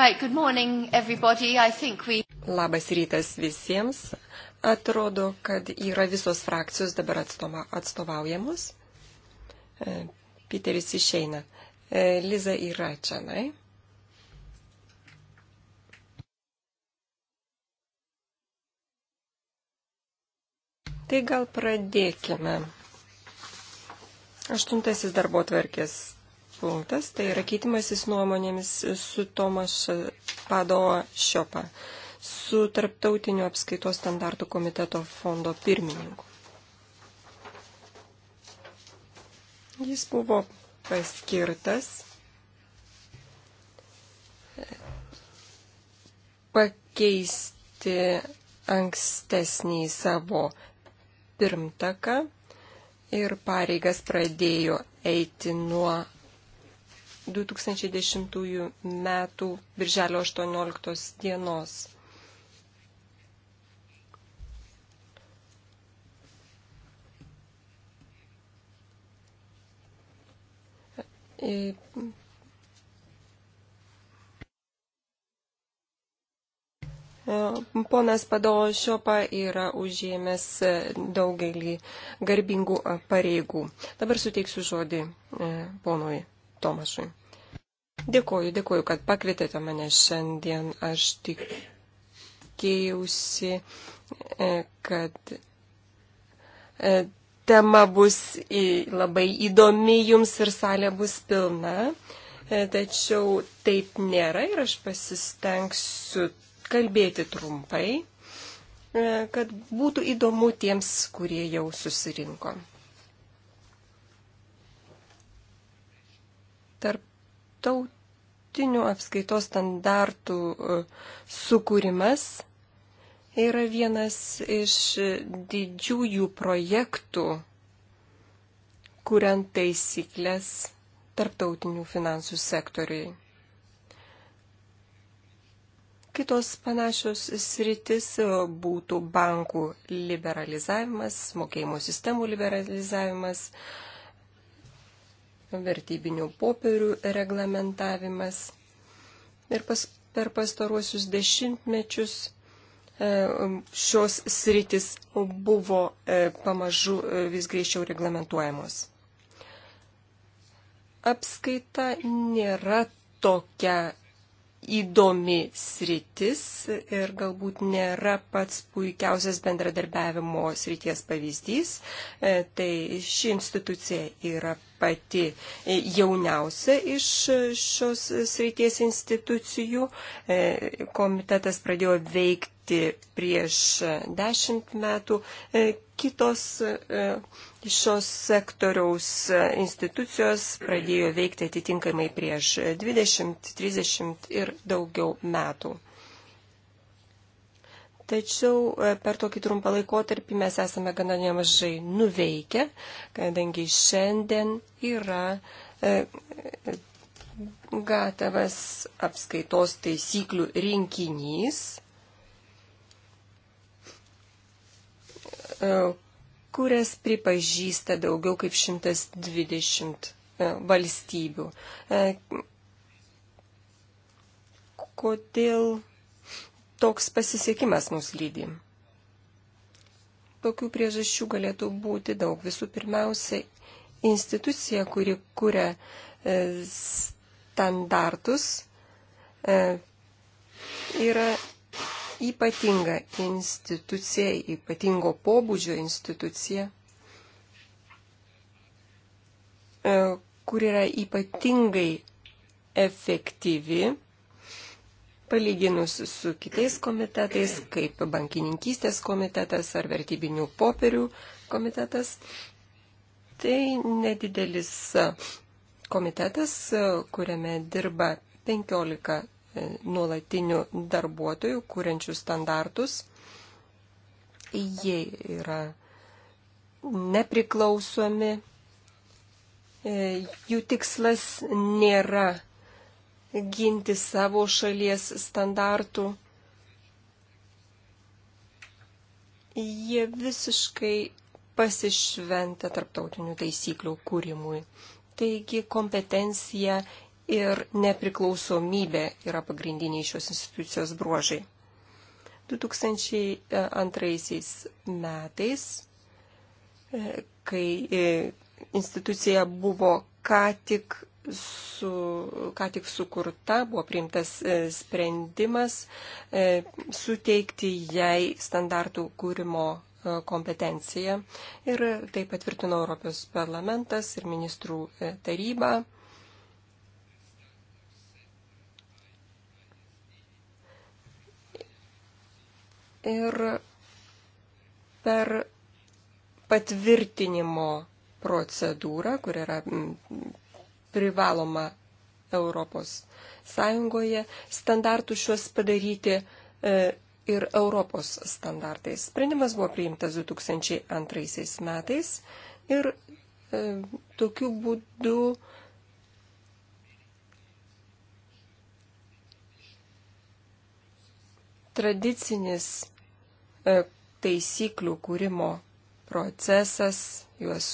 Right, good morning everybody. I think we... Labas rytas visiems. Atrodo, kad yra visos frakcijos dabar atstoma, atstovaujamos. E, Piteris išeina. E, Liza yra čia, nai. Tai gal pradėkime. Aštuntasis darbo tvarkės punktas, tai yra keitimasis nuomonėmis su Tomas Pado Šiopa, su Tarptautinio apskaitos standartų komiteto fondo pirmininku. Jis buvo paskirtas pakeisti ankstesnį savo pirmtaką ir pareigas pradėjo eiti nuo 2010 metų birželio 18 dienos. E, e, ponas Padaošiopa yra užėmęs daugelį garbingų pareigų. Dabar suteiksiu žodį e, ponui Tomašui. Dėkuoju, dėkuoju, kad pakvietėte mane šiandien. Aš tikėjausi, e, kad e, tema bus labai įdomi jums ir salė bus pilna. E, tačiau taip nėra ir aš pasistengsiu kalbėti trumpai, kad būtų įdomu tiems, kurie jau susirinko. tarptautinių apskaitos standartų e, sukūrimas yra vienas iš didžiųjų projektų, kuriant taisyklės tarptautinių finansų sektoriui. Kitos panašios sritis būtų bankų liberalizavimas, mokėjimo sistemų liberalizavimas, uh, vertybinių popierių reglamentavimas. Ir pas, per pastaruosius dešimtmečius e, šios sritis buvo e, pamažu e, vis greičiau reglamentuojamos. Apskaita nėra tokia įdomi sritis ir galbūt nėra pats puikiausias bendradarbiavimo srities pavyzdys. Tai ši institucija yra pati jauniausia iš šios srities institucijų. E, komitetas pradėjo veikti prieš dešimt metų. E, kitos e, šios sektoriaus institucijos pradėjo veikti atitinkamai prieš 20, 30 ir daugiau metų. Tačiau e, per tokį trumpą laikotarpį mes esame gana nemažai nuveikę, kadangi šiandien yra e, gatavas apskaitos taisyklių rinkinys, e, kurias pripažįsta daugiau kaip 120 valstybių. Kodėl toks pasisekimas mus lydi. Tokių priežasčių galėtų būti daug. Visų pirmiausia, institucija, kuri kuria e, standartus, e, yra ypatinga institucija, ypatingo pobūdžio institucija, e, kur yra ypatingai efektyvi palyginus su kitais komitetais, kaip bankininkystės komitetas ar vertybinių popierių komitetas. Tai nedidelis komitetas, kuriame dirba 15 e, nuolatinių darbuotojų, kuriančių standartus. Jie yra nepriklausomi, e, jų tikslas nėra ginti savo šalies standartų. Jie visiškai pasišventę tarptautinių taisyklių kūrimui. Taigi kompetencija ir nepriklausomybė yra pagrindiniai šios institucijos bruožai. 2002 e, metais, e, kai e, institucija buvo ką tik su, ką tik sukurta, buvo priimtas e, sprendimas e, suteikti jai standartų kūrimo e, kompetenciją ir tai patvirtino Europos parlamentas ir ministrų taryba. Ir per patvirtinimo procedūrą, kur yra privaloma Europos Sąjungoje. Standartų šiuos padaryti e, ir Europos standartais. Sprendimas buvo priimtas 2002 metais ir e, tokiu būdu tradicinis e, taisyklių kūrimo procesas, juos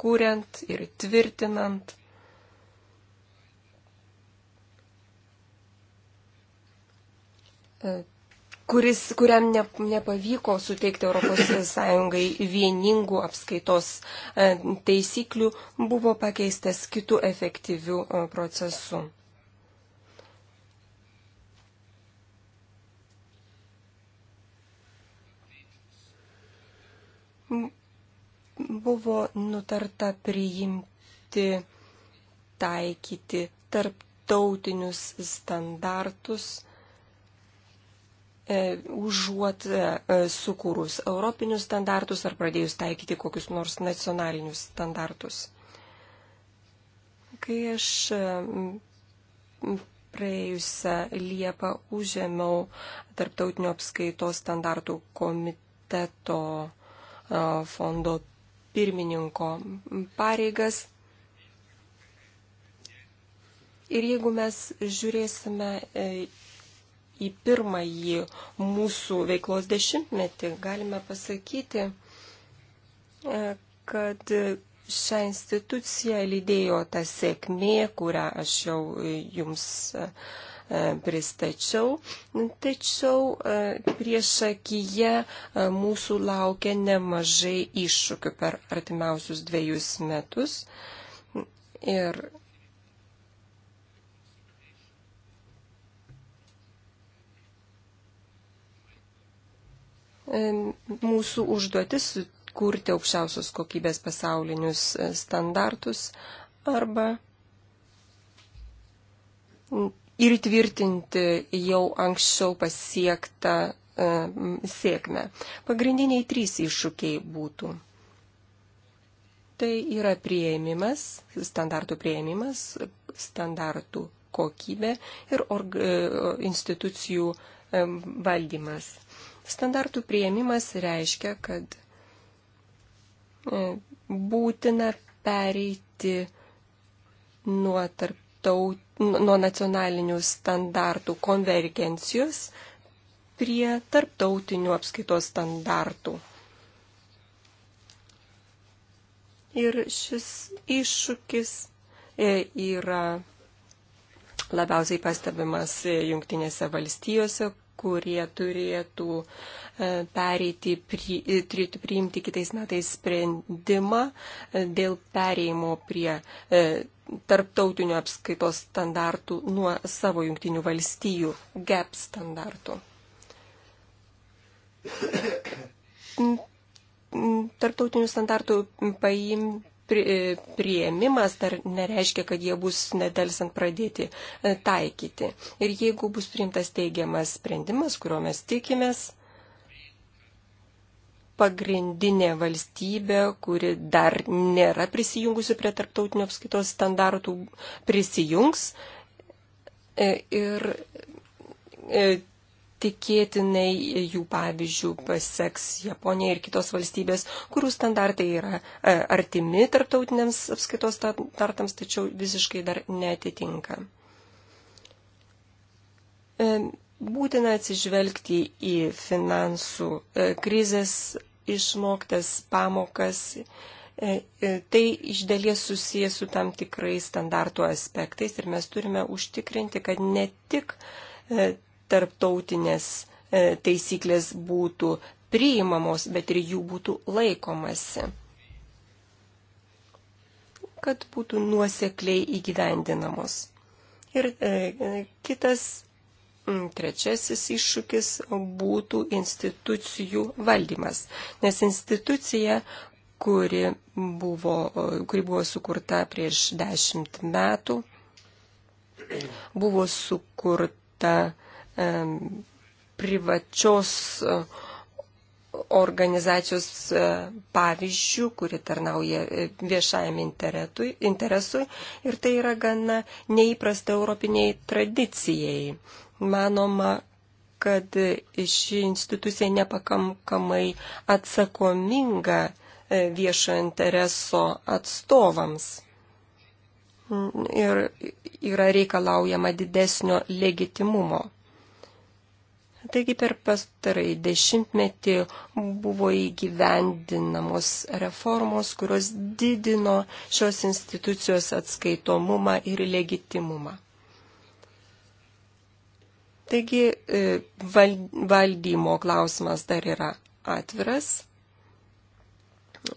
kuriant ir tvirtinant E, kuris, kuriam ne, nepavyko suteikti ES vieningų apskaitos e, taisyklių, buvo pakeistas kitų efektyvių e, procesų. Buvo nutarta priimti, taikyti tarptautinius standartus E, užuot e, e, sukūrus europinius standartus ar pradėjus taikyti kokius nors nacionalinius standartus. Kai aš praėjusią Liepą užėmiau tarptautinio apskaitos standartų komiteto fondo pirmininko pareigas. Ir jeigu mes žiūrėsime į pirmąjį mūsų veiklos dešimtmetį, galime pasakyti, e, kad šią instituciją lydėjo ta sėkmė, kurią aš jau jums e, e, pristačiau. Tačiau prieš akiją mūsų laukia nemažai iššūkių per artimiausius dviejus metus. Ir E, mūsų užduotis kurti aukščiausios kokybės pasaulinius e, standartus arba ir tvirtinti jau anksčiau pasiektą e, sėkmę. Pagrindiniai trys iššūkiai būtų. Tai yra prieimimas, standartų prieimimas, standartų kokybė ir institucijų valdymas. Standartų prieimimas reiškia, kad e, būtina pereiti nuo, tarptaut, nuo nacionalinių standartų konvergencijos prie tarptautinių apskaitos standartų. Ir šis iššūkis e, yra labiausiai pastebimas e, jungtinėse valstijose, kurie turėtų e, pereiti, pri, e, turėtų priimti kitais metais sprendimą e, dėl pereimo prie tarptautinių apskaitos standartų nuo savo jungtinių valstijų GAP standartų. Tarptautinių standartų paimti prieimimas dar nereiškia, kad jie bus nedelsant pradėti e, taikyti. Ir jeigu bus priimtas teigiamas sprendimas, kuriuo mes tikimės, pagrindinė valstybė, kuri dar nėra prisijungusi prie tarptautinio apskaitos standartų, prisijungs e, ir e, tikėtinai jų pavyzdžių paseks Japonija ir kitos valstybės, kurių standartai yra e, artimi tarptautiniams apskaitos standartams, tačiau visiškai dar netitinka. E, būtina atsižvelgti į finansų e, krizės išmoktas pamokas. Tai iš dalies susijęs su tam tikrais standartų aspektais ir mes turime užtikrinti, kad ne tik tarptautinės e, taisyklės būtų priimamos, bet ir jų būtų laikomasi, kad būtų nuosekliai įgyvendinamos. Ir e, e kitas, trečiasis iššūkis būtų institucijų valdymas, nes institucija, kuri buvo, kuri buvo sukurta prieš dešimt metų, buvo sukurta privačios e, organizacijos e, pavyzdžių, kuri tarnauja e, viešajam interesui ir tai yra gana neįprasta europiniai tradicijai. Manoma, kad ši institucija nepakankamai atsakominga viešo intereso atstovams ir yra reikalaujama didesnio legitimumo. Taigi per pastarąjį dešimtmetį buvo įgyvendinamos reformos, kurios didino šios institucijos atskaitomumą ir legitimumą. Taigi e, valdymo klausimas dar yra atviras.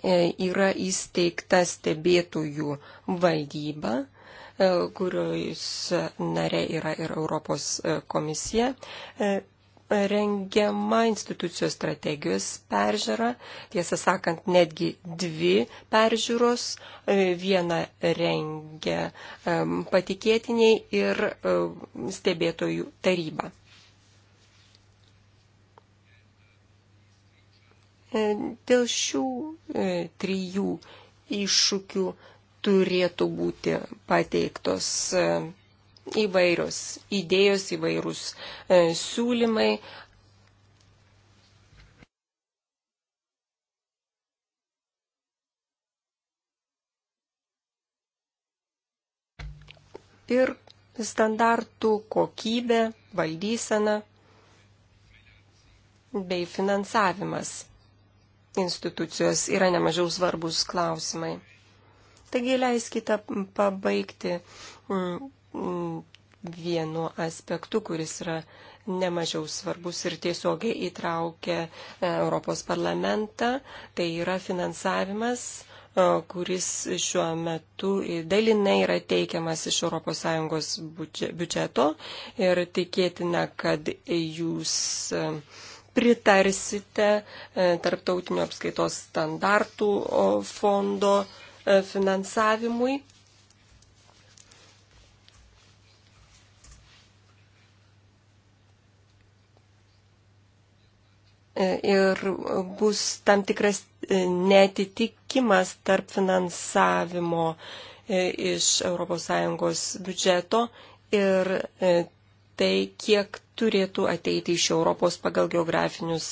E, yra įsteigta stebėtojų valdyba e, kurios narė yra ir Europos komisija rengiama institucijos strategijos peržiūra, tiesą sakant, netgi dvi peržiūros. E, Vieną rengia e, patikėtiniai ir e, stebėtojų taryba. Dėl šių trijų iššūkių turėtų būti pateiktos įvairios idėjos, įvairūs e, siūlymai. Ir standartų kokybė, valdysena bei finansavimas institucijos yra nemažiau svarbus klausimai. Taigi leiskite pabaigti mm, Mm, vienu aspektu, kuris yra nemažiau svarbus ir tiesiogiai įtraukia e, Europos parlamentą, tai yra finansavimas e, kuris šiuo metu dalinai yra teikiamas iš ES biudžeto ir tikėtina, kad jūs e, pritarsite tarptautinio apskaitos standartų fondo finansavimui ir bus tam tikras netitikimas tarp finansavimo e, iš ES biudžeto ir e, tai, kiek turėtų ateiti iš Europos pagal geografinius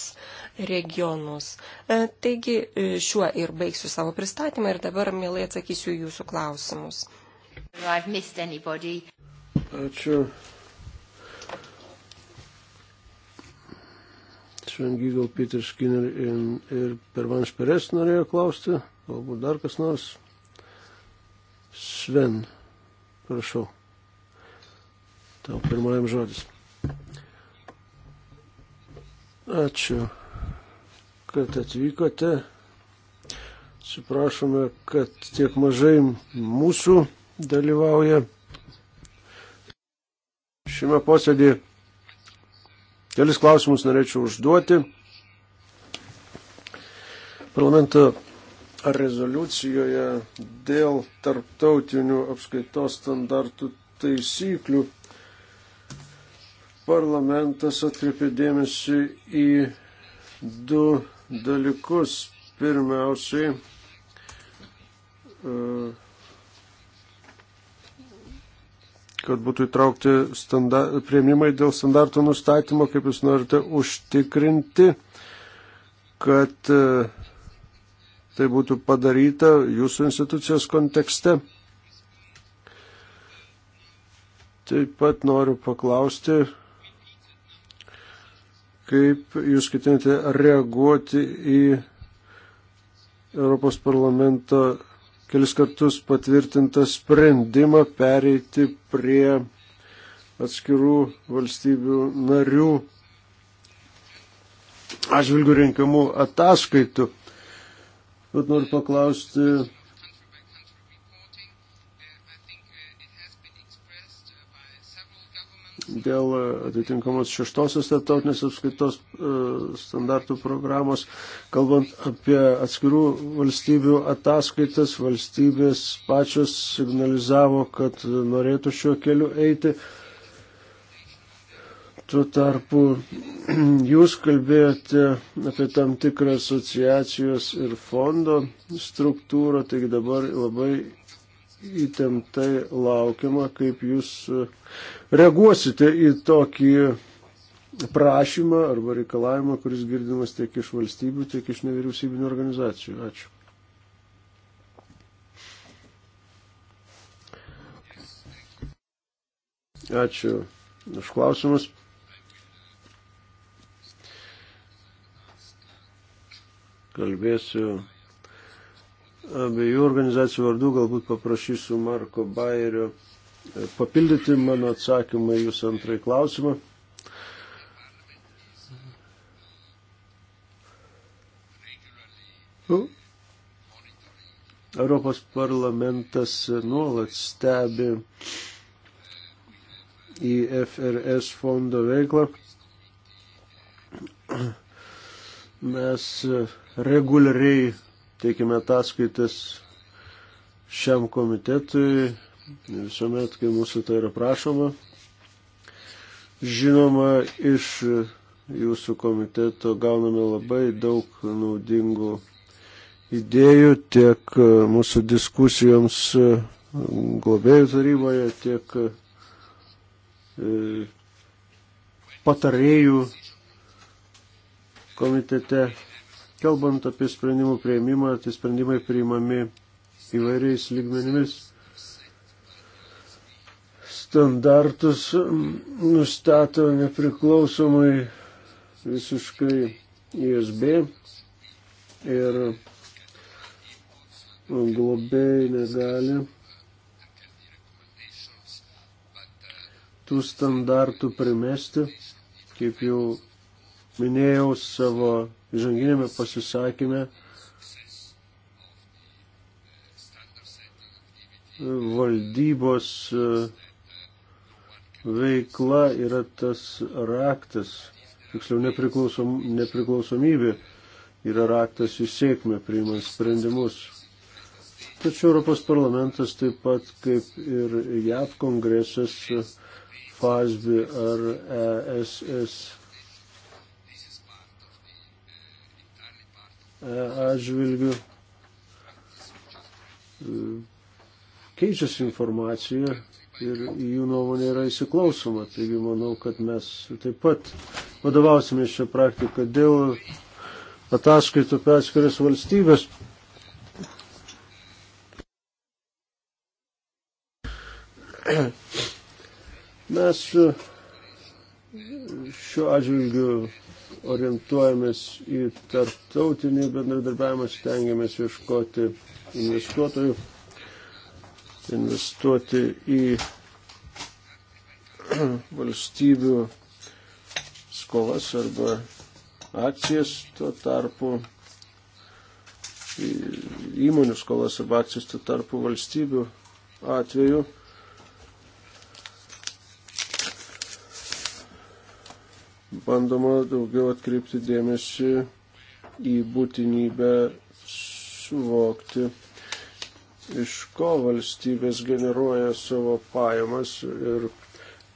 regionus. E, taigi šiuo ir baigsiu savo pristatymą ir dabar mielai atsakysiu jūsų klausimus. Ačiū. Sven Gigel, Peter Skinner ir Pervanš Peres norėjo klausti. Galbūt dar kas nors. Sven, prašau. Tau pirmajam žodis. Ačiū, kad atvykote. Suprašome, kad tiek mažai mūsų dalyvauja šiame posėdėje. Kelis klausimus norėčiau užduoti. Parlamento rezoliucijoje dėl tarptautinių apskaitos standartų taisyklių parlamentas atkreipė dėmesį į du dalykus. Pirmiausiai, uh, kad būtų įtraukti standa, prieimimai dėl standartų nustatymo, kaip jūs norite užtikrinti, kad e, tai būtų padaryta jūsų institucijos kontekste. Taip pat noriu paklausti, kaip jūs ketinate reaguoti į Europos parlamento kelis kartus patvirtintą sprendimą pereiti prie atskirų valstybių narių atžvilgių renkamų ataskaitų. Bet noriu paklausti, dėl atitinkamos šeštosios tarptautinės apskaitos e, standartų programos, kalbant apie atskirų valstybių ataskaitas, valstybės pačios signalizavo, kad norėtų šiuo keliu eiti. Tuo tarpu jūs kalbėjote apie tam tikrą asociacijos ir fondo struktūrą, taigi dabar labai įtemptai laukiama, kaip jūs e, reaguosite į tokį prašymą arba reikalavimą, kuris girdimas tiek iš valstybių, tiek iš nevyriausybinio organizacijų. Ačiū. Ačiū už klausimus. Kalbėsiu abiejų organizacijų vardų galbūt paprašysiu Marko Bairio e, papildyti mano atsakymą į jūsų antrąjį klausimą. Nu, Europos parlamentas nuolat stebi į FRS fondo veiklą. Mes reguliariai teikiame ataskaitas šiam komitetui visuomet, kai mūsų tai yra prašoma. Žinoma, iš jūsų komiteto gauname labai daug naudingų idėjų tiek mūsų diskusijoms globėjų taryboje, tiek e, patarėjų komitete Kalbant apie sprendimų prieimimą, tai sprendimai priimami įvairiais lygmenimis. Standartus nustato nepriklausomai visiškai ISB ir globėjai negali tų standartų primesti, kaip jau minėjau savo žanginėme pasisakymė valdybos e, veikla yra tas raktas, tiksliau nepriklausom, nepriklausomybė yra raktas į sėkmę priimant sprendimus. Tačiau Europos parlamentas taip pat kaip ir JAV kongresas FASBI ar e ESS E, atžvilgių e, keičiasi informacija ir jų nuomonė yra įsiklausoma. Taigi manau, kad mes taip pat vadovausime šią praktiką dėl ataskaitų apie atskiras valstybės. Mes šiuo atžvilgiu orientuojamės į tarptautinį bendradarbiavimą, stengiamės ieškoti investuotojų, investuoti į valstybių skolas arba akcijas, tuo tarpu įmonių skolas arba akcijas, tuo tarpu valstybių atveju bandoma daugiau atkreipti dėmesį į būtinybę suvokti, iš ko valstybės generuoja savo pajamas ir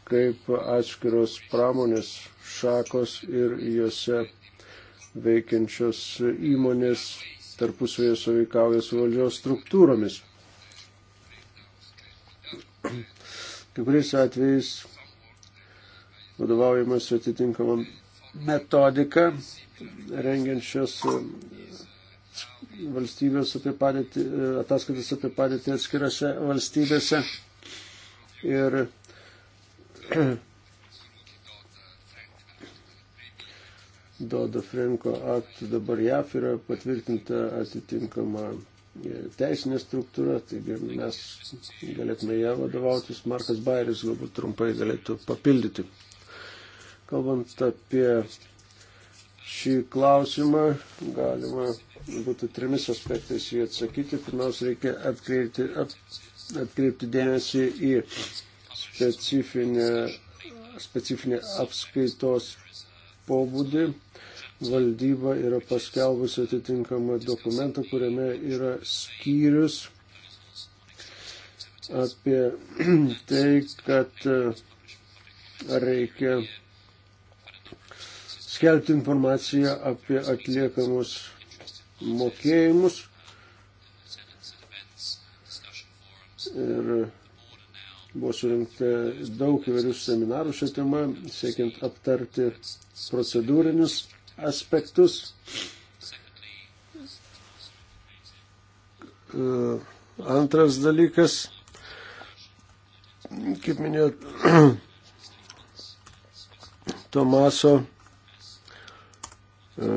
kaip atskiros pramonės šakos ir jose veikiančios įmonės tarpusvėje sąveikauja su valdžios struktūromis. Kai kuriais atvejais vadovaujamas atitinkamam metodika, rengiančios e, valstybės apie padėtį, e, ataskaitas apie padėtį atskirose valstybėse. Ir e, Dodo Frenko aktų dabar JAF yra patvirtinta atitinkama teisinė struktūra, taigi mes galėtume ją vadovautis. Markas Bairis galbūt trumpai galėtų papildyti. Kalbant apie šį klausimą, galima būtų trimis aspektais jį atsakyti. Pirmiausia, reikia atkreipti, at, atkreipti dėmesį į specifinę, specifinę apskaitos pobūdį. Valdyba yra paskelbusi atitinkamą dokumentą, kuriame yra skyrius apie tai, kad e, reikia skelbti informaciją apie atliekamus mokėjimus. Ir buvo surinkta daug įvairių seminarų šią temą, siekiant aptarti procedūrinius aspektus. E, antras dalykas, kaip minėjot, Tomaso E,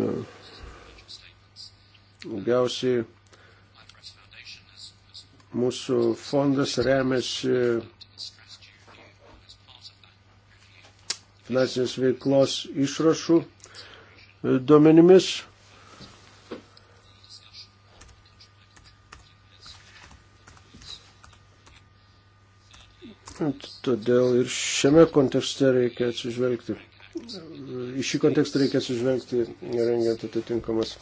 daugiausiai mūsų fondas remiasi finansinės veiklos išrašų e, duomenimis. Todėl ir šiame kontekste reikia atsižvelgti į šį kontekstą reikės užvelgti, rengiant atitinkamas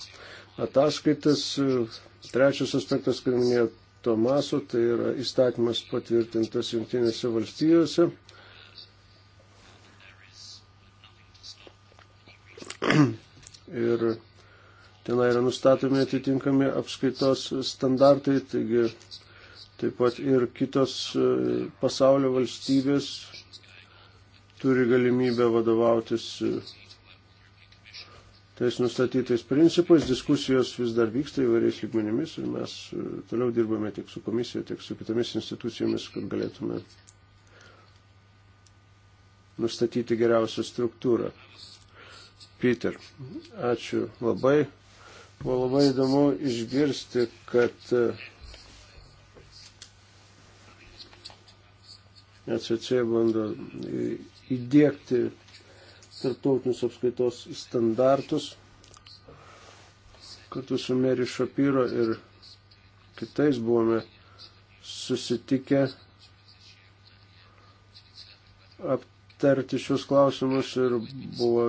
ataskaitas. Trečias aspektas, kurį minėjo Tomaso, tai yra įstatymas patvirtintas Junktinėse valstijose. Ir tenai yra nustatomi atitinkami apskaitos standartai, taigi taip pat ir kitos e, pasaulio valstybės turi galimybę vadovautis e, tais nustatytais principais. Diskusijos vis dar vyksta įvairiais lygmenimis ir mes e, toliau dirbame tiek su komisija, tiek su kitomis institucijomis, kad galėtume nustatyti geriausią struktūrą. Peter, ačiū labai. Buvo labai įdomu išgirsti, kad ECC bando įdėkti tarptautinius apskaitos standartus kartu su Meri Šapyro ir kitais buvome susitikę aptarti šios klausimus ir buvo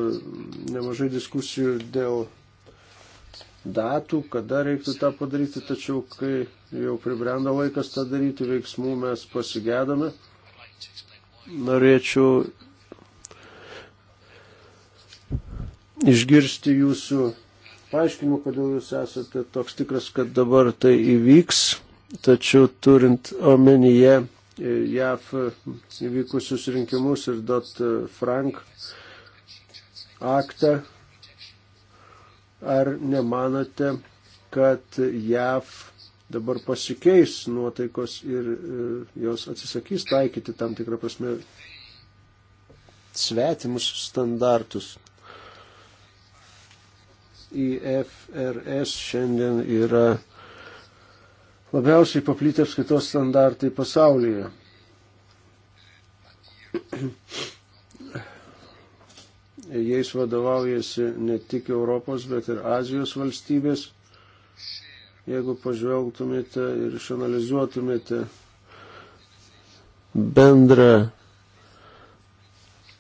nemažai diskusijų dėl datų, kada reiktų tą padaryti, tačiau kai jau pribrendo laikas tą daryti, veiksmų mes pasigėdame. Norėčiau išgirsti jūsų paaiškinimų, kodėl jūs esate toks tikras, kad dabar tai įvyks, tačiau turint omenyje e, JAF įvykusius rinkimus ir Dot Frank aktą, ar nemanote, kad JAF dabar pasikeis nuotaikos ir e, jos atsisakys taikyti tam tikrą prasme svetimus standartus IFRS šiandien yra labiausiai paplitę apskaitos standartai pasaulyje. Jais vadovaujasi ne tik Europos, bet ir Azijos valstybės. Jeigu pažvelgtumėte ir išanalizuotumėte bendrą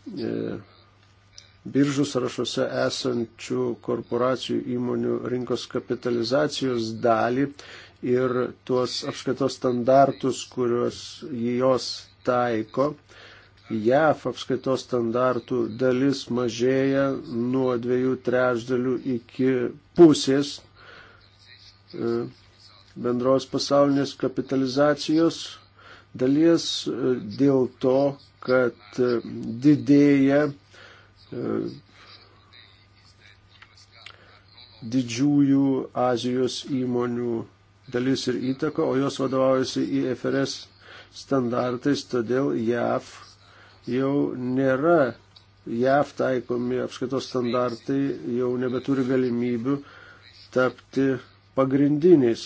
e, biržų sąrašuose esančių korporacijų įmonių rinkos kapitalizacijos dalį ir tuos apskaitos standartus, kuriuos jos taiko. JAF apskaitos standartų dalis mažėja nuo dviejų trečdalių iki pusės e, bendros pasaulinės kapitalizacijos dalies e, dėl to, kad e, didėja E, didžiųjų Azijos įmonių dalis ir įtaka, o jos vadovaujasi IFRS standartais, todėl JAV jau nėra, JAV taikomi apskaitos standartai jau nebeturi galimybių tapti pagrindiniais.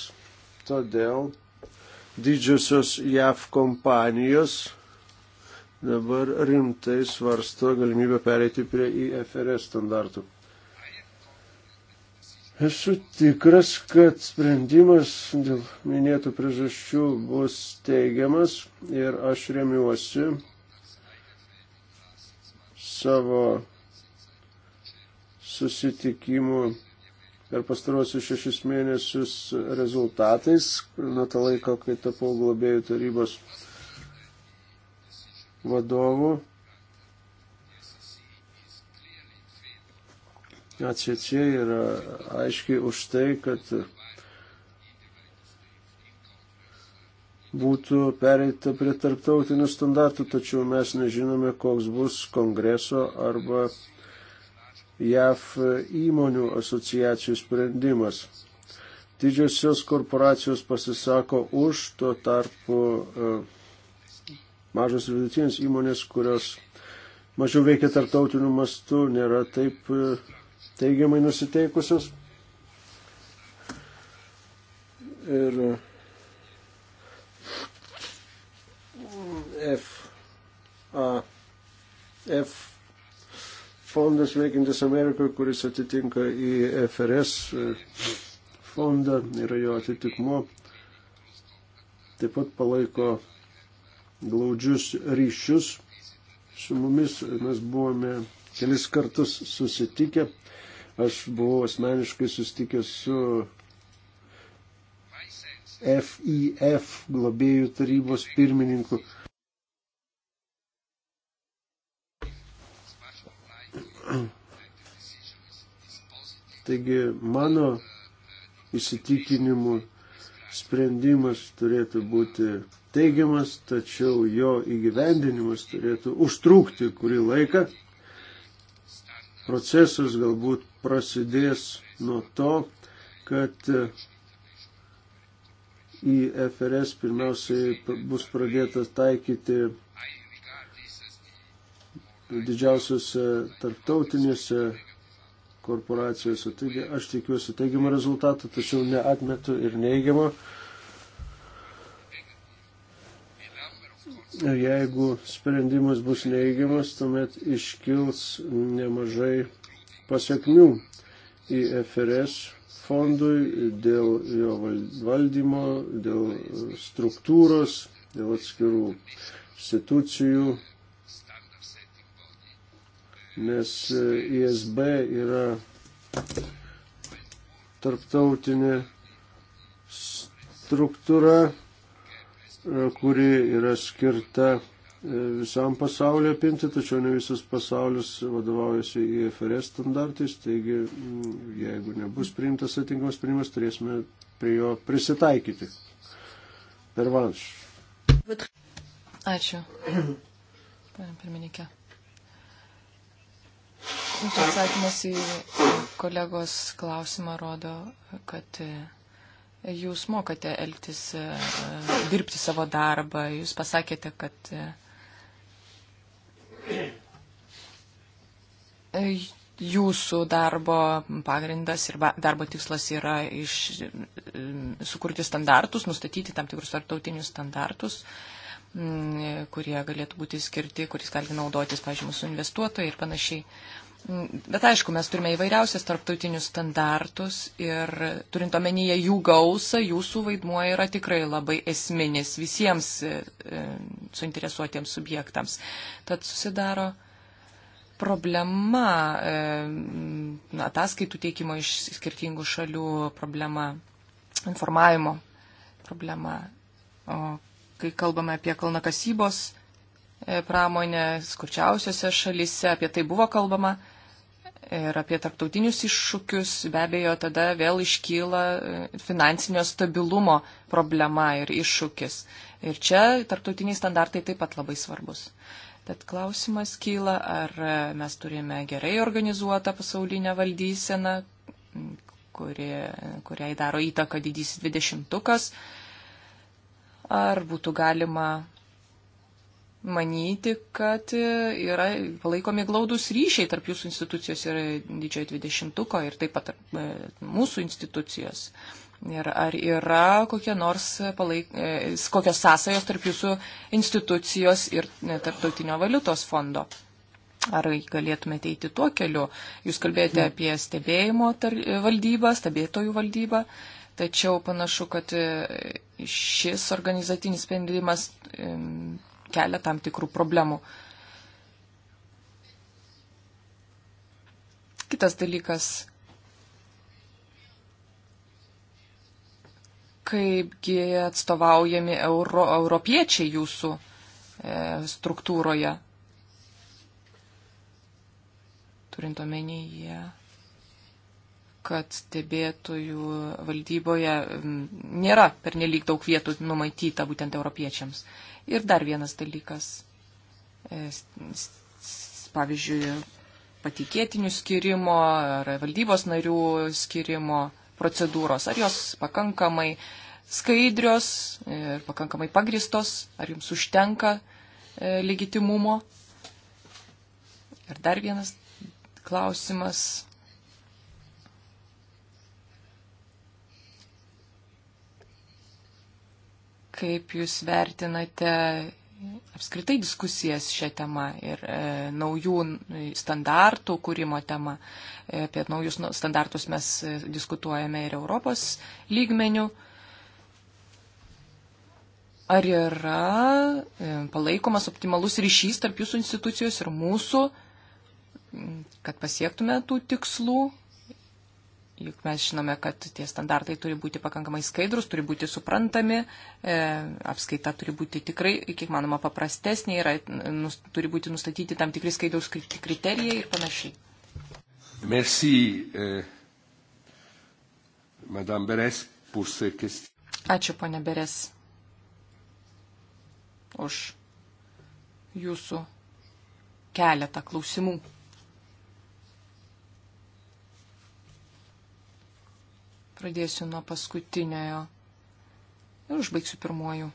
Todėl didžiosios JAV kompanijos dabar rimtai svarsto galimybę pereiti prie IFRS standartų. Esu tikras, kad sprendimas dėl minėtų priežasčių bus teigiamas ir aš remiuosi savo susitikimų per pastarosius šešis mėnesius rezultatais nuo to laiko, kai tapau globėjų tarybos vadovų. ACC yra aiškiai už tai, kad būtų pereita prie tarptautinių standartų, tačiau mes nežinome, koks bus kongreso arba JAF įmonių asociacijų sprendimas. Didžiosios korporacijos pasisako už, tuo tarpu uh, mažos ir vidutinės įmonės, kurios mažiau veikia tartautiniu mastu, nėra taip e, teigiamai nusiteikusios. Ir e, F, A, F fondas veikintis Amerikoje, kuris atitinka į FRS e, fondą, yra jo atitikmo, taip pat palaiko glaudžius ryšius su mumis. Mes buvome kelis kartus susitikę. Aš buvau asmeniškai susitikęs su FIF globėjų tarybos pirmininku. Taigi mano įsitikinimu sprendimas turėtų būti teigiamas, tačiau jo įgyvendinimas turėtų užtrukti kurį laiką. Procesas galbūt prasidės nuo to, kad į FRS pirmiausiai bus pradėta taikyti didžiausiose tarptautinėse korporacijose. Taigi aš tikiuosi teigiamą rezultatą, tačiau neatmetu ir neigiamą. Jeigu sprendimas bus neigiamas, tuomet iškils nemažai pasiekmių į FRS fondui dėl jo valdymo, dėl struktūros, dėl atskirų institucijų, nes e, ISB yra tarptautinė struktūra E, kuri yra skirta e, visam pasauliu apimti, tačiau ne visas pasaulis vadovaujasi IFRS standartais, taigi jeigu nebus priimtas atinkamas sprendimas, turėsime prie jo prisitaikyti. Per vanš. Ačiū. Pane pirmininkė. Jūsų atsakymas į kolegos klausimą rodo, kad jūs mokate elgtis, e, e, dirbti savo darbą, jūs pasakėte, kad e, jūsų darbo pagrindas ir darbo tikslas yra iš, sukurti standartus, nustatyti tam tikrus tarptautinius standartus kurie galėtų būti skirti, kuris gali naudotis, pažiūrėjau, mūsų investuotojai ir panašiai. Bet aišku, mes turime įvairiausias tarptautinius standartus ir turint omenyje jų gausą, jūsų vaidmuo yra tikrai labai esminis visiems e, e suinteresuotiems subjektams. Tad susidaro problema, e, ataskaitų teikimo iš skirtingų šalių problema, informavimo problema. O kai kalbame apie kalnakasybos e, pramonę skurčiausiose šalise, apie tai buvo kalbama ir apie tarptautinius iššūkius, be abejo, tada vėl iškyla e, finansinio stabilumo problema ir iššūkis. Ir čia tarptautiniai standartai taip pat labai svarbus. Tad klausimas kyla, ar e, mes turime gerai organizuotą pasaulinę valdyseną, kuri, kuriai daro įtaką didysis dvidešimtukas, ar būtų galima manyti, kad yra palaikomi glaudus ryšiai tarp jūsų institucijos ir didžiojo dvidešimtuko ir taip pat e, mūsų institucijos. Ir ar yra kokie nors palaik... E, kokios sąsajos tarp jūsų institucijos ir e, tarptautinio valiutos fondo? Ar galėtumėte eiti tuo keliu? Jūs kalbėjote apie stebėjimo tar... valdybą, stebėtojų valdybą, tačiau panašu, kad šis organizacinis sprendimas kelia tam tikrų problemų. Kitas dalykas, kaipgi atstovaujami euro, europiečiai jūsų e, struktūroje. Turint omenyje. Yeah kad stebėtojų valdyboje nėra pernelyg daug vietų numatyta būtent europiečiams. Ir dar vienas dalykas, e, pavyzdžiui, patikėtinių skirimo ar valdybos narių skirimo procedūros, ar jos pakankamai skaidrios ir e, pakankamai pagristos, ar jums užtenka e, legitimumo. Ir dar vienas klausimas kaip Jūs vertinate apskritai diskusijas šią temą ir e, naujų standartų kūrimo temą. E, apie naujus nu, standartus mes e, diskutuojame ir Europos lygmenių. Ar yra e, palaikomas optimalus ryšys tarp jūsų institucijos ir mūsų, kad pasiektume tų tikslų, Juk mes žinome, kad tie standartai turi būti pakankamai skaidrus, turi būti suprantami, e, apskaita turi būti tikrai, kiek manoma, paprastesnė, yra, nus, turi būti nustatyti tam tikri skaidrus kriterijai ir panašiai. Merci, eh, Madame Beres, pour ces questions. Ačiū, ponė Beres, už jūsų keletą klausimų. Pradėsiu nuo paskutiniojo ir užbaigsiu pirmojų.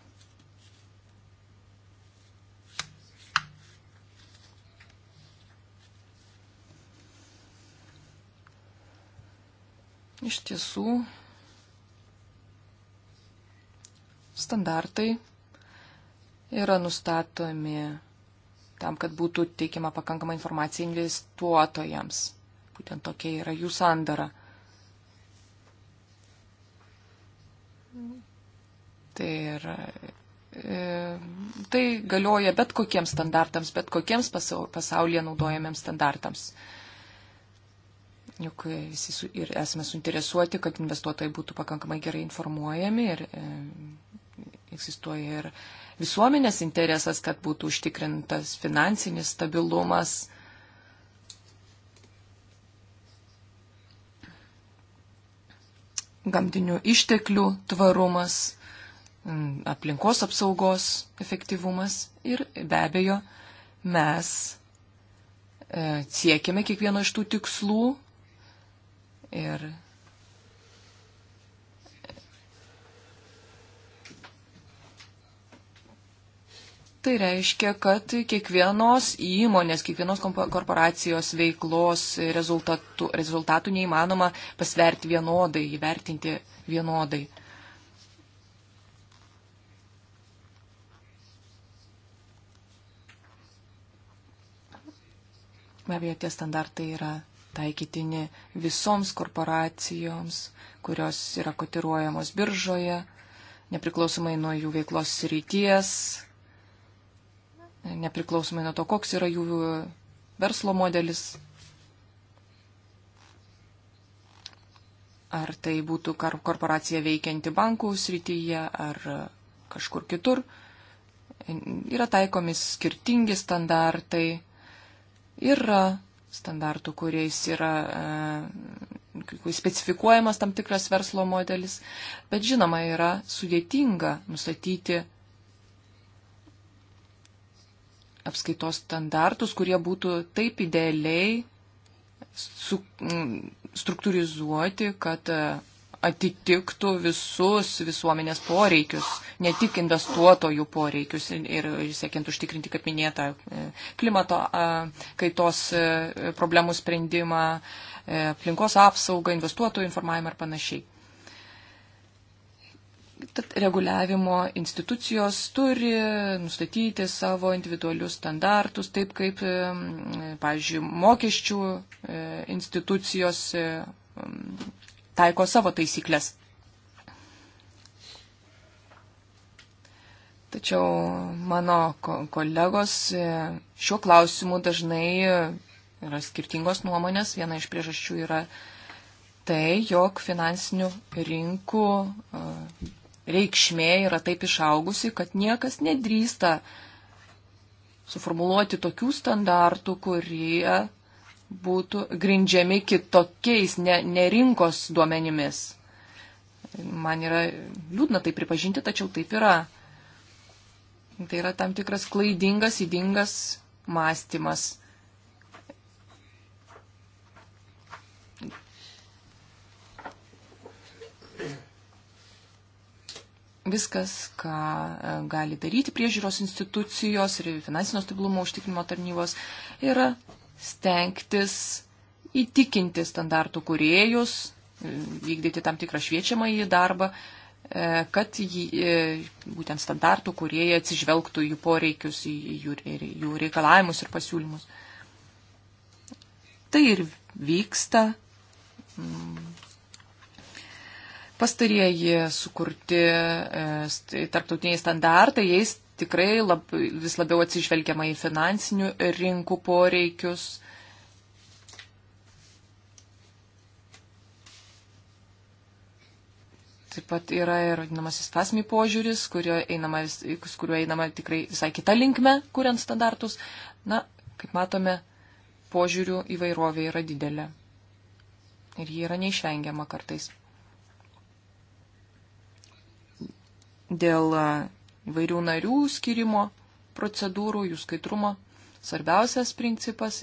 Iš tiesų, standartai yra nustatomi tam, kad būtų teikiama pakankama informacija investuotojams. Būtent tokia yra jų sandara. Tai yra. E, tai galioja bet kokiems standartams, bet kokiems pasaulyje naudojamiems standartams. Juk visi ir esame suinteresuoti, kad investuotojai būtų pakankamai gerai informuojami ir e, egzistuoja ir visuomenės interesas, kad būtų užtikrintas finansinis stabilumas. E, gamtinių išteklių tvarumas, mm, aplinkos apsaugos efektyvumas ir be abejo mes e, siekiame kiekvieno iš tų tikslų ir Tai reiškia, kad kiekvienos įmonės, kiekvienos korporacijos veiklos rezultatų, rezultatų neįmanoma pasverti vienodai, įvertinti vienodai. Be abejo, tie standartai yra taikytini visoms korporacijoms, kurios yra kotiruojamos biržoje, nepriklausomai nuo jų veiklos ryties, nepriklausomai nuo to, koks yra jų verslo modelis. Ar tai būtų korporacija veikianti bankų srityje ar kažkur kitur. Yra taikomi skirtingi standartai. Yra standartų, kuriais yra e, specifikuojamas tam tikras verslo modelis. Bet žinoma, yra sudėtinga nustatyti apskaitos standartus, kurie būtų taip idealiai su, mm, struktūrizuoti, kad e, atitiktų visus visuomenės poreikius, ne tik investuotojų poreikius ir siekiant užtikrinti, kaip minėta, e, klimato kaitos e, problemų sprendimą, aplinkos apsaugą, investuotojų informavimą ir panašiai reguliavimo institucijos turi nustatyti savo individualius standartus, taip kaip, pavyzdžiui, mokesčių e, institucijos taiko savo taisyklės. Tačiau mano kolegos e, šiuo klausimu dažnai yra skirtingos nuomonės. Viena iš priežasčių yra tai, jog finansinių rinkų e, reikšmė yra taip išaugusi, kad niekas nedrįsta suformuluoti tokių standartų, kurie būtų grindžiami kitokiais, ne, ne rinkos duomenimis. Man yra liūdna tai pripažinti, tačiau taip yra. Tai yra tam tikras klaidingas, įdingas mąstymas. viskas, ką e, gali daryti priežiūros institucijos ir finansinio stabilumo užtikrimo tarnybos, yra stengtis įtikinti standartų kuriejus, e, vykdyti tam tikrą šviečiamą į darbą, e, kad jį, būtent standartų kurieji atsižvelgtų jų poreikius, jų, jų reikalavimus ir pasiūlymus. Tai ir vyksta pastarieji sukurti e, tarptautiniai standartai, jais tikrai lab, vis labiau atsižvelgiama į finansinių rinkų poreikius. Taip pat yra ir vadinamasis tasmi požiūris, kuriuo einama, kuriuo einama tikrai visai kita linkme, kuriant standartus. Na, kaip matome, požiūrių įvairovė yra didelė. Ir ji yra neišvengiama kartais. dėl e, vairių narių skirimo procedūrų, jų skaidrumo. Svarbiausias principas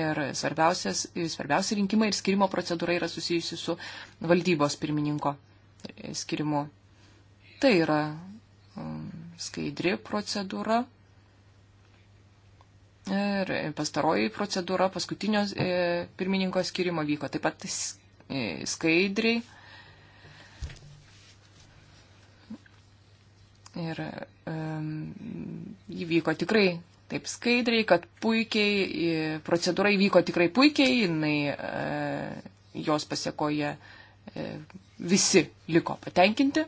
ir svarbiausias, svarbiausia rinkimai ir skirimo procedūra yra susijusi su valdybos pirmininko e, skirimu. Tai yra skaidri procedūra. Ir pastaroji procedūra paskutinio e, pirmininko skirimo vyko taip pat skaidriai Ir um, įvyko tikrai taip skaidriai, kad puikiai, procedūra įvyko tikrai puikiai, jinai, uh, jos pasiekoje uh, visi liko patenkinti.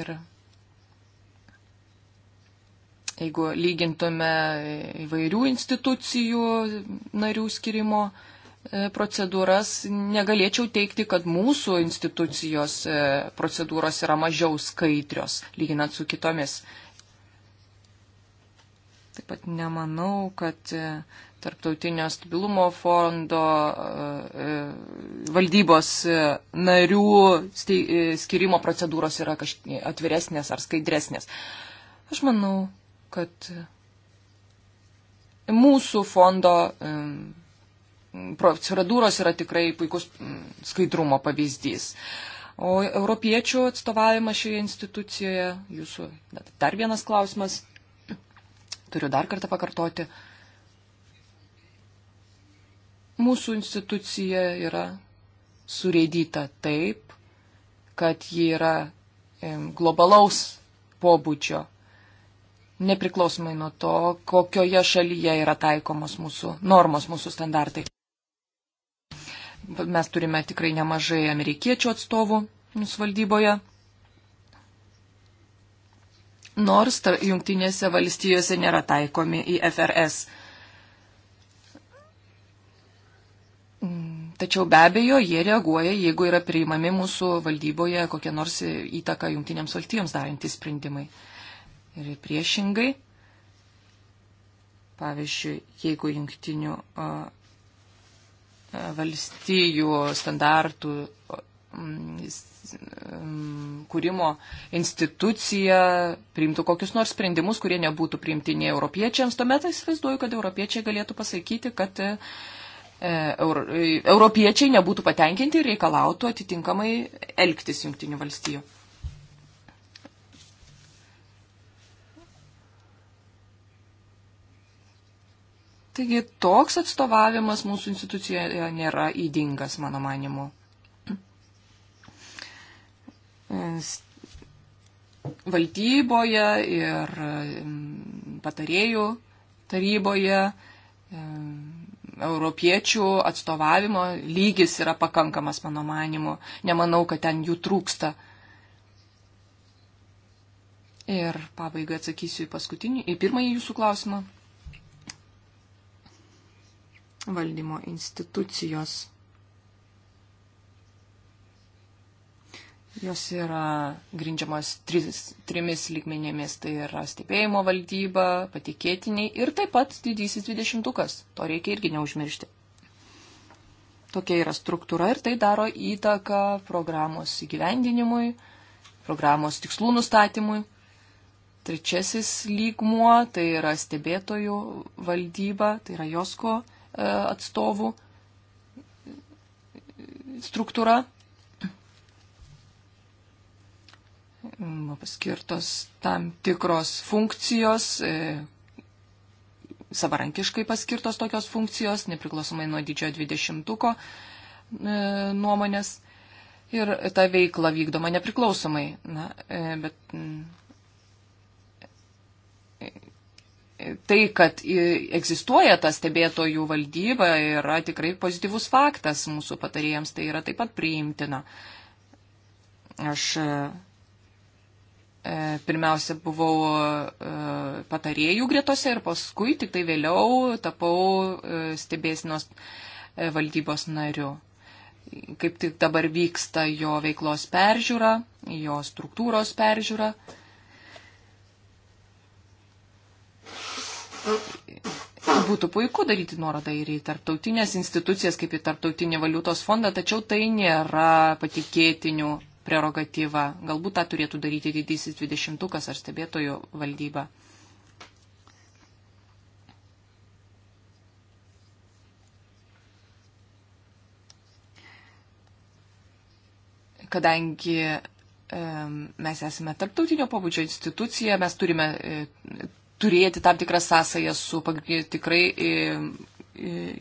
Ir jeigu lygintume įvairių institucijų narių skirimo uh, E, procedūras, negalėčiau teikti, kad mūsų institucijos e, procedūros yra mažiau skaidrios, lyginant su kitomis. Taip pat nemanau, kad e, Tarptautinio stabilumo fondo valdybos narių skirimo procedūros yra atviresnės ar skaidresnės. Aš manau, kad mūsų fondo procedūros yra tikrai puikus mm, skaidrumo pavyzdys. O europiečių atstovavimas šioje institucijoje, jūsų tai dar vienas klausimas, turiu dar kartą pakartoti. Mūsų institucija yra surėdyta taip, kad ji yra globalaus pobūdžio, nepriklausomai nuo to, kokioje šalyje yra taikomos mūsų normos, mūsų standartai. Mes turime tikrai nemažai amerikiečių atstovų mūsų valdyboje. Nors jungtinėse valstijose nėra taikomi į FRS. Tačiau be abejo, jie reaguoja, jeigu yra priimami mūsų valdyboje kokie nors įtaka jungtinėms valstijoms darantys sprendimai. Ir priešingai, pavyzdžiui, jeigu jungtinių uh, valstijų standartų mm, mm, kūrimo institucija priimtų kokius nors sprendimus, kurie nebūtų priimtini europiečiams, tuomet įsivaizduoju, kad europiečiai galėtų pasakyti, kad e, e, e, europiečiai nebūtų patenkinti ir reikalautų atitinkamai elgtis jungtinių valstijų. Taigi toks atstovavimas mūsų institucijoje nėra įdingas, mano manimu. Valdyboje ir patarėjų taryboje europiečių atstovavimo lygis yra pakankamas, mano manimu. Nemanau, kad ten jų trūksta. Ir pabaigai atsakysiu į paskutinį, į pirmąjį jūsų klausimą valdymo institucijos. Jos yra grindžiamas tris, trimis lygmenėmis, tai yra stebėjimo valdyba, patikėtiniai ir taip pat didysis dvidešimtukas. To reikia irgi neužmiršti. Tokia yra struktūra ir tai daro įtaką programos įgyvendinimui, programos tikslų nustatymui. Trečiasis lygmuo tai yra stebėtojų valdyba, tai yra josko atstovų struktūra. Paskirtos tam tikros funkcijos, e, savarankiškai paskirtos tokios funkcijos, nepriklausomai nuo didžiojo dvidešimtuko e, nuomonės. Ir ta veikla vykdoma nepriklausomai. Na, e, bet tai, kad egzistuoja ta stebėtojų valdyba, yra tikrai pozityvus faktas mūsų patarėjams, tai yra taip pat priimtina. Aš e, e, pirmiausia buvau e, patarėjų gretose ir paskui tik tai vėliau tapau stebėsinos valdybos nariu. Kaip tik dabar vyksta jo veiklos peržiūra, jo struktūros peržiūra. Būtų puiku daryti nuorodą ir į tarptautinės institucijas, kaip į tarptautinį valiutos fondą, tačiau tai nėra patikėtinių prerogatyva. Galbūt tą turėtų daryti didysis dvidešimtukas ar stebėtojų valdyba. Kadangi mes esame tarptautinio pabudžio institucija, mes turime e, turėti tam tikrą sąsają su tikrai e, e,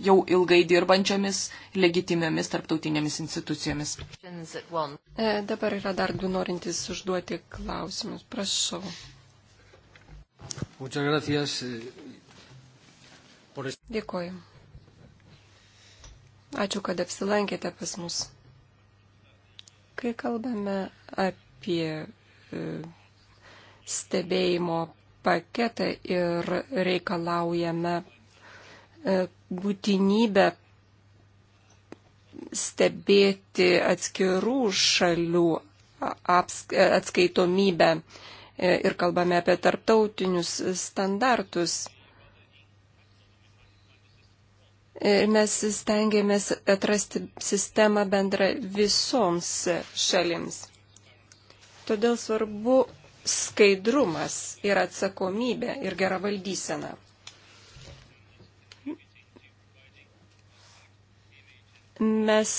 jau ilgai dirbančiomis legitimiomis tarptautinėmis institucijomis. E, dabar yra dar du norintys užduoti klausimus. Prašau. Eh, Dėkoju. Ačiū, kad apsilankėte pas mus. Kai kalbame apie stebėjimo paketą ir reikalaujame e, būtinybę stebėti atskirų šalių e, atskaitomybę e, ir kalbame apie tarptautinius standartus. Ir mes stengiamės atrasti sistemą bendrą visoms šalims. Todėl svarbu skaidrumas ir atsakomybė ir gera valdysena. Mes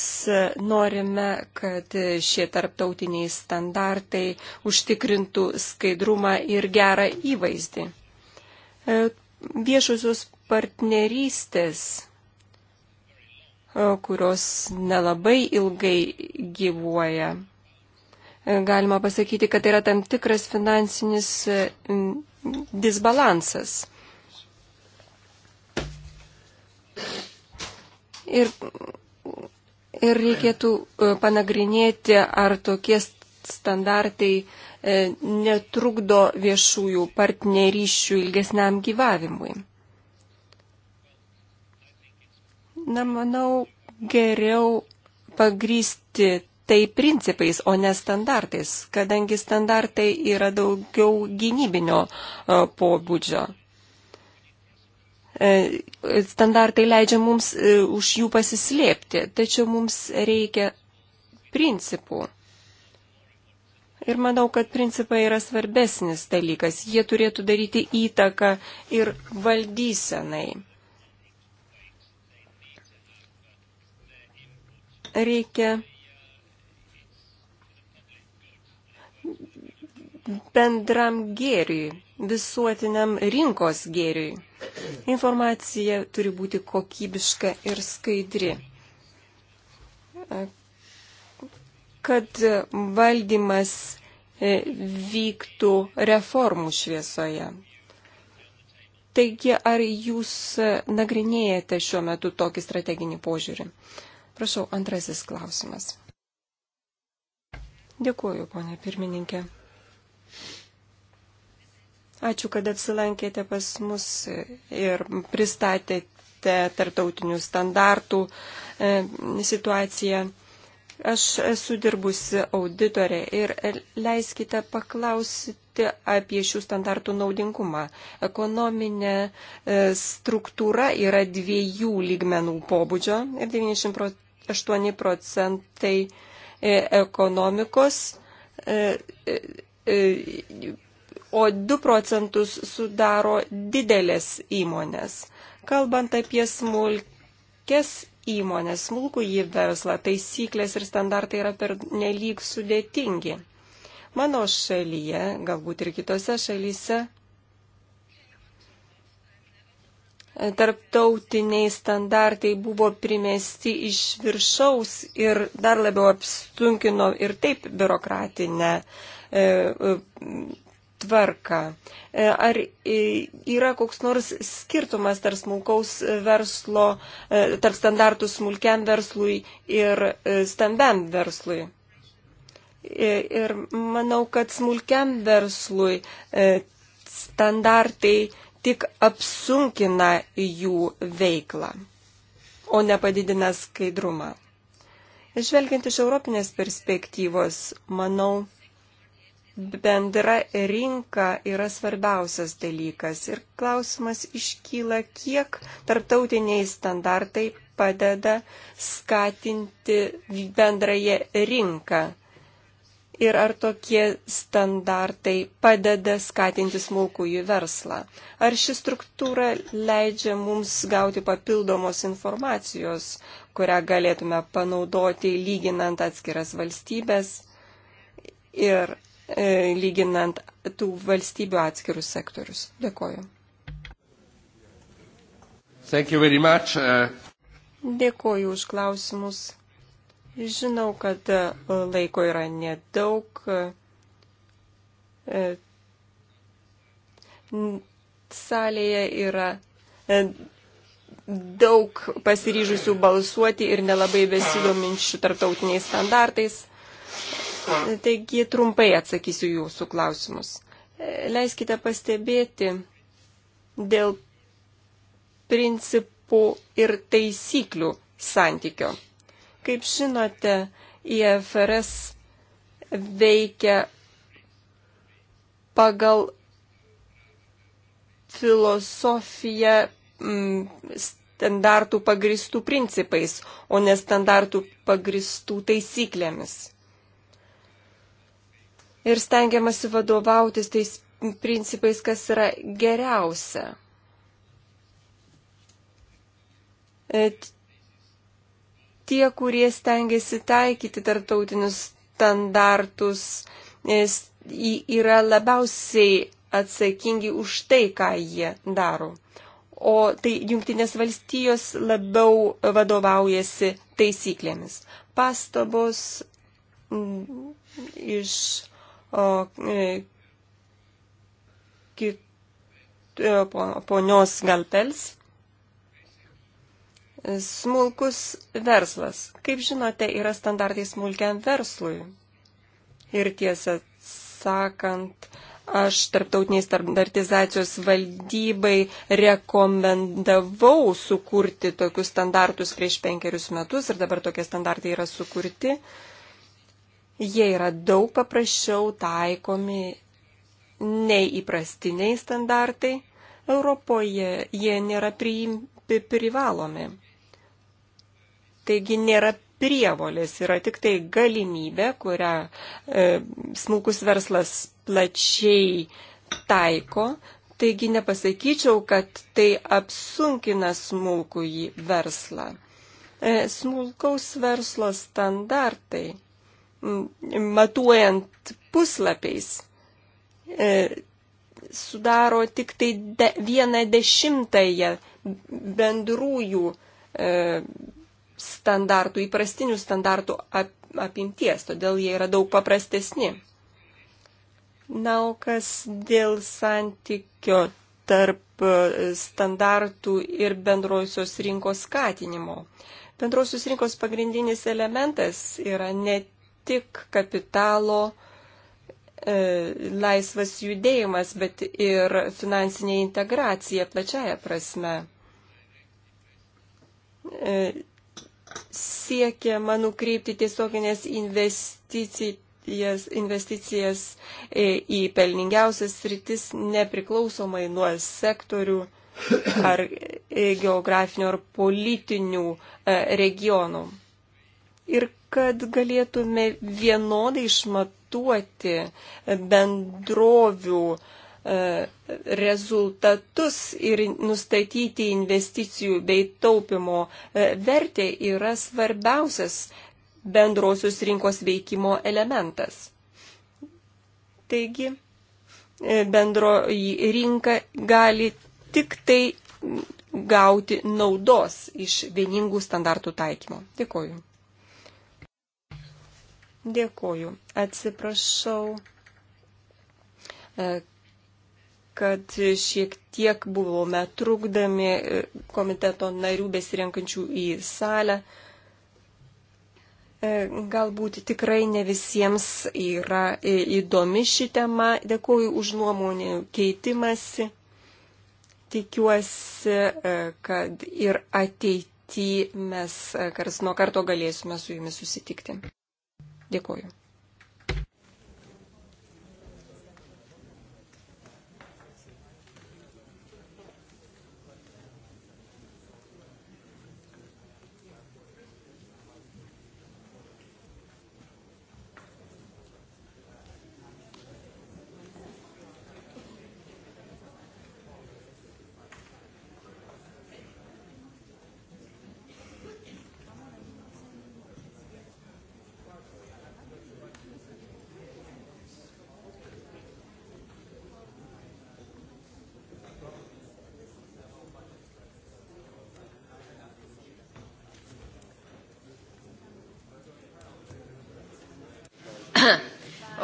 norime, kad šie tarptautiniai standartai užtikrintų skaidrumą ir gerą įvaizdį. E, Viešusios partnerystės, e, kurios nelabai ilgai gyvuoja, galima pasakyti, kad yra tam tikras finansinis disbalansas. Ir, ir reikėtų e, panagrinėti, ar tokie standartai e, netrukdo viešųjų partnerysčių ilgesniam gyvavimui. Na, manau, geriau pagrysti tai principais, o ne standartais, kadangi standartai yra daugiau gynybinio e, pobūdžio. E, standartai leidžia mums e, už jų pasislėpti, tačiau mums reikia principų. Ir manau, kad principai yra svarbesnis dalykas. Jie turėtų daryti įtaką ir valdysenai. Reikia bendram gėriui, visuotiniam rinkos gėriui. Informacija turi būti kokybiška ir skaidri. Kad valdymas e, vyktų reformų šviesoje. Taigi, ar jūs nagrinėjate šiuo metu tokį strateginį požiūrį? Prašau, antrasis klausimas. Dėkuoju, ponė pirmininkė. Ačiū, kad apsilankėte pas mus ir pristatėte tartautinių standartų e, situaciją. Aš esu dirbusi auditorė ir leiskite paklausyti apie šių standartų naudingumą. Ekonominė e, struktūra yra dviejų lygmenų pobūdjo ir 98 procentai e, ekonomikos o 2 procentus sudaro didelės įmonės. Kalbant apie smulkes įmonės, smulkų į verslą, taisyklės ir standartai yra per nelyg sudėtingi. Mano šalyje, galbūt ir kitose šalyse, tarptautiniai standartai buvo primesti iš viršaus ir dar labiau apstunkino ir taip biurokratinę e, tvarką. E, ar e, yra koks nors skirtumas tarp smulkaus verslo, e, tarp standartų smulkiam verslui ir stambiam verslui? Ir manau, kad smulkiam verslui standartai tik apsunkina jų veiklą, o nepadidina skaidrumą. Žvelgiant iš europinės perspektyvos, manau, bendra rinka yra svarbiausias dalykas. Ir klausimas iškyla, kiek tarptautiniai standartai padeda skatinti bendrąją rinką. Ir ar tokie standartai padeda skatinti smulkųjų verslą? Ar ši struktūra leidžia mums gauti papildomos informacijos, kurią galėtume panaudoti lyginant atskiras valstybės? Ir E, lyginant tų valstybių atskirus sektorius. Dėkoju. Uh, Dėkoju už klausimus. Žinau, kad e, laiko yra nedaug. E, salėje yra daug pasiryžusių balsuoti ir nelabai besidominčių tarptautiniais standartais. Taigi trumpai atsakysiu jūsų klausimus. E, leiskite pastebėti dėl principų ir taisyklių santykio. Kaip žinote, IFRS veikia pagal filosofiją mm, standartų pagristų principais, o ne standartų pagristų taisyklėmis ir stengiamasi vadovautis tais principais, kas yra geriausia. Et tie, kurie stengiasi taikyti tartautinius standartus, e, yra labiausiai atsakingi už tai, ką jie daro. O tai jungtinės valstijos labiau vadovaujasi taisyklėmis. Pastabos iš o, e, kit, e, ponios Galpels. Smulkus verslas. Kaip žinote, yra standartai smulkiam verslui. Ir tiesą sakant, aš tarptautiniai standartizacijos valdybai rekomendavau sukurti tokius standartus prieš penkerius metus ir dabar tokie standartai yra sukurti. Uh, Jie yra daug paprasčiau taikomi nei įprastiniai standartai. Europoje jie nėra priimti privalomi. Taigi nėra prievolės, yra tik tai galimybė, kurią e, smulkus verslas plačiai taiko. Taigi nepasakyčiau, kad tai apsunkina smulkųjį verslą. E, smulkaus verslo standartai matuojant puslapiais, e, sudaro tik tai de, vieną dešimtąją bendrųjų e, standartų, įprastinių standartų ap, apimties, todėl jie yra daug paprastesni. Na, o kas dėl santykio tarp e, standartų ir bendrosios rinkos skatinimo? Bendrosios rinkos pagrindinis elementas yra ne tik kapitalo e, laisvas judėjimas, bet ir finansinė integracija plačiaja prasme. E, siekiama nukreipti tiesioginės investicijas investicijas, investicijas į pelningiausias sritis nepriklausomai nuo sektorių ar e, geografinių ar politinių e, regionų. Ir kad galėtume vienodai išmatuoti bendrovių e, rezultatus ir nustatyti investicijų bei taupimo e, vertę yra svarbiausias bendrosios rinkos veikimo elementas. Taigi, e, bendroji rinka gali tik tai gauti naudos iš vieningų standartų taikymo. Dėkoju. Dėkoju. Atsiprašau, e, kad šiek tiek buvome trukdami e, komiteto narių besirenkančių į salę. E, galbūt tikrai ne visiems yra įdomi ši tema. Dėkuoju už nuomonį keitimąsi. Tikiuosi, kad ir ateityje mes kars nuo karto galėsime su jumis susitikti. Dėkuoju.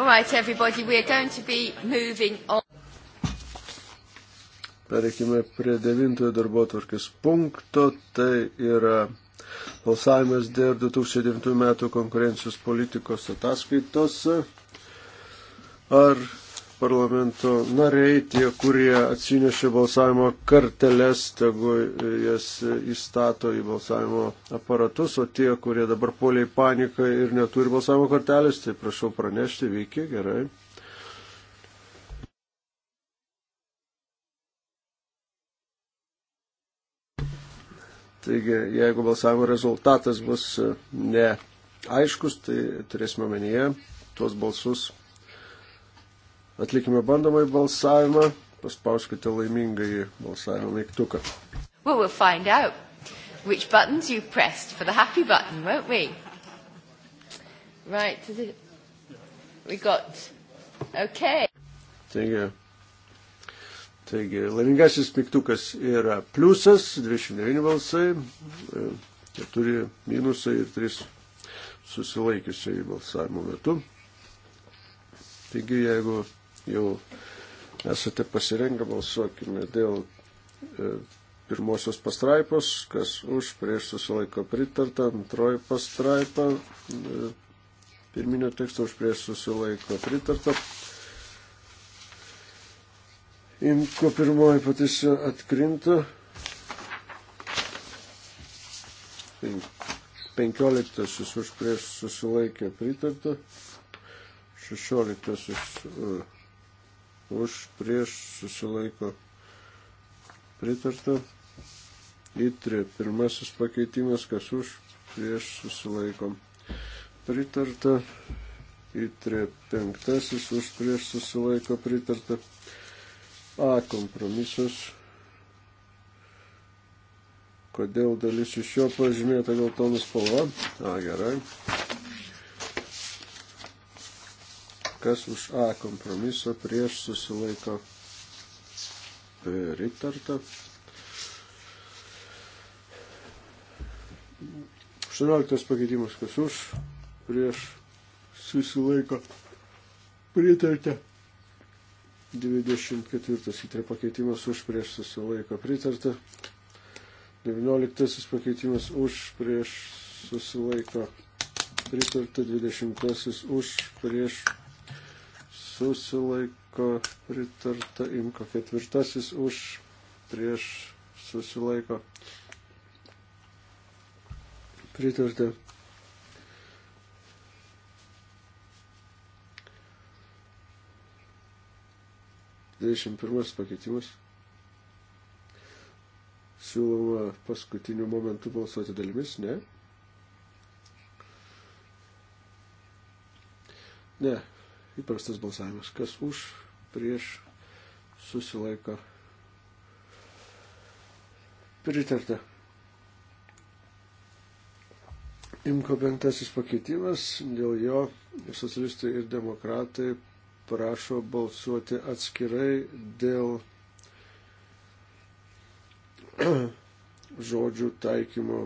All right, everybody, we are going to be moving on. Pereikime prie devintojo darbo tvarkės punkto, tai yra balsavimas dėl 2009 metų konkurencijos politikos ataskaitos. Ar parlamento nariai, tie, kurie atsinešė balsavimo karteles, tegu jas įstato į balsavimo aparatus, o tie, kurie dabar poliai paniką ir neturi balsavimo kartelės, tai prašau pranešti, veikia gerai. Taigi, jeigu balsavimo rezultatas bus neaiškus, tai turėsime omenyje tuos balsus Atlikime bandomai balsavimą. Paspauskite laimingai balsavimo mygtuką. Well, we'll find out which buttons you pressed for the happy button, won't we? Right, is it? We got. Okay. Taigi, taigi laimingasis mygtukas yra pliusas, 29 balsai, 4 e, minusai ir 3 susilaikiusiai balsavimo metu. Taigi, jeigu jau esate pasirengę balsuokime dėl e, pirmosios pastraipos, kas už prieš susilaiko pritarta, antroji pastraipa, e, pirminio teksto už prieš susilaiko pritarta. Imko pirmoji patys atkrinta. 15 už prieš susilaikė pritarta. 16 už. Uh, už prieš susilaiko pritarta. Įtri pirmasis pakeitimas, kas už prieš susilaiko pritarta. Įtri penktasis už prieš susilaiko pritarta. A kompromisas kodėl dalis iš jo pažymėta geltonų spalva. A, gerai. Kas už A kompromisą prieš susilaiko pritarta. 18 pakeitimas, kas už prieš susilaiko pritarta. 24 įtrė pakeitimas už prieš susilaiko pritarta. 19 pakeitimas už prieš susilaiko pritarta. 20 už prieš susilaiko pritarta, imko ketvirtasis už, prieš susilaiko pritarta. Dvidešimt pirmas pakeitimas. Siūloma paskutiniu momentu balsuoti dalimis, ne? Ne, Įprastas balsavimas. Kas už, prieš, susilaiko. Pritarta. Imko penktasis pakeitimas, dėl jo socialistai ir demokratai prašo balsuoti atskirai dėl žodžių taikymo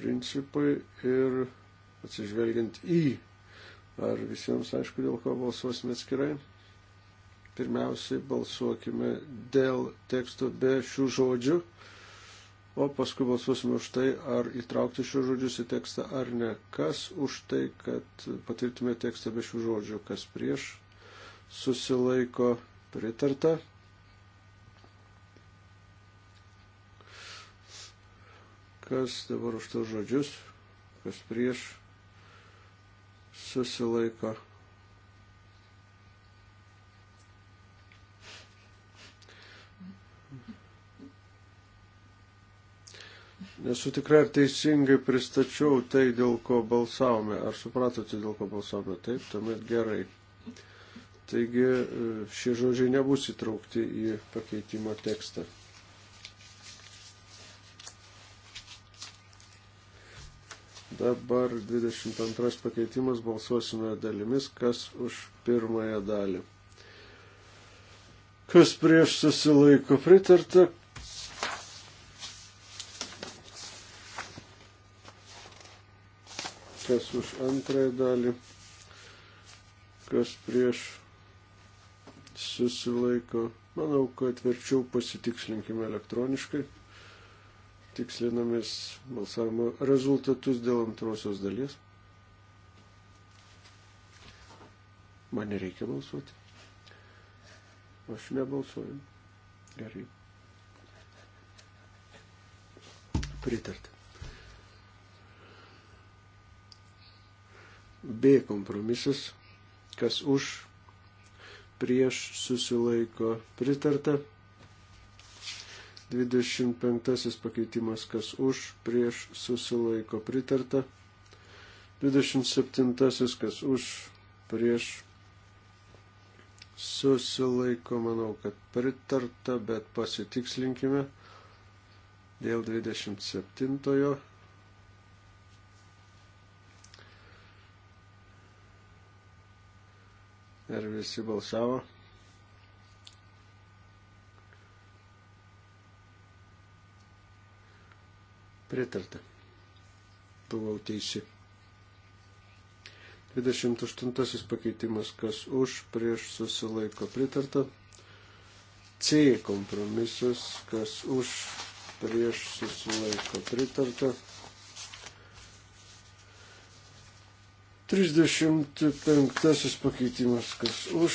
principai ir atsižvelgiant į Ar visiems aišku, dėl ko balsuosime atskirai? Pirmiausiai balsuokime dėl teksto be šių žodžių, o paskui balsuosime už tai, ar įtraukti šių žodžius į tekstą ar ne. Kas už tai, kad patirtume tekstą be šių žodžių, kas prieš, susilaiko pritarta. Kas dabar už tos žodžius, kas prieš, susilaiko. Nesu tikrai, ar teisingai pristačiau tai, dėl ko balsavome. Ar supratote, dėl ko balsavome? Taip, tuomet gerai. Taigi e, šie žodžiai nebus įtraukti į pakeitimo tekstą. Dabar 22 pakeitimas balsuosime dalimis, kas už pirmąją dalį. Kas prieš susilaiko pritarta, kas už antrąją dalį, kas prieš susilaiko. Manau, kad verčiau pasitikslinkime elektroniškai tikslinamis balsavimo rezultatus dėl antrosios dalies. Man nereikia balsuoti. Aš nebalsuoju. Gerai. Pritarti. B kompromisas. Kas už, prieš susilaiko pritarta. 25 pakeitimas, kas už, prieš, susilaiko pritarta. 27 kas už, prieš, susilaiko, manau, kad pritarta, bet pasitikslinkime dėl 27-ojo. Ar visi balsavo? Pritarta. Buvau teisi. 28 pakeitimas, kas už, prieš susilaiko pritarta. C kompromisas, kas už, prieš susilaiko pritarta. 35 pakeitimas, kas už,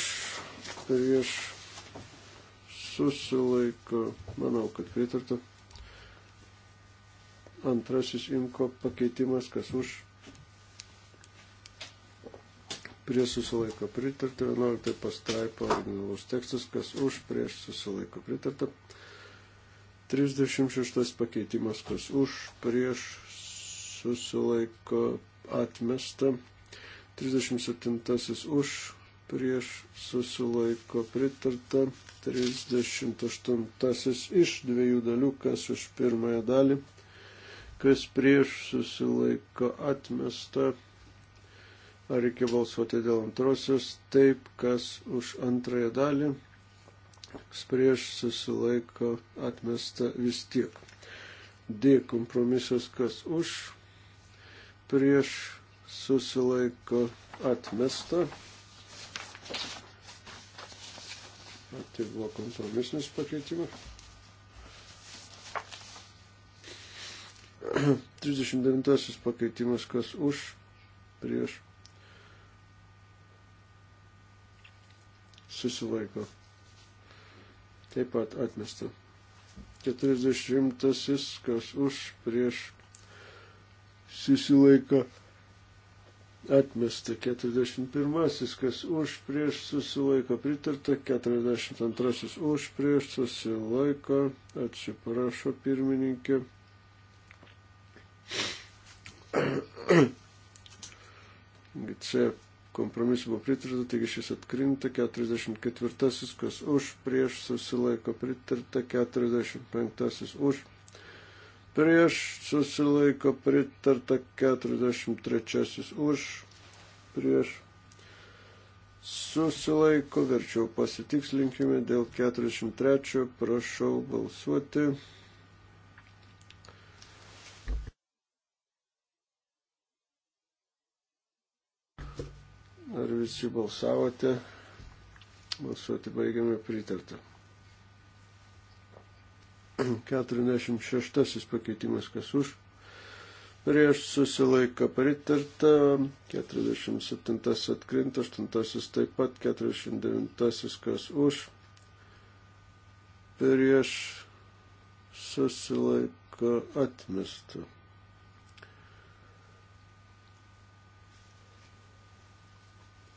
prieš susilaiko, manau, kad pritarta. Antrasis imko pakeitimas, kas už prie susilaiko pritarta. 11 pastraipa originalus tekstas, kas už prieš susilaiko pritarta. 36 pakeitimas, kas už prieš susilaiko atmesta. 37 už prieš susilaiko pritarta 38 iš dviejų dalių, kas už pirmąją dalį, kas prieš susilaiko atmesta. Ar reikia balsuoti dėl antrosios? Taip, kas už antrąją dalį, kas prieš susilaiko atmesta vis tiek. D kompromisas, kas už, prieš susilaiko atmesta. Tai buvo kompromisinis pakeitimas. 39 pakeitimas, kas už, prieš, susilaiko. Taip pat atmesta. 40 kas už, prieš, susilaiko. Atmesta 41, kas už prieš susilaiko, pritarta 42, už prieš susilaiko, atsiprašo pirmininkė. C kompromisu buvo pritarta, taigi šis atkrinta, 44 kas už, prieš susilaiko pritarta, 45 už, prieš susilaiko pritarta, 43 už, prieš susilaiko, verčiau pasitikslinkime dėl 43, prašau balsuoti. visi balsavote. Balsuoti baigiame pritartą. 46 pakeitimas kas už. Prieš susilaiką pritarta. 47 atkrinta. 8 taip pat. 49 kas už. Prieš susilaiką atmestą.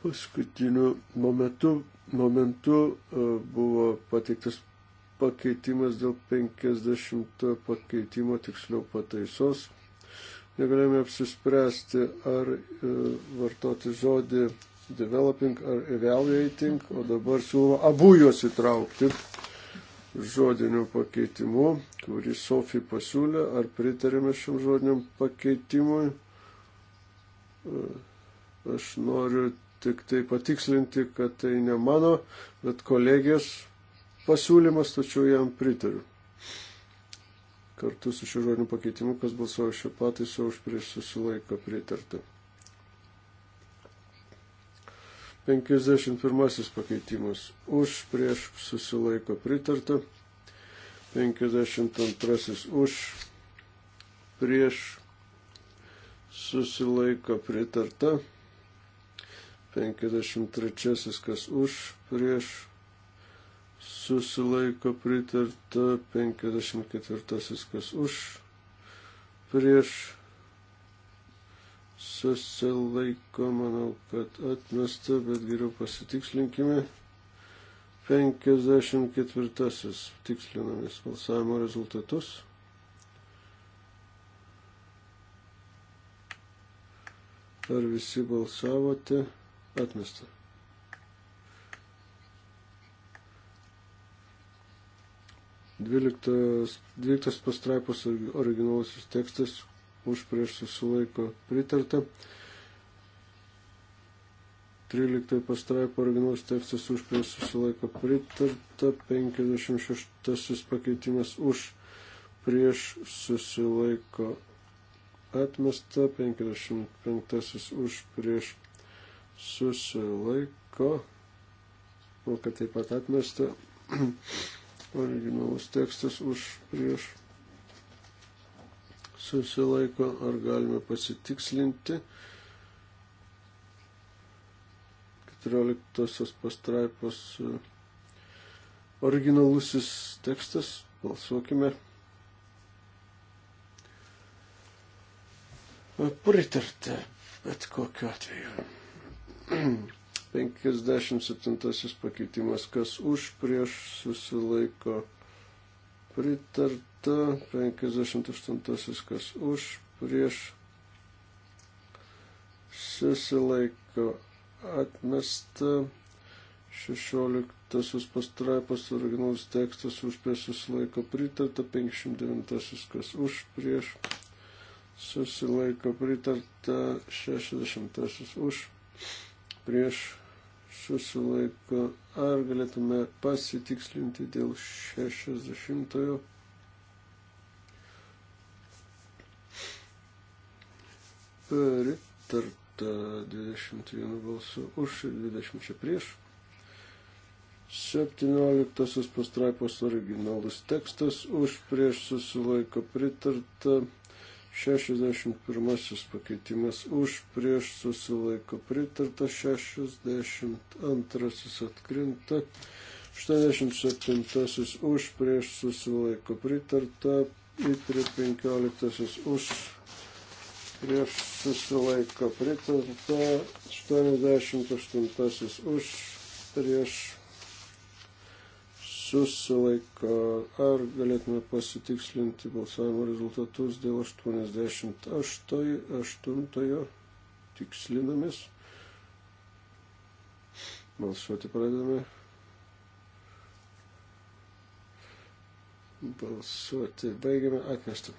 Paskutiniu momentu, momentu e, buvo pateiktas pakeitimas dėl 50 pakeitimo, tiksliau pataisos. Negalėjome apsispręsti, ar e, vartoti žodį developing ar evaluating, o dabar siūloma abu juos įtraukti žodiniu pakeitimu, kurį Sofija pasiūlė, ar pritarėme šiam žodiniam pakeitimui. E, aš noriu tik tai patikslinti, kad tai ne mano, bet kolegės pasiūlymas, tačiau jam pritariu. Kartu su šiuo žodiniu pakeitimu, kas balsuoja šią pataisą, už prieš susilaiką pritarta. 51 pakeitimas. Už prieš susilaiko pritarta. 52 už prieš susilaiko pritarta. 53 kas už, prieš susilaiko pritarta, 54 kas už, prieš susilaiko, manau, kad atmesta, bet geriau pasitikslinkime. 54 tikslinamis balsavimo rezultatus. Ar visi balsavote? Atmesta. Dvyliktas, dvyliktas pastraipos originalusis tekstas už prieš susilaiko pritarta. 13 pastraipo originalus tekstas už prieš susilaiko pritarta, 56 pakeitimas už prieš susilaiko atmesta, 55 už prieš susilaiko, o kad taip pat atmesta originalus tekstas už prieš susilaiko, ar galime pasitikslinti. 14 pastraipos e, originalusis tekstas, balsuokime. E, pritarta, bet kokiu atveju. 57 pakeitimas, kas už prieš susilaiko pritarta, 58 kas už prieš susilaiko atmesta, 16 pastraipos originalus tekstas už prieš susilaiko pritarta, 59 kas už prieš susilaiko pritarta, 60 už prieš prieš susilaiko. Ar galėtume pasitikslinti dėl 60-ojo? Pritarta 21 balsų už ir 20 čia prieš. 17 pastraipos originalus tekstas už prieš susilaiko pritarta. 61 pakeitimas už prieš susilaiko pritarta, 62 atkrinta, 87 už prieš susilaiko pritarta, įtri 15 už prieš susilaiko pritarta, 88 už prieš susilaiko. Ar galėtume pasitikslinti balsavimo rezultatus dėl 88 tikslinamės. Balsuoti pradedame. Balsuoti baigiame atmestą.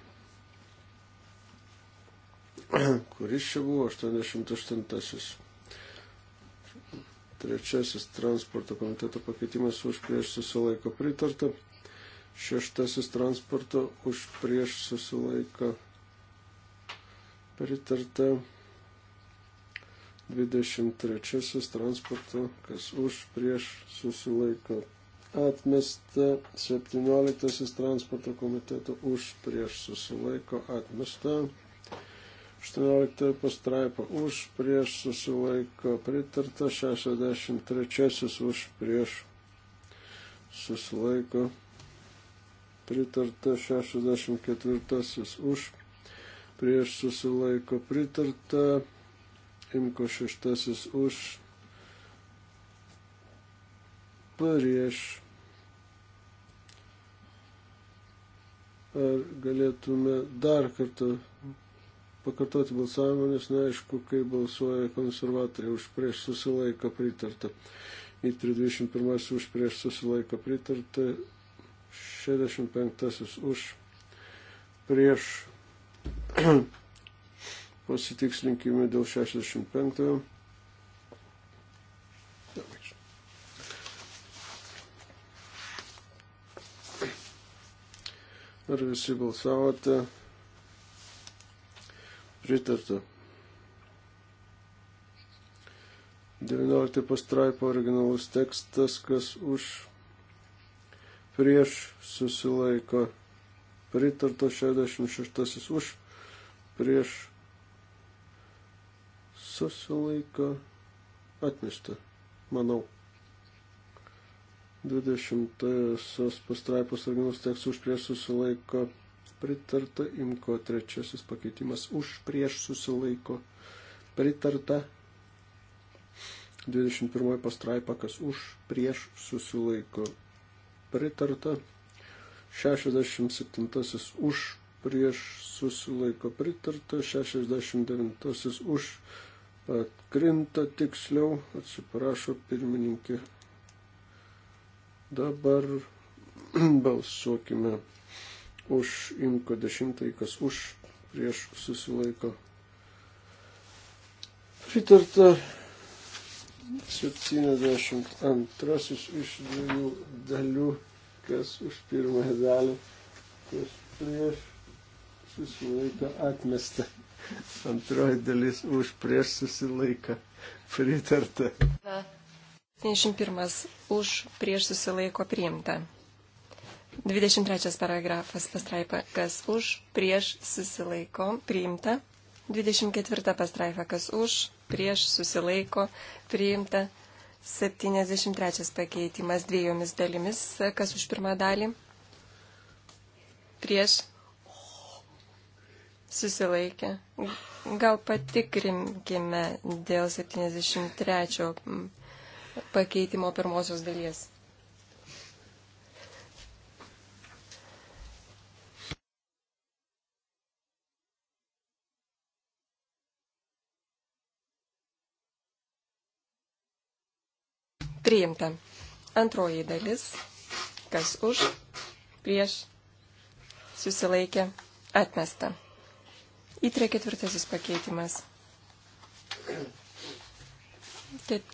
Kuris čia buvo 88? Trečiasis transporto komiteto pakeitimas už prieš susilaiko pritarta. Šeštasis transporto už prieš susilaiko pritarta. 23 transporto, kas už prieš susilaiko atmesta. 17 transporto komiteto už prieš susilaiko atmesta. 18 pastraipa už prieš susilaiko pritarta, 63 už prieš susilaiko pritarta, 64 už prieš susilaiko pritarta, imko 6 už prieš. Ar galėtume dar kartą pakartoti balsavimą, nes neaišku, kaip balsuoja konservatoriai už prieš susilaiką pritartą. Į 31 už prieš susilaiką pritartą, 65 už prieš pasitikslinkime dėl 65. Ar visi balsavote? Pritarta. 19 pastraipo originalus tekstas, kas už prieš susilaiko. Pritarta 66 už prieš susilaiko atmesta, manau. 20 pastraipos originalus tekstas už prieš susilaiko atmesta pritarta, imko trečiasis pakeitimas už prieš susilaiko pritarta, 21 pastraipa, kas už prieš susilaiko pritarta, 67 už prieš susilaiko pritarta, 69 už atkrinta tiksliau, atsiprašo pirmininkė. Dabar balsuokime už imko dešimtąjį, kas už prieš susilaiko. Pritarta 72 iš dviejų dalių, kas už pirmąją dalį, kas prieš susilaiko atmesta. Antroji dalis už prieš susilaiko pritarta. 71 už prieš susilaiko priimta. 23 paragrafas pastraipa, kas už, prieš susilaiko, priimta. 24 pastraipa, kas už, prieš susilaiko, priimta. 73 pakeitimas dviejomis dalimis, kas už pirmą dalį, prieš susilaikė. Gal patikrinkime dėl 73 pakeitimo pirmosios dalies. Priimta. Antroji dalis. Kas už, prieš, susilaikė, atmesta. Įtrė ketvirtasis pakeitimas.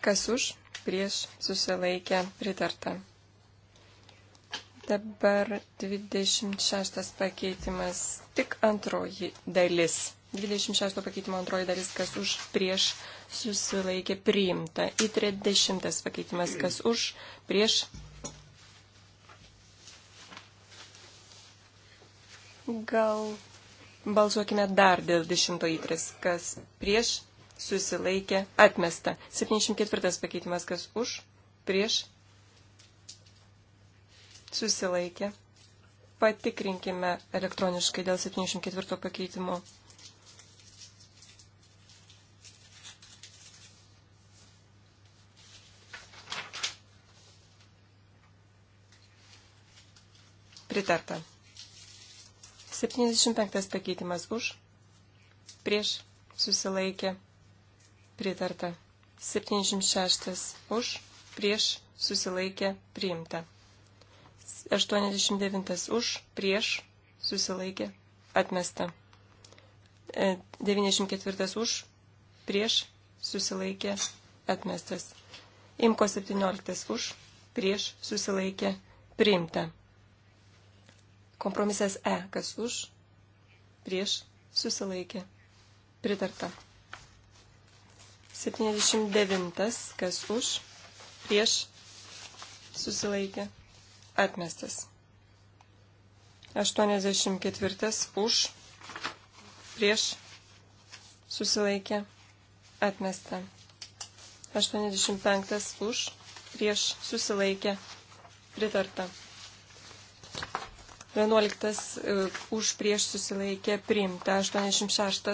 Kas už, prieš, susilaikė, pritarta. Dabar 26 pakeitimas, tik antroji dalis. 26 pakeitimo antroji dalis, kas už, prieš, susilaikė, priimta. Į 30 pakeitimas, kas už, prieš. Gal balsuokime dar dėl 10 įtris, kas prieš, susilaikė, atmesta. 74 pakeitimas, kas už, prieš, susilaikė. Patikrinkime elektroniškai dėl 74 pakeitimo. Pritarta. 75 pakeitimas už. Prieš susilaikė. Pritarta. 76 už. Prieš susilaikė. Priimta. 89 už. Prieš susilaikė. Atmesta. 94 e, už. Prieš susilaikė. Atmestas. Imko 17 už. Prieš susilaikė. Priimta. Kompromisas E. Kas už? Prieš susilaikė. Pritarta. 79. Kas už? Prieš susilaikė. Atmestas. 84. Už. Prieš susilaikė. Atmesta. 85. Už. Prieš susilaikė. Pritarta. 11 e, už prieš susilaikė priimta, 86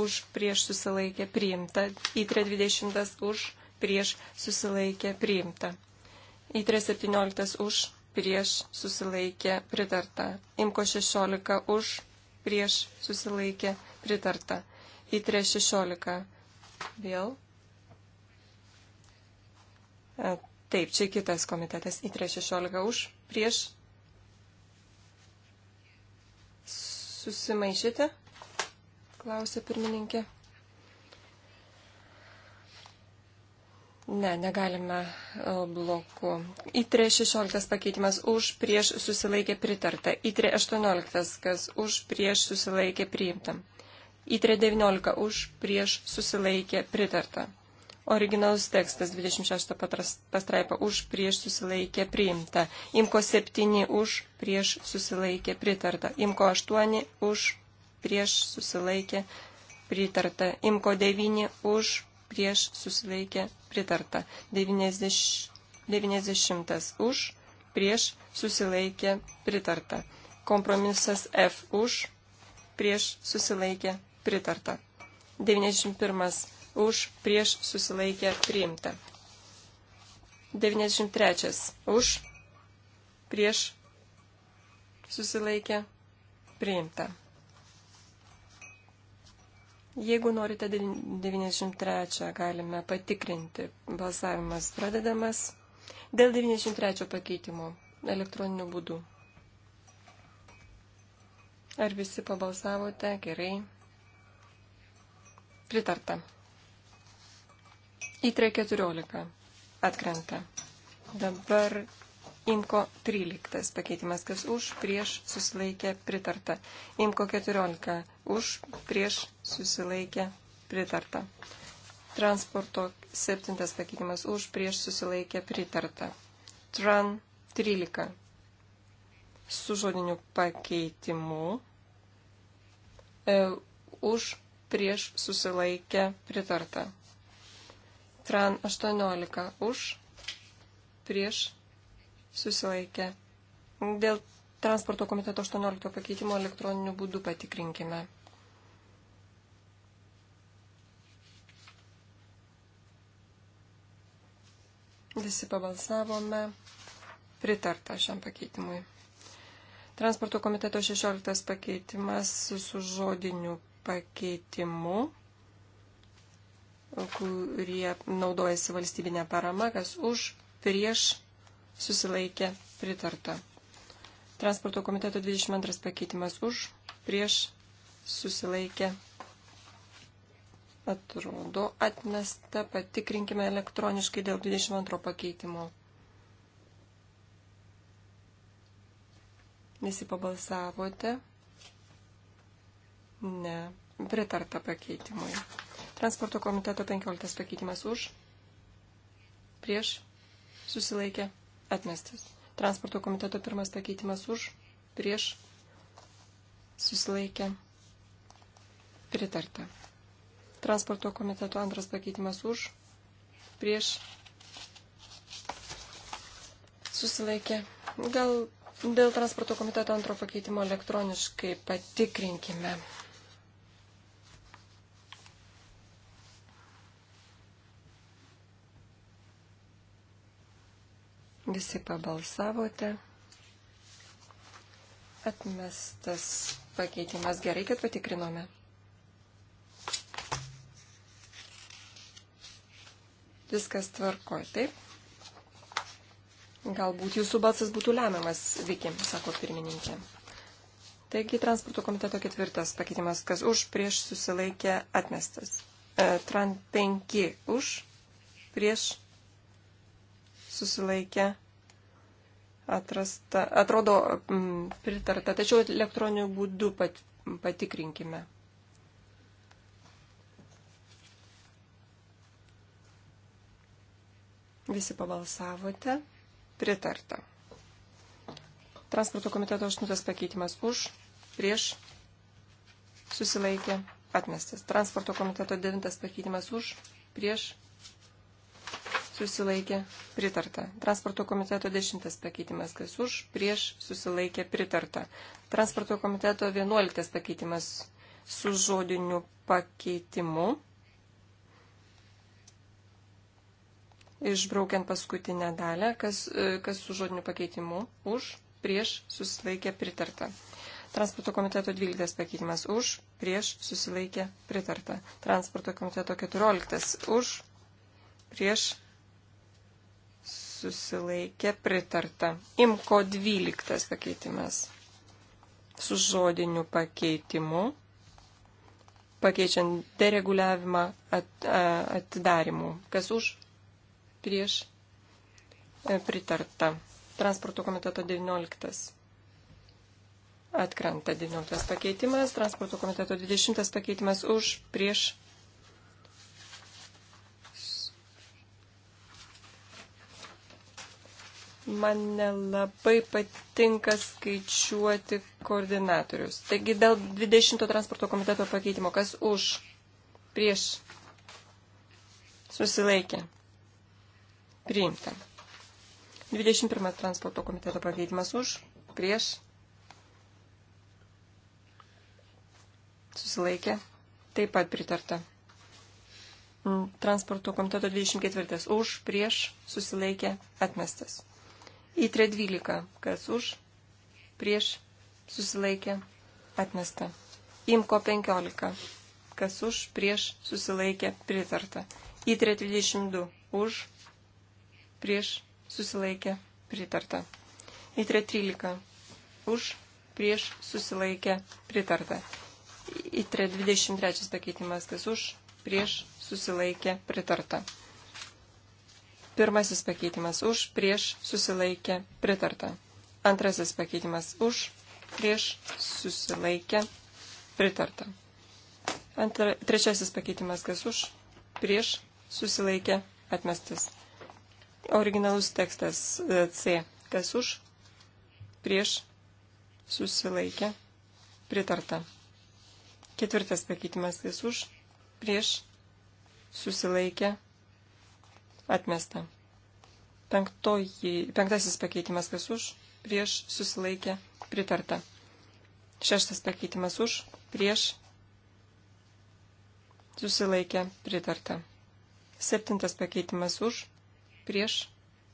už prieš susilaikė priimta, įtrė 20 už prieš susilaikė priimta, įtrė 17 už prieš susilaikė pritarta, imko 16 už prieš susilaikė pritarta, įtrė 16 vėl. E, taip, čia kitas komitetas įtrė 16 už prieš susimaišėte? Klausė pirmininkė. Ne, negalime e, blokų. Įtrė 16 pakeitimas už prieš susilaikė pritarta. Įtrė 18, kas už prieš susilaikė priimta. Įtrė 19 už prieš susilaikė pritarta. Originalus tekstas 26 pastraipa už prieš susilaikė priimta. Imko 7 už prieš susilaikė pritarta. Imko 8 už prieš susilaikė pritarta. Imko 9 už prieš susilaikė pritarta. 90, 90 už prieš susilaikė pritarta. Kompromisas F už prieš susilaikė pritarta. 91 už prieš susilaikę priimta. 93 už prieš susilaikę priimta. Jeigu norite 93, galime patikrinti. Balsavimas pradedamas dėl 93 pakeitimo elektroniniu būdu. Ar visi pabalsavote? Gerai. Pritarta. Įtrė 14 atkrenta. Dabar Imko 13 pakeitimas, kas už, prieš, susilaikė, pritarta. Imko 14 už, prieš, susilaikė, pritarta. Transporto 7 pakeitimas už, prieš, susilaikė, pritarta. Tran 13 su žodiniu pakeitimu e, už, prieš, susilaikė, pritarta. Tran 18 už, prieš, susilaikė. Dėl transporto komiteto 18 pakeitimo elektroniniu būdu patikrinkime. Visi pabalsavome. Pritarta šiam pakeitimui. Transporto komiteto 16 pakeitimas su žodiniu pakeitimu kurie naudojasi valstybinę paramą, kas už, prieš, susilaikė, pritarta. Transporto komiteto 22 pakeitimas už, prieš, susilaikė, atrodo, atmesta, patikrinkime elektroniškai dėl 22 pakeitimo. Visi pabalsavote? Ne, pritarta pakeitimui. Transporto komiteto 15 pakeitimas už, prieš, susilaikė, atmestas. Transporto komiteto pirmas pakeitimas už, prieš, susilaikė, pritarta. Transporto komiteto antras pakeitimas už, prieš, susilaikė. Gal dėl transporto komiteto antro pakeitimo elektroniškai patikrinkime. Visi pabalsavote. Atmestas pakeitimas. Gerai, kad patikrinome. Viskas tvarkoj, taip? Galbūt jūsų balsas būtų lemiamas, Viki, sako pirmininkė. Taigi, transporto komiteto ketvirtas pakeitimas, kas už prieš susilaikė atmestas. E, Tran 5 už prieš susilaikė atrasta, atrodo m, mm, pritarta, tačiau elektroniniu būdu pat, patikrinkime. Visi pabalsavote. Pritarta. Transporto komiteto aštuntas pakeitimas už, prieš, susilaikė, atmestas. Transporto komiteto devintas pakeitimas už, prieš, susilaikė, pritarta. Transporto komiteto 10 pakeitimas, kas už, prieš, susilaikė, pritarta. Transporto komiteto 11 pakeitimas su žodiniu pakeitimu. Išbraukiant paskutinę dalę, kas, kas su žodiniu pakeitimu už, prieš, susilaikė, pritarta. Transporto komiteto 12 pakeitimas už, prieš, susilaikė, pritarta. Transporto komiteto 14 už, prieš, susilaikė pritarta. Imko 12 pakeitimas. Su žodiniu pakeitimu, pakeičiant dereguliavimą at, atidarimu. Kas už? Prieš? E, pritarta. Transporto komiteto 19. Atkrenta 19 pakeitimas, transporto komiteto 20 pakeitimas už, prieš man nelabai patinka skaičiuoti koordinatorius. Taigi dėl 20 transporto komiteto pakeitimo, kas už, prieš, susilaikė, priimta. 21 transporto komiteto pakeitimas už, prieš, susilaikė, taip pat pritarta. Mm, transporto komiteto 24 už, prieš, susilaikė, atmestas. Į 312, kas už, prieš, susilaikė, atmesta. Imko 15, kas už, prieš, susilaikė, pritarta. Į 322, už, prieš, susilaikė, pritarta. Į 313, už, prieš, susilaikė, pritarta. Į 323 pakeitimas, kas už, prieš, susilaikė, pritarta. Pirmasis pakeitimas už, prieš, susilaikė, pritarta. Antrasis pakeitimas už, prieš, susilaikė, pritarta. Antra, trečiasis pakeitimas kas už, prieš, susilaikė, atmestas. Originalus tekstas e, C. Kas už, prieš, susilaikė, pritarta. Ketvirtas pakeitimas kas už, prieš, susilaikė, pritarta Atmesta. Penktoji, penktasis pakeitimas kas už, prieš susilaikė, pritarta. Šeštas pakeitimas už, prieš susilaikė, pritarta. Septintas pakeitimas už, prieš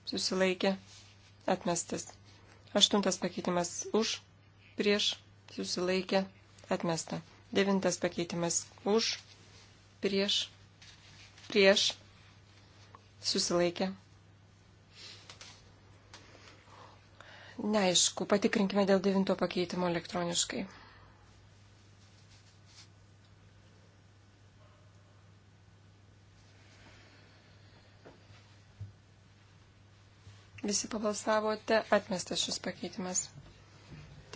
susilaikė, atmestas. Aštuntas pakeitimas už, prieš susilaikė, atmesta. Devintas pakeitimas už, prieš, prieš Susilaikė. Neaišku, patikrinkime dėl devinto pakeitimo elektroniškai. Visi pabalsavote, atmestas šis pakeitimas.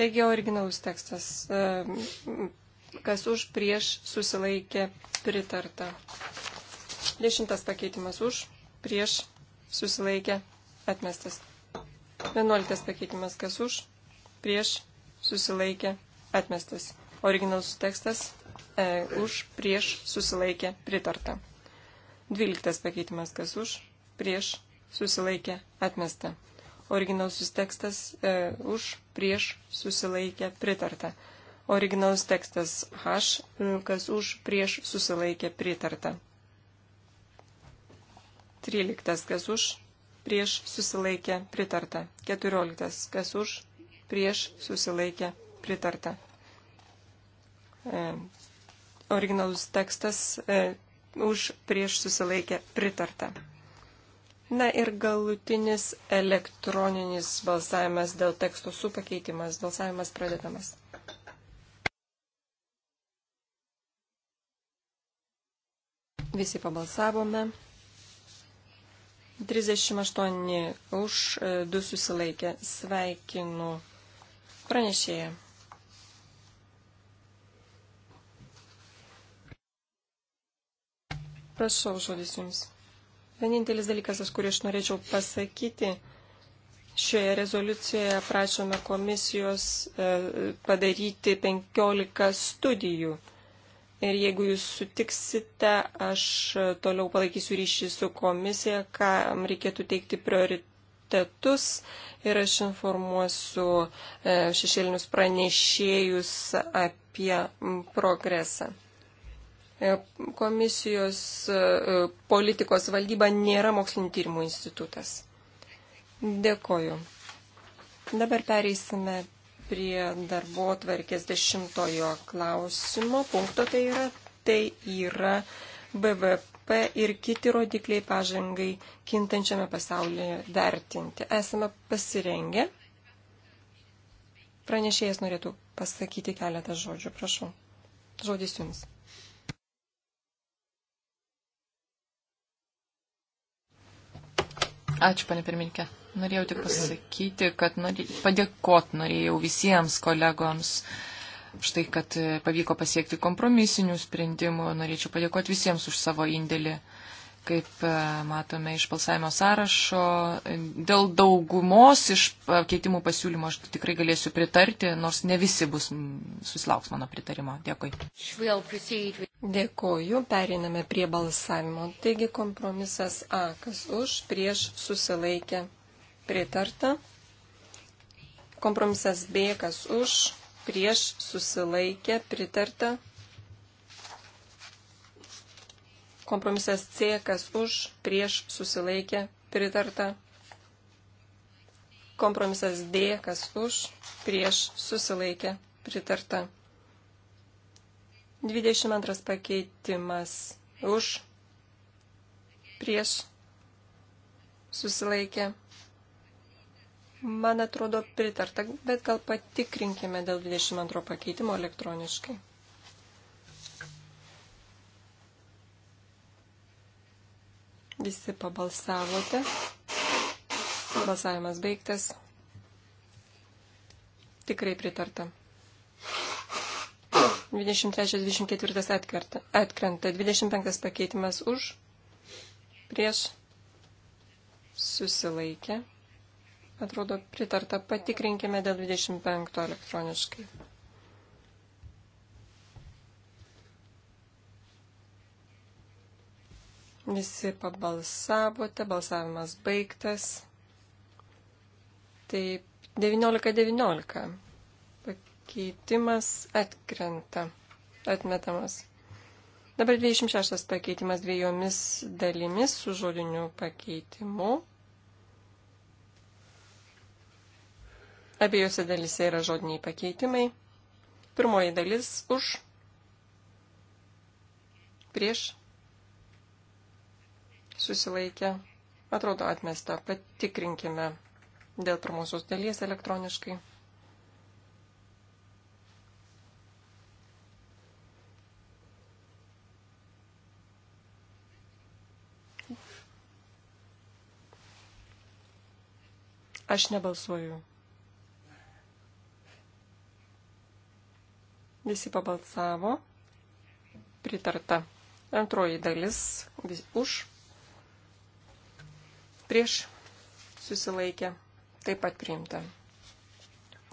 Taigi originalus tekstas. E, kas už prieš susilaikė pritarta. Dešimtas pakeitimas už prieš susilaikė atmestas. 11 pakeitimas kas už, prieš susilaikė atmestas. Originalus tekstas e, už, prieš susilaikė pritarta. 12 pakeitimas kas už, prieš susilaikė atmesta. Originalus tekstas e, už, prieš susilaikė pritarta. Originalus tekstas H, e, kas už, prieš susilaikė pritarta. 13. Kas už, prieš susilaikė pritarta. 14. Kas už, prieš susilaikė pritarta. E, originalus tekstas e, už, prieš susilaikė pritarta. Na ir galutinis elektroninis balsavimas dėl teksto su pakeitimas. Balsavimas pradedamas. Visi pabalsavome. 38 už, 2 e, susilaikė. Sveikinu pranešėją. Prašau, žodis jums. Vienintelis dalykas, kurį aš norėčiau pasakyti, šioje rezoliucijoje prašome komisijos e, padaryti 15 studijų Ir jeigu jūs sutiksite, aš toliau palaikysiu ryšį su komisija, kam reikėtų teikti prioritetus ir aš informuosiu e, šešėlinius pranešėjus apie progresą. E, komisijos e, politikos valdyba nėra mokslinio tyrimų institutas. Dėkoju. Dabar pereisime prie darbo tvarkės dešimtojo klausimo punkto, tai yra, tai yra BVP ir kiti rodikliai pažangai kintančiame pasaulyje vertinti. Esame pasirengę. Pranešėjas norėtų pasakyti keletą žodžių, prašau. Žodis jums. Ačiū, panė pirminkė. Norėjau tik pasakyti, kad norė... padėkot norėjau visiems kolegoms. Štai, kad e, pavyko pasiekti kompromisinių sprendimų, norėčiau padėkoti visiems už savo indėlį. Kaip e, matome iš balsavimo sąrašo, e, dėl daugumos iš keitimų pasiūlymo aš tikrai galėsiu pritarti, nors ne visi bus susilauks mano pritarimo. Dėkui. Dėkoju, periname prie balsavimo. Taigi kompromisas A, kas už, prieš susilaikė pritarta. Kompromisas B, kas už, prieš, susilaikė, pritarta. Kompromisas C, kas už, prieš, susilaikė, pritarta. Kompromisas D, kas už, prieš, susilaikė, pritarta. 22 pakeitimas už, prieš, susilaikė, Man atrodo pritarta, bet gal patikrinkime dėl 22 pakeitimo elektroniškai. Visi pabalsavote. Balsavimas baigtas. Tikrai pritarta. 23-24 atkrenta. atkrenta. 25 pakeitimas už. Prieš. Susilaikė. Atrodo pritarta. Patikrinkime dėl 25 elektroniškai. Visi pabalsavote, balsavimas baigtas. Taip, 19-19. Pakeitimas atkrenta, atmetamas. Dabar 26 pakeitimas dviejomis dalimis su žodiniu pakeitimu. Abiejose dalise yra žodiniai pakeitimai. Pirmoji dalis už, prieš, susilaikę, atrodo atmesta. Patikrinkime dėl pirmosios dalies elektroniškai. Aš nebalsuoju. Visi pabalsavo. Pritarta. Antroji dalis vis, už. Prieš susilaikė. Taip pat priimta.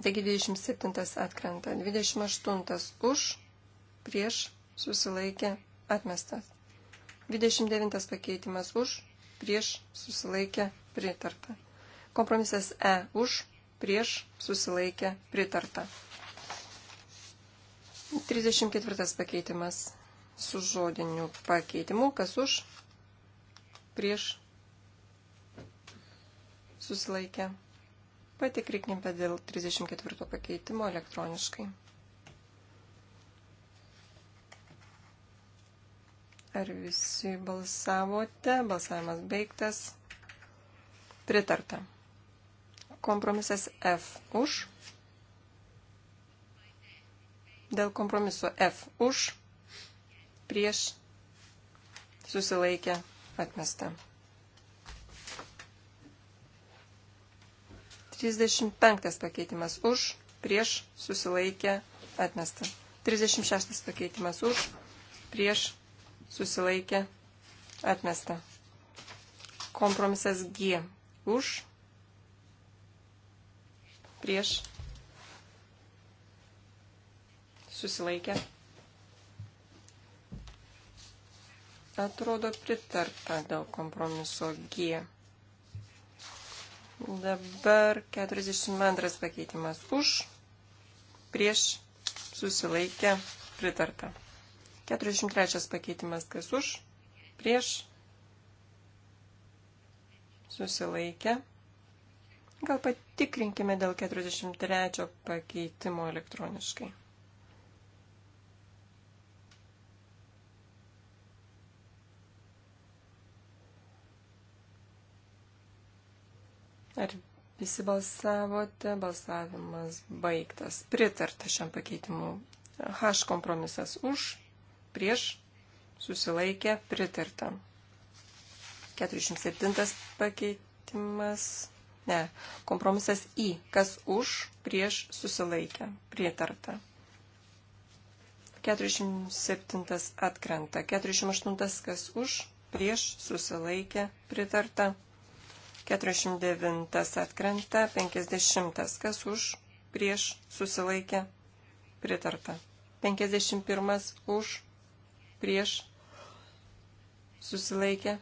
Taigi 27 atkrenta. 28 už. Prieš susilaikė. Atmestas. 29 pakeitimas už. Prieš susilaikė. Pritarta. Kompromisas E už. Prieš susilaikė. Pritarta. 34 pakeitimas su žodiniu pakeitimu. Kas už? Prieš? Susilaikė. Patikrinkime dėl 34 pakeitimo elektroniškai. Ar visi balsavote? Balsavimas baigtas. Pritarta. Kompromisas F už dėl kompromiso F už, prieš, susilaikę, atmesta. 35 pakeitimas už, prieš, susilaikę, atmesta. 36 pakeitimas už, prieš, susilaikę, atmesta. Kompromisas G už, prieš, susilaikė. Atrodo pritarta dėl kompromiso G. Dabar 42 pakeitimas už, prieš, susilaikė, pritarta. 43 pakeitimas kas už, prieš, susilaikė. Gal patikrinkime dėl 43 pakeitimo elektroniškai. Ar visi balsavote? Balsavimas baigtas. Pritarta šiam pakeitimu. H kompromisas už, prieš, susilaikė, pritarta. 47 pakeitimas. Ne, kompromisas į, kas už, prieš, susilaikė, pritarta. 47 atkrenta, 48 kas už, prieš, susilaikė, pritarta. 49 atkrenta, 50 kas už, prieš, susilaikė, pritarta. 51 už, prieš, susilaikė,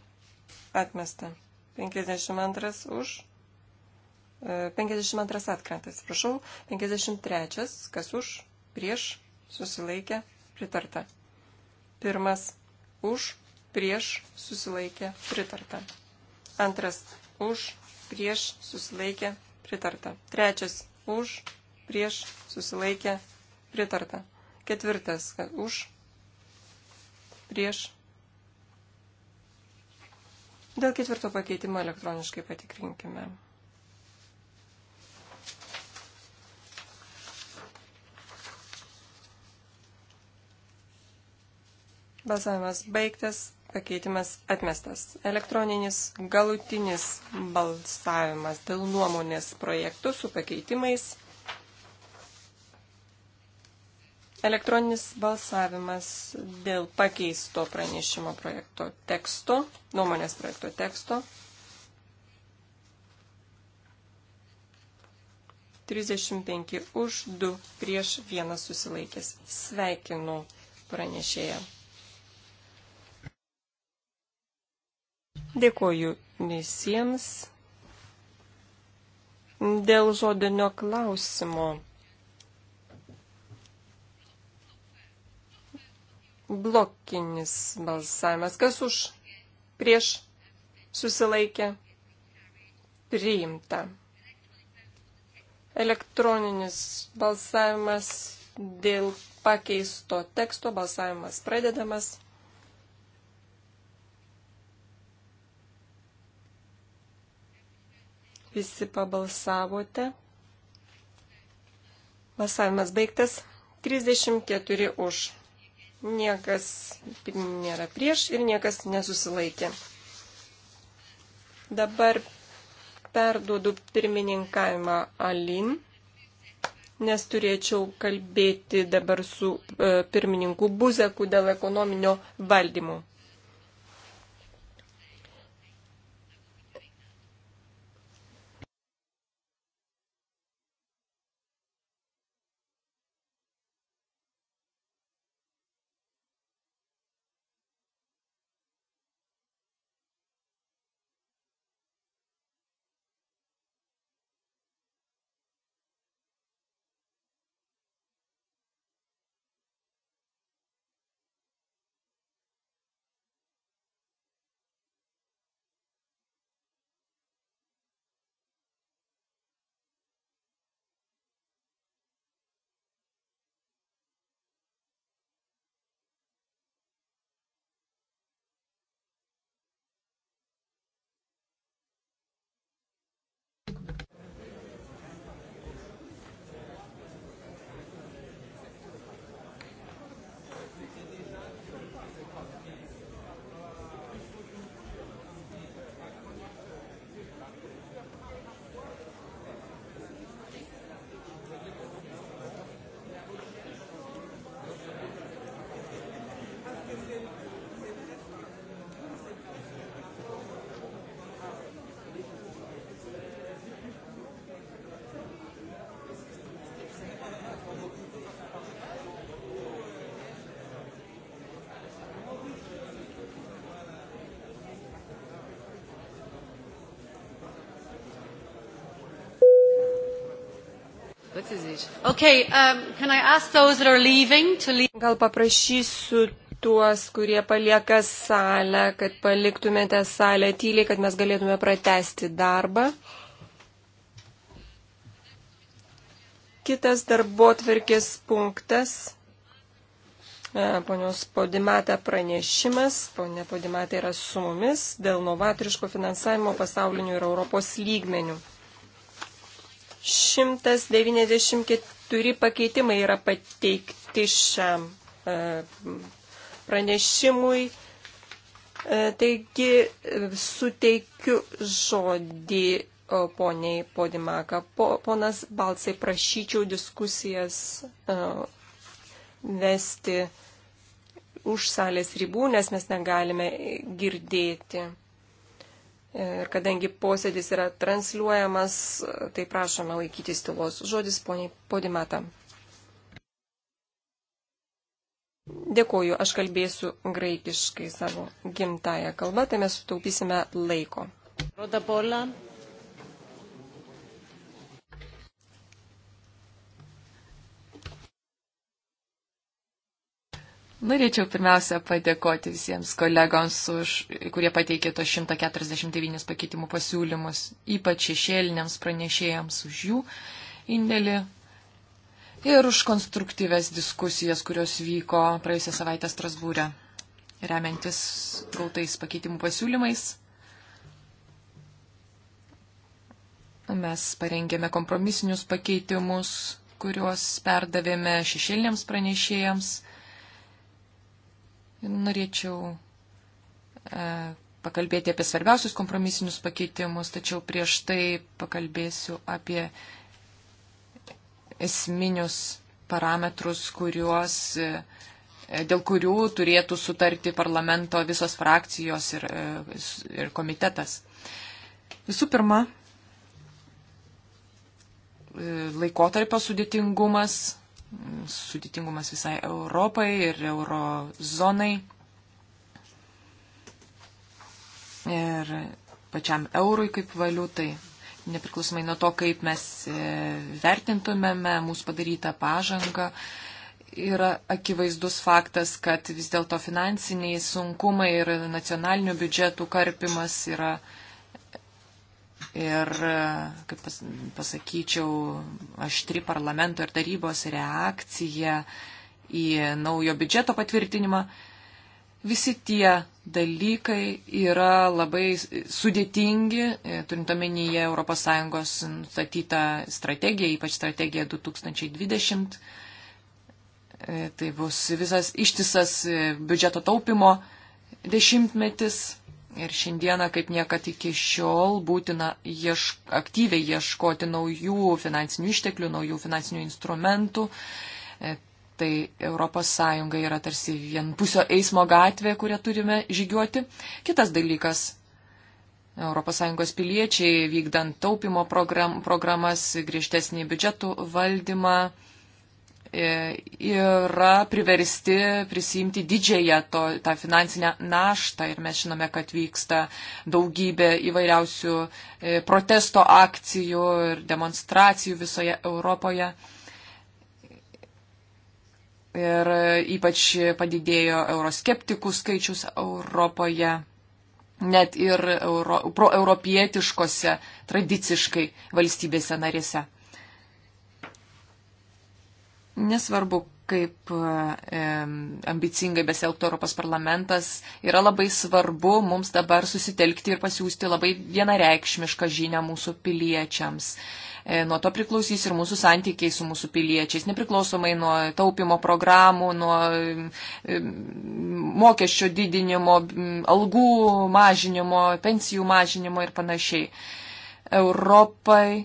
atmesta. 52 už, 52 e, atkrenta, atsiprašau, 53 kas už, prieš, susilaikė, pritarta. Pirmas už, prieš, susilaikė, pritarta. Antras už, prieš, susilaikė, pritarta. Trečias, už, prieš, susilaikė, pritarta. Ketvirtas, už, prieš. Dėl ketvirto pakeitimo elektroniškai patikrinkime. Balsavimas baigtas pakeitimas atmestas. Elektroninis galutinis balsavimas dėl nuomonės projektų su pakeitimais. Elektroninis balsavimas dėl pakeisto pranešimo projekto teksto, nuomonės projekto teksto. 35 už 2 prieš 1 susilaikęs. Sveikinu pranešėją. Dėkoju visiems. Dėl žodinio klausimo. Blokinis balsavimas. Kas už? Prieš? Susilaikė? Priimta. Elektroninis balsavimas dėl pakeisto teksto. Balsavimas pradedamas. visi pabalsavote. Balsavimas baigtas. 34 už. Niekas nėra prieš ir niekas nesusilaikė. Dabar perduodu pirmininkavimą Alin, nes turėčiau kalbėti dabar su e, pirmininku Buzeku dėl ekonominio valdymo. Okay, um, Gal paprašysiu tuos, kurie palieka salę, kad paliktumėte salę tyliai, kad mes galėtume pratesti darbą. Kitas darbo tvarkės punktas. E, ponios Podimata pranešimas. Pone Podimata yra su mumis dėl novatoriško finansavimo pasaulinių ir Europos lygmenių. 194 pakeitimai yra pateikti šiam e, pranešimui. E, taigi e, suteikiu žodį poniai Podimaka. Po, ponas Balsai, prašyčiau diskusijas vesti už salės ribų, nes mes negalime girdėti. Ir kadangi posėdis yra transliuojamas, tai prašome laikytis tylos. Žodis poniai Podimata. Dėkuoju, aš kalbėsiu graikiškai savo gimtają kalbą, tai mes sutaupysime laiko. Rodapola, Norėčiau pirmiausia padėkoti visiems kolegoms, už, kurie pateikė tos 149 pakeitimų pasiūlymus, ypač šešėliniams pranešėjams už jų indėlį ir už konstruktyves diskusijas, kurios vyko praėjusią savaitę Strasbūrę, remiantis gautais pakeitimų pasiūlymais. Mes parengėme kompromisinius pakeitimus, kuriuos perdavėme šešėliniams pranešėjams Norėčiau e, pakalbėti apie svarbiausius kompromisinius pakeitimus, tačiau prieš tai pakalbėsiu apie esminius parametrus, kuriuos, e, dėl kurių turėtų sutarti parlamento visos frakcijos ir, e, ir komitetas. Visų pirma, laikotarpio sudėtingumas sudėtingumas visai Europai ir eurozonai ir pačiam eurui kaip valiutai, nepriklausomai nuo to, kaip mes e, vertintumėme mūsų padarytą pažangą. Yra akivaizdus faktas, kad vis dėlto finansiniai sunkumai ir nacionalinių biudžetų karpimas yra uh, ir, kaip pas, pasakyčiau, aštri parlamento ir tarybos reakcija į naujo biudžeto patvirtinimą. Visi tie dalykai yra labai sudėtingi, turint omenyje ES nustatytą strategiją, ypač strategiją 2020. E, tai bus visas ištisas e, biudžeto taupimo dešimtmetis Ir šiandieną, kaip niekad iki šiol, būtina iešk, aktyviai ieškoti naujų finansinių išteklių, naujų finansinių instrumentų. E, tai ES yra tarsi vienpusio eismo gatvė, kurią turime žygiuoti. Kitas dalykas. ES piliečiai vykdant taupimo program, programas, griežtesnį biudžetų valdymą E, yra priversti prisimti didžiąją to, tą finansinę naštą ir mes žinome, kad vyksta daugybė įvairiausių e, protesto akcijų ir demonstracijų visoje Europoje. Ir e, ypač padidėjo euroskeptikų skaičius Europoje, net ir euro, proeuropietiškose tradiciškai valstybėse narėse. Nesvarbu, kaip e, ambicingai besielgtų Europos parlamentas, yra labai svarbu mums dabar susitelkti ir pasiūsti labai vienareikšmišką žinią mūsų piliečiams. E, nuo to priklausys ir mūsų santykiai su mūsų piliečiais, nepriklausomai nuo taupimo programų, nuo e, mokesčio didinimo, algų mažinimo, pensijų mažinimo ir panašiai. Europai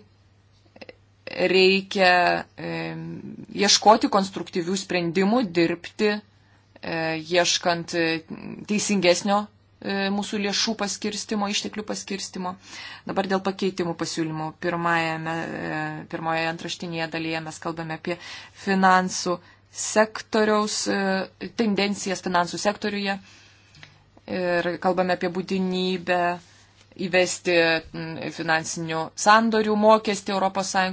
reikia ieškoti konstruktyvių sprendimų, dirbti, e, ieškant e, teisingesnio e, mūsų lėšų paskirstimo, išteklių paskirstimo. Dabar dėl pakeitimų pasiūlymų. Pirmajame, pirmoje antraštinėje dalyje mes kalbame apie finansų sektoriaus tendencijas finansų sektoriuje ir kalbame apie būtinybę įvesti finansinių sandorių mokestį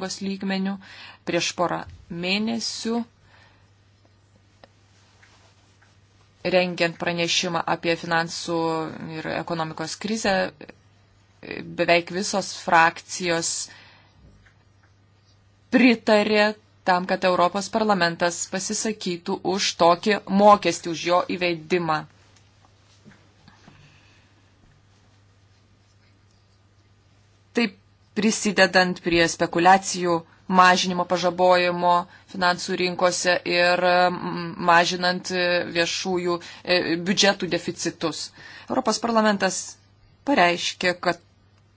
ES lygmenių prieš porą mėnesių. Rengiant pranešimą apie finansų ir ekonomikos krizę, beveik visos frakcijos pritarė tam, kad Europos parlamentas pasisakytų už tokį mokestį, už jo įvedimą. taip prisidedant prie spekulacijų mažinimo pažabojimo finansų rinkose ir mm, mažinant e, viešųjų e, biudžetų deficitus. Europos parlamentas pareiškė, kad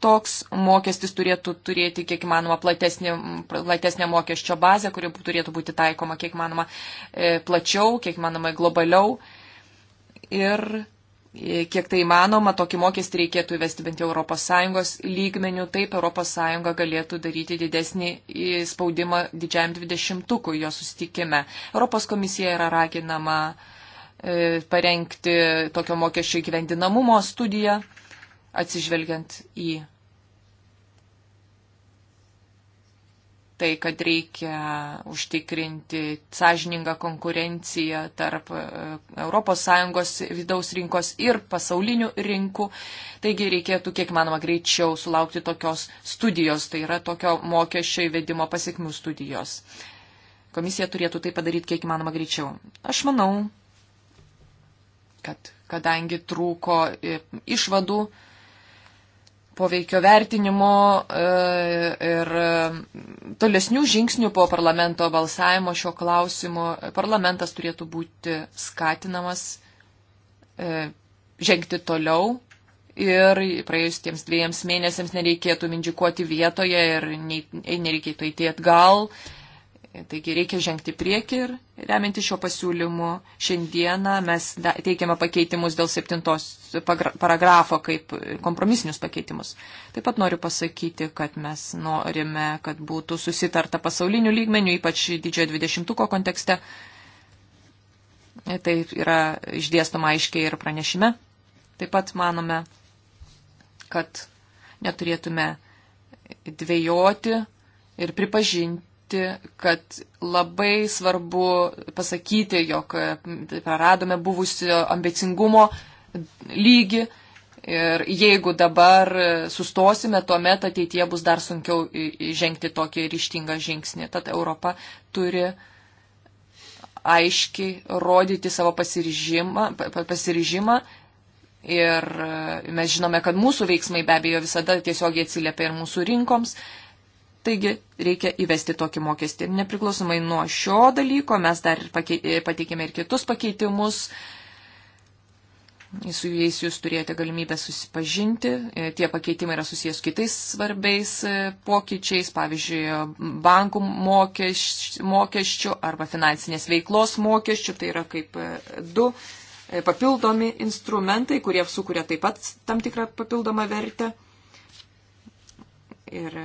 toks mokestis turėtų turėti kiek įmanoma platesnė, platesnė mokesčio bazė, kuri turėtų būti taikoma kiek įmanoma e, plačiau, kiek įmanoma globaliau. Ir E, kiek tai manoma, tokį mokestį reikėtų įvesti bent jau ES lygmenių, taip ES galėtų daryti didesnį e, spaudimą didžiajam dvidešimtukui jo susitikime. Europos komisija yra raginama e, parengti tokio mokesčio įgyvendinamumo studiją, atsižvelgiant į tai, kad reikia užtikrinti sąžiningą konkurenciją tarp ES vidaus rinkos ir pasaulinių rinkų. Taigi reikėtų kiek manoma greičiau sulaukti tokios studijos, tai yra tokio mokesčio įvedimo pasiekmių studijos. Komisija turėtų tai padaryti kiek manoma greičiau. Aš manau, kad kadangi trūko e, išvadų, poveikio vertinimo e, ir e, tolesnių žingsnių po parlamento balsavimo šio klausimu parlamentas turėtų būti skatinamas e, žengti toliau ir praėjus tiems dviejams mėnesiams nereikėtų mindžikuoti vietoje ir nereikėtų eiti atgal. Uh, Taigi reikia žengti prieki ir remianti šio pasiūlymu šiandieną mes teikiame pakeitimus dėl septintos paragrafo kaip kompromisinius pakeitimus. Taip pat noriu pasakyti, kad mes norime, kad būtų susitarta pasaulinių lygmenių, ypač didžiojo dvidešimtuko kontekste. Tai yra išdėstoma aiškiai ir pranešime. Taip pat manome, kad neturėtume dvėjoti ir pripažinti pasakyti, kad labai svarbu pasakyti, jog tai praradome buvusio ambicingumo lygį ir jeigu dabar sustosime, tuomet ateitie bus dar sunkiau žengti tokį ryštingą žingsnį. Tad Europa turi aiškiai rodyti savo pasiryžimą, pasiryžimą Ir mes žinome, kad mūsų veiksmai be abejo visada tiesiogiai atsiliepia ir mūsų rinkoms, Taigi reikia įvesti tokį mokestį. Ir nepriklausomai nuo šio dalyko mes dar e, pateikėme ir kitus pakeitimus. Su jais jūs turėjote galimybę susipažinti. E, tie pakeitimai yra susijęs su kitais svarbiais e, pokyčiais, pavyzdžiui, bankų mokesčių arba finansinės veiklos mokesčių. Tai yra kaip du papildomi instrumentai, kurie sukuria taip pat tam tikrą papildomą vertę. Ir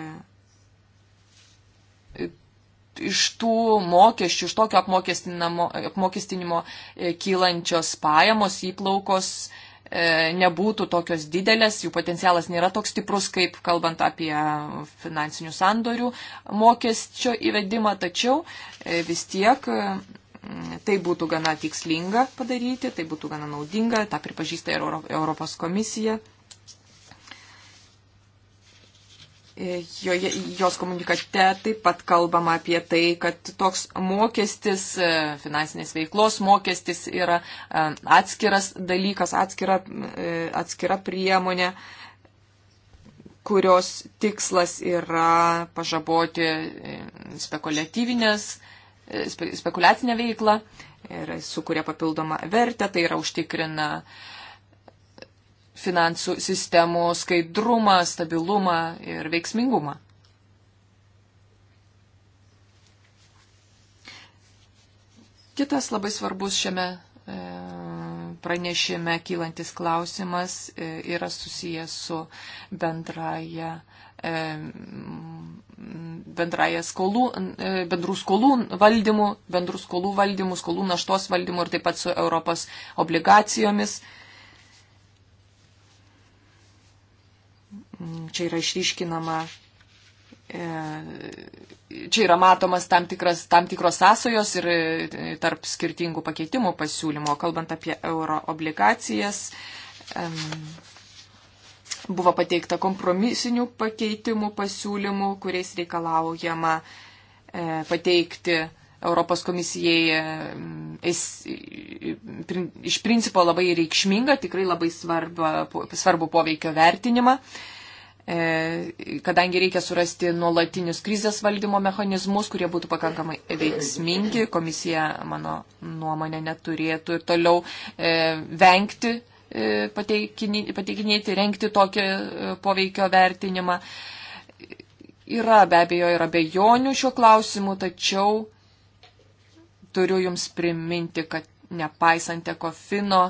iš tų mokesčių, iš tokio apmokestinimo e, kylančios pajamos įplaukos e, nebūtų tokios didelės, jų potencialas nėra toks stiprus, kaip kalbant apie finansinių sandorių mokesčio įvedimą, tačiau e, vis tiek tai būtų gana tikslinga padaryti, tai būtų gana naudinga, tą pripažįsta ir Europos komisija. E, joje, jos komunikate taip pat kalbama apie tai, kad toks mokestis, e, finansinės veiklos mokestis yra e, atskiras dalykas, atskira, atskira priemonė, kurios tikslas yra pažaboti spekuliatyvinės, spekuliacinę veiklą ir sukuria papildomą vertę, tai yra užtikrina uh, finansų sistemų skaidrumą, stabilumą ir veiksmingumą. Kitas labai svarbus šiame e, pranešime kylantis klausimas e, yra susijęs su bendraja, e, bendraja skolų, bendrų skolų valdymu, bendrų skolų valdymu, skolų naštos valdymu ir taip pat su Europos obligacijomis Mm, čia yra išryškinama, e, čia yra matomas tam, tikras, tam tikros sąsojos ir e, tarp skirtingų pakeitimų pasiūlymo. Kalbant apie euro obligacijas, buvo pateikta kompromisinių pakeitimų pasiūlymų, kuriais reikalaujama e, pateikti Europos komisijai es, iš principo labai reikšmingą, tikrai labai svarbą, svarbų poveikio vertinimą. E, kadangi reikia surasti nuolatinius krizės valdymo mechanizmus, kurie būtų pakankamai veiksmingi, komisija, mano nuomonė, neturėtų ir toliau e, vengti e, pateikinėti, renkti tokį poveikio vertinimą. Yra be abejo ir abejonių šiuo klausimu, tačiau turiu Jums priminti, kad nepaisant ekofino,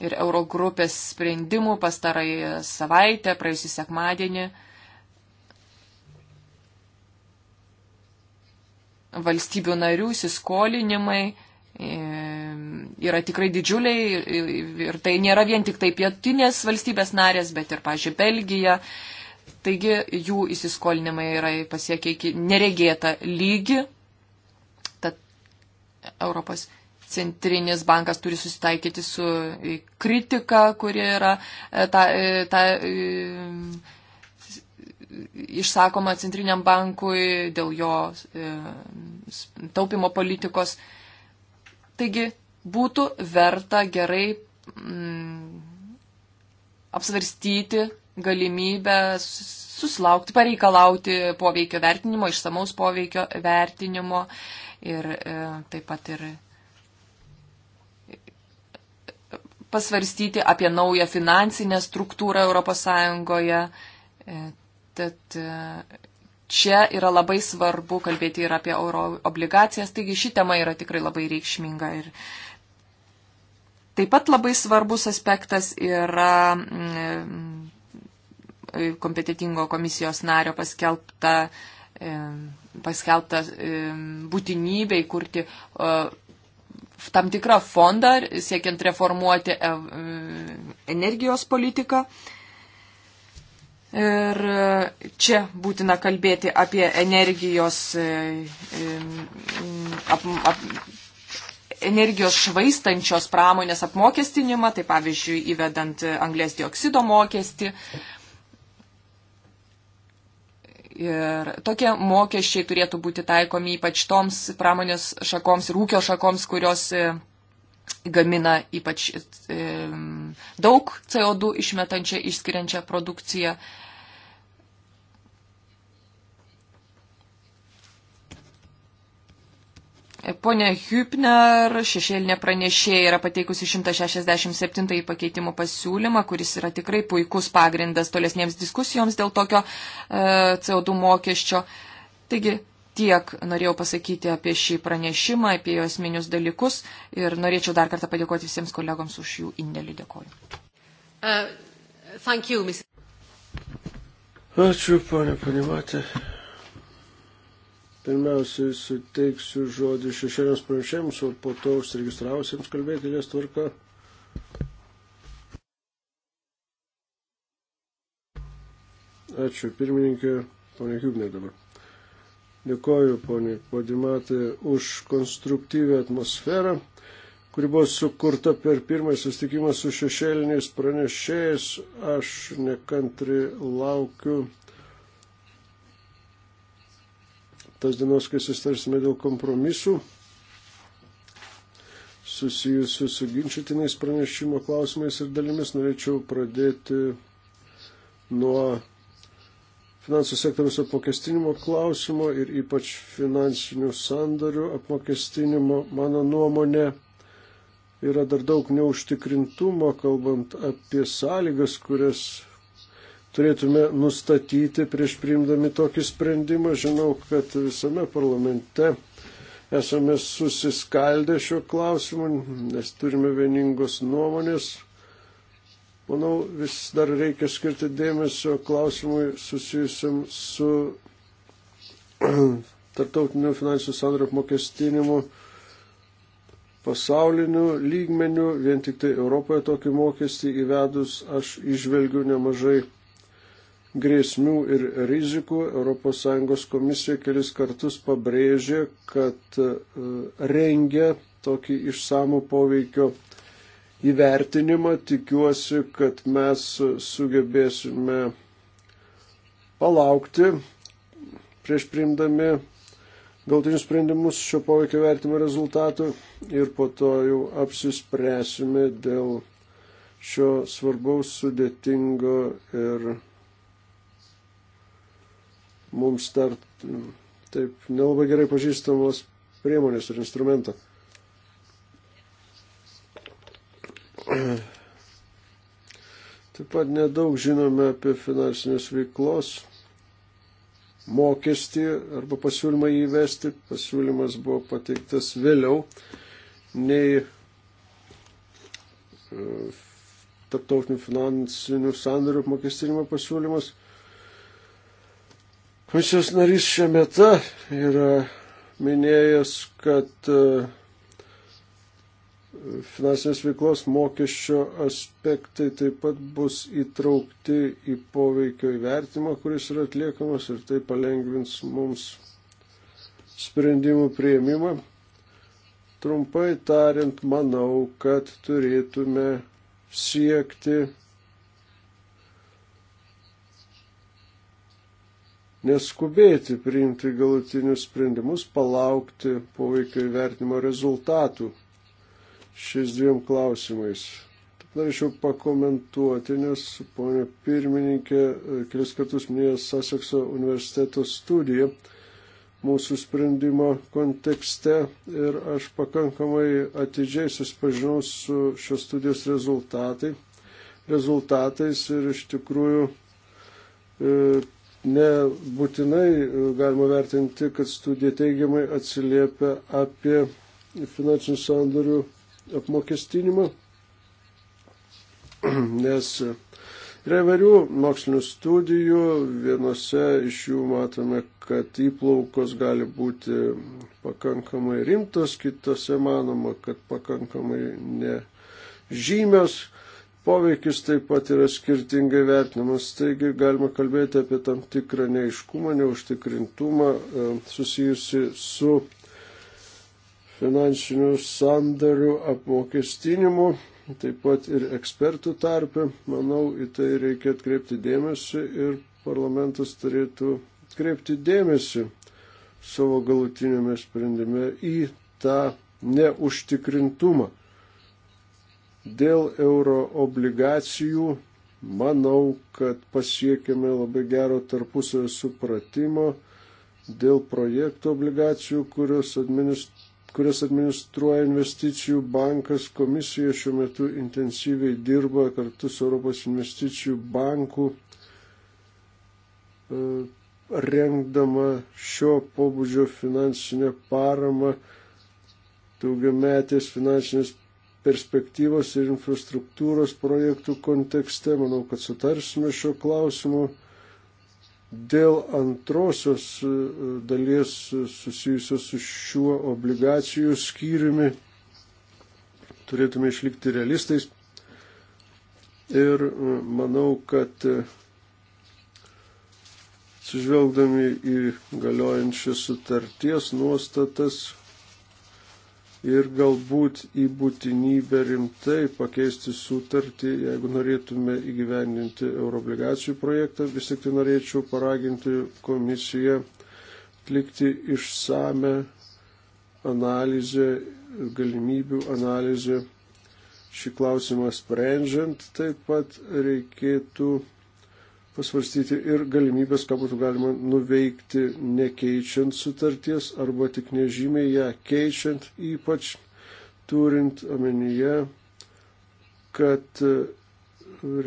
ir Eurogrupės sprendimų pastarąją savaitę, praėjusį sekmadienį. Valstybių narių įsiskolinimai e, yra tikrai didžiuliai ir tai nėra vien tik tai pietinės valstybės narės, bet ir, pažiūrėjau, Belgija. Taigi jų įsiskolinimai yra pasiekę iki neregėtą lygį. Tad Europos centrinis bankas turi susitaikyti su e, kritika, kuri yra e, ta, e, ta, išsakoma centriniam bankui dėl jo taupimo politikos. Taigi būtų verta gerai mm, apsvarstyti galimybę susilaukti, pareikalauti poveikio vertinimo, išsamaus poveikio vertinimo ir e, taip pat ir pasvarstyti apie naują finansinę struktūrą ES. E, tad e, čia yra labai svarbu kalbėti ir apie euro obligacijas, taigi ši tema yra tikrai labai reikšminga. Ir taip pat labai svarbus aspektas yra mm, e, kompetitingo komisijos nario paskelbta paskelbta būtinybė įkurti tam tikrą fondą, siekiant reformuoti e, energijos politiką. Ir čia būtina kalbėti apie energijos, e, e, ap, ap, energijos švaistančios pramonės apmokestinimą, tai pavyzdžiui įvedant anglės dioksido mokestį, Ir tokie mokesčiai turėtų būti taikomi ypač toms pramonės šakoms ir ūkio šakoms, kurios e, gamina ypač e, daug CO2 išmetančią išskiriančią produkciją. Pone Hübner, šešėlinė pranešėja yra pateikusi 167 pakeitimų pasiūlymą, kuris yra tikrai puikus pagrindas tolesniems diskusijoms dėl tokio e, CO2 mokesčio. Taigi tiek norėjau pasakyti apie šį pranešimą, apie jo esminius dalykus ir norėčiau dar kartą padėkoti visiems kolegoms už jų indėlį. Dėkoju. Uh, you, Ačiū, ponė Panimatė. Pirmiausiai suteiksiu žodį šešėliams pranešėjams, o po to užsiregistravusiems kalbėti lės tvarka. Ačiū pirmininkė, ponė Hubnė dabar. Dėkoju ponė Podimatai už konstruktyvę atmosferą, kuri buvo sukurta per pirmąjį susitikimą su šešėliniais pranešėjais. Aš nekantri laukiu tos dienos, kai sustarsime dėl kompromisų susijusių su ginčytinais pranešimo klausimais ir dalimis, norėčiau pradėti nuo finansų sektoriaus apmokestinimo klausimo ir ypač finansinių sandorių apmokestinimo. Mano nuomonė, yra dar daug neužtikrintumo, kalbant apie sąlygas, kurias turėtume nustatyti prieš priimdami tokį sprendimą. Žinau, kad visame parlamente esame susiskaldę šiuo klausimu, nes turime vieningos nuomonės. Manau, vis dar reikia skirti dėmesio klausimui susijusiam su tarptautiniu finansų sandrio apmokestinimu pasauliniu lygmeniu, vien tik tai Europoje tokį mokestį įvedus aš išvelgiu nemažai grėsmių ir rizikų. ES komisija kelis kartus pabrėžė, kad e, rengia tokį išsamų poveikio įvertinimą. Tikiuosi, kad mes sugebėsime palaukti prieš priimdami galtinius sprendimus šio poveikio vertimo rezultatų ir po to jau apsispręsime dėl šio svarbaus, sudėtingo ir mums dar taip nelabai gerai pažįstamos priemonės ir instrumentą. Taip pat nedaug žinome apie finansinės veiklos mokestį arba pasiūlymą įvesti. Pasiūlymas buvo pateiktas vėliau nei e, tarptautinių finansinių sandorių apmokestinimo pasiūlymas. Komisijos narys šiame ta yra minėjęs, kad e, finansinės veiklos mokesčio aspektai taip pat bus įtraukti į poveikio įvertimą, kuris yra atliekamas ir tai palengvins mums sprendimų prieimimą. Trumpai tariant, manau, kad turėtume siekti neskubėti priimti galutinius sprendimus, palaukti poveikio įvertinimo rezultatų šiais dviem klausimais. Norėčiau pakomentuoti, nes ponė pirmininkė kelis kartus minėjo Sasekso universiteto studiją mūsų sprendimo kontekste ir aš pakankamai atidžiai susipažinau su šios studijos rezultatai, rezultatais ir iš tikrųjų e, Nebūtinai e, galima vertinti, kad studija teigiamai atsiliepia apie finansinių sandorių apmokestinimą, nes yra įvairių mokslinių studijų, vienose iš jų matome, kad įplaukos gali būti pakankamai rimtos, kitose manoma, kad pakankamai nežymios poveikis taip pat yra skirtingai vertinamas, taigi galima kalbėti apie tam tikrą neiškumą, neužtikrintumą e, susijusi su finansinių sandarių apmokestinimu, taip pat ir ekspertų tarpe. Manau, į tai reikia atkreipti dėmesį ir parlamentas turėtų atkreipti dėmesį savo galutinėme sprendime į tą neužtikrintumą. Dėl euro obligacijų manau, kad pasiekėme labai gero tarpusio supratimo dėl projektų obligacijų, kurios administruoja kurias administruoja investicijų bankas, komisija šiuo metu intensyviai dirba kartu su Europos investicijų banku, e, rengdama šio pobūdžio finansinę paramą daugiametės finansinės perspektyvos ir infrastruktūros projektų kontekste. Manau, kad sutarsime šio klausimu. Dėl antrosios e, dalies susijusios su šiuo obligacijų skyriumi turėtume išlikti realistais. Ir e, manau, kad atsižvelgdami e, į galiojančias sutarties nuostatas ir galbūt į būtinybę rimtai pakeisti sutartį, jeigu norėtume įgyvendinti euroobligacijų projektą. Vis tik tai norėčiau paraginti komisiją atlikti išsame analizę, galimybių analizę šį klausimą sprendžiant. Taip pat reikėtų pasvarstyti ir galimybės, ką būtų galima nuveikti nekeičiant sutarties arba tik nežymiai ją keičiant, ypač turint omenyje, kad e,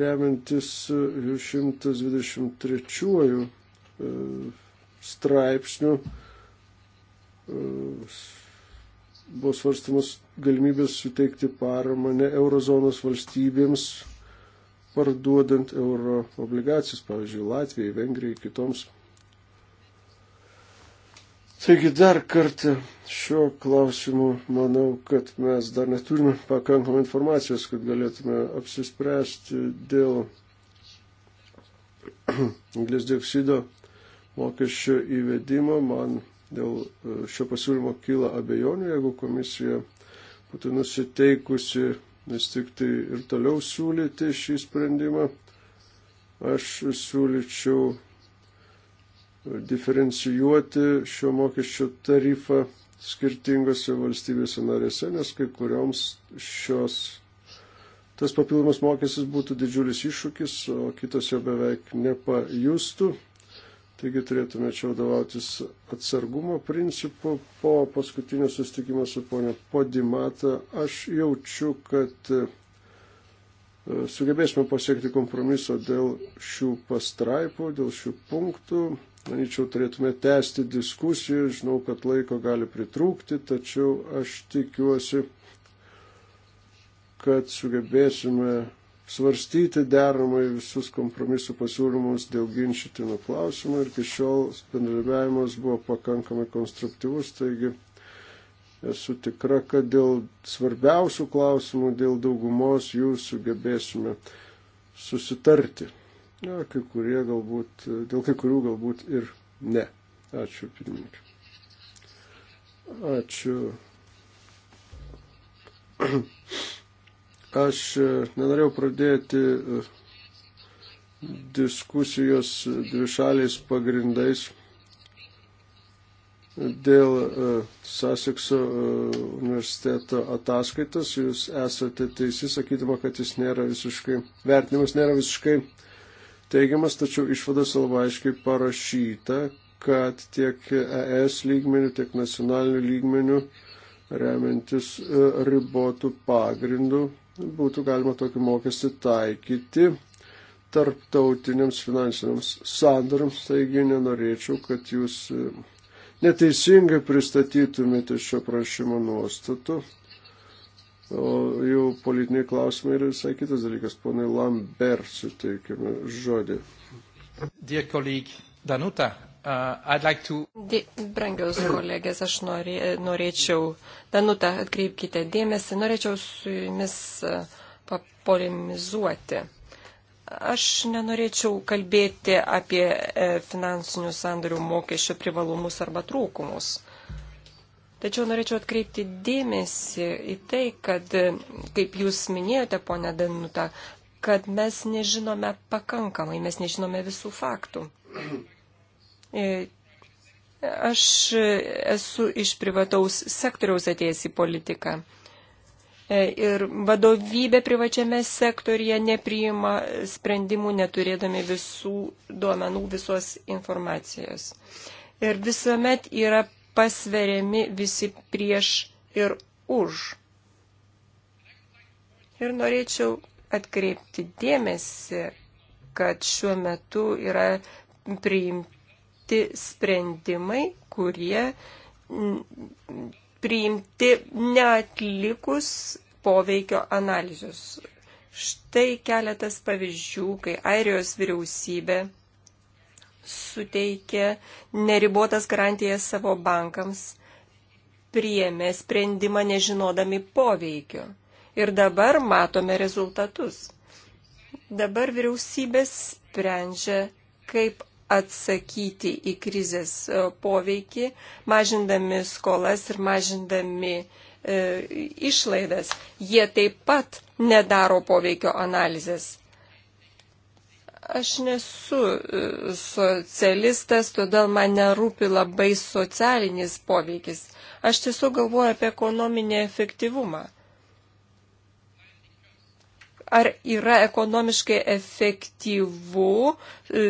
remiantis 123 e, straipsnių e, buvo svarstamas galimybės suteikti paramą ne eurozonos valstybėms parduodant euro obligacijas, pavyzdžiui, Latvijai, Vengrijai, kitoms. Taigi dar kartą šiuo klausimu manau, kad mes dar neturime pakankamai informacijos, kad galėtume apsispręsti dėl anglės dioksido mokesčio įvedimo. Man dėl e, šio pasiūlymo kyla abejonių, jeigu komisija būtų nusiteikusi vis tik tai ir toliau siūlyti šį sprendimą. Aš siūlyčiau diferencijuoti šio mokesčio tarifą skirtingose valstybėse narėse, nes kai kurioms šios tas papildomas mokestis būtų didžiulis iššūkis, o kitos jo beveik nepajustų. Taigi turėtume čia vadovautis atsargumo principu. Po paskutinio sustikimo su ponia Podimata aš jaučiu, kad e, sugebėsime pasiekti kompromiso dėl šių pastraipų, dėl šių punktų. Manyčiau, turėtume tęsti diskusiją, žinau, kad laiko gali pritrūkti, tačiau aš tikiuosi, kad sugebėsime svarstyti deramai visus kompromisų pasiūlymus dėl ginčytinų klausimų ir iki šiol bendradarbiavimas buvo pakankamai konstruktyvus, taigi esu tikra, kad dėl svarbiausių klausimų, dėl daugumos jų sugebėsime susitarti. Na, ja, kai kurie galbūt, dėl kai kurių galbūt ir ne. Ačiū, pirmininkai. Ačiū. Aš e, nenorėjau pradėti e, diskusijos dvišaliais pagrindais dėl e, Sasekso universiteto ataskaitos. Jūs esate teisi, sakydama, kad jis nėra visiškai, vertinimas nėra visiškai teigiamas, tačiau išvadas labai aiškiai parašyta, kad tiek ES lygmenių, tiek nacionalinių lygmenių remiantis ribotų pagrindų būtų galima tokį mokestį taikyti tarptautiniams finansiniams sandoriams, taigi nenorėčiau, kad jūs e, neteisingai pristatytumėte šio prašymo nuostatų. O jų politiniai klausimai yra visai kitas dalykas. Ponai Lambert suteikime žodį. Dear colleague Danuta, Uh, like to... Brangiaus kolegės, aš norė, norėčiau, Danuta, atkreipkite dėmesį, norėčiau su jumis uh, polemizuoti. Aš nenorėčiau kalbėti apie e, finansinių sandarių mokesčių privalumus arba trūkumus. Tačiau norėčiau atkreipti dėmesį į tai, kad, e, kaip jūs minėjote, ponė Danuta, kad mes nežinome pakankamai, mes nežinome visų faktų. E, aš esu iš privataus sektoriaus atėjęs į politiką. E, ir vadovybė privačiame sektorija nepriima sprendimų neturėdami visų duomenų, visos informacijos. Ir visuomet yra pasveriami visi prieš ir už. Ir norėčiau atkreipti dėmesį, kad šiuo metu yra priimti priimti sprendimai, kurie priimti neatlikus poveikio analizės. Štai keletas pavyzdžių, kai Airijos vyriausybė suteikė neribotas garantijas savo bankams, priėmė sprendimą nežinodami poveikio. Ir dabar matome rezultatus. Dabar vyriausybės sprendžia, kaip atsakyti į krizės e, poveikį, mažindami skolas ir mažindami e, išlaidas. Jie taip pat nedaro poveikio analizės. Aš nesu e, socialistas, todėl man nerūpi labai socialinis poveikis. Aš tiesiog galvoju apie ekonominį efektyvumą ar yra ekonomiškai efektyvu e,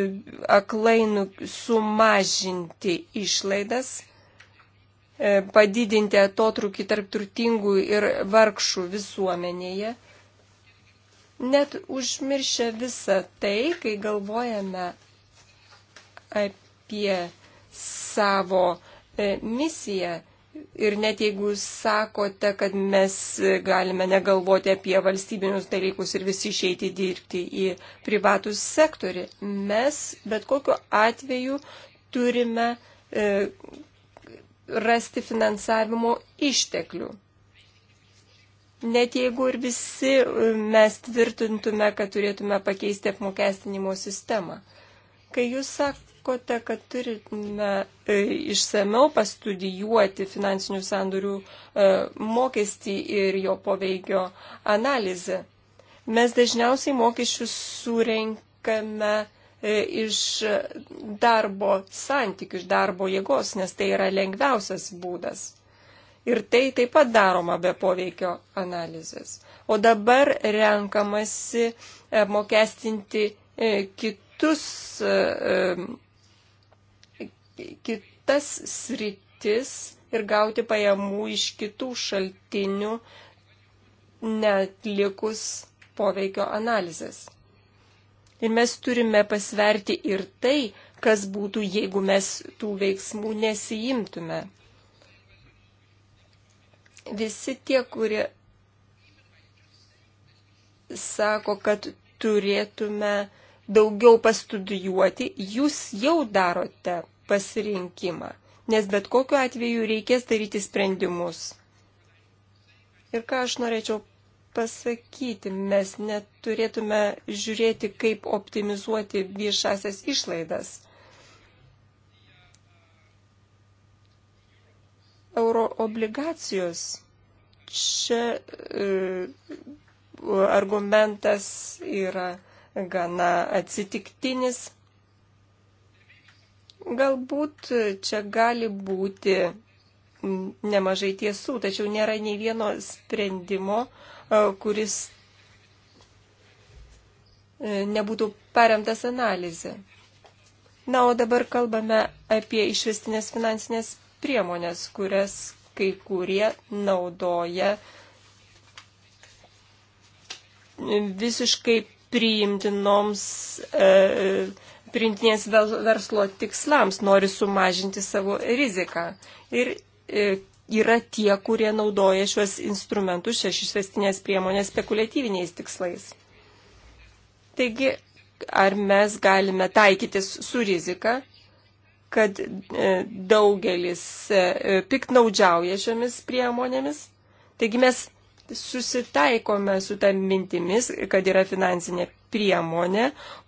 aklainų nu, sumažinti išlaidas, e, padidinti atotrukį tarp turtingų ir vargšų visuomenėje. Net užmiršę visą tai, kai galvojame apie savo e, misiją, Ir net jeigu sakote, kad mes galime negalvoti apie valstybinius dalykus ir visi išeiti dirbti į privatų sektorį, mes bet kokiu atveju turime e, rasti finansavimo išteklių. Net jeigu ir visi e, mes tvirtintume, kad turėtume pakeisti apmokestinimo sistemą. Kai jūs sakote, sakote, kad turime e, išsameu pastudijuoti finansinių sandorių e, mokestį ir jo poveikio analizę. Mes dažniausiai mokesčius surenkame e, iš darbo santykių, iš darbo jėgos, nes tai yra lengviausias būdas. Ir tai taip pat daroma be poveikio analizės. O dabar renkamasi mokestinti kitus kitas sritis ir gauti pajamų iš kitų šaltinių, netlikus poveikio analizės. Ir mes turime pasverti ir tai, kas būtų, jeigu mes tų veiksmų nesijimtume. Visi tie, kurie sako, kad turėtume daugiau pastudijuoti, jūs jau darote pasirinkimą, nes bet kokiu atveju reikės daryti sprendimus. Ir ką aš norėčiau pasakyti, mes neturėtume žiūrėti, kaip optimizuoti viešasias išlaidas. Euro obligacijos čia e, argumentas yra gana atsitiktinis. Galbūt čia gali būti nemažai tiesų, tačiau nėra nei vieno sprendimo, e, kuris e, nebūtų paremtas analizė. Na, o dabar kalbame apie išvestinės finansinės priemonės, kurias kai kurie naudoja visiškai priimtinoms e, priimtinės verslo tikslams, nori sumažinti savo riziką. Ir e, yra tie, kurie naudoja šios instrumentus, šias išvestinės priemonės spekuliatyviniais tikslais. Taigi, ar mes galime taikytis su rizika, kad e, daugelis e, piktnaudžiauja šiomis priemonėmis? Taigi mes susitaikome su tam mintimis, kad yra finansinė priemonė,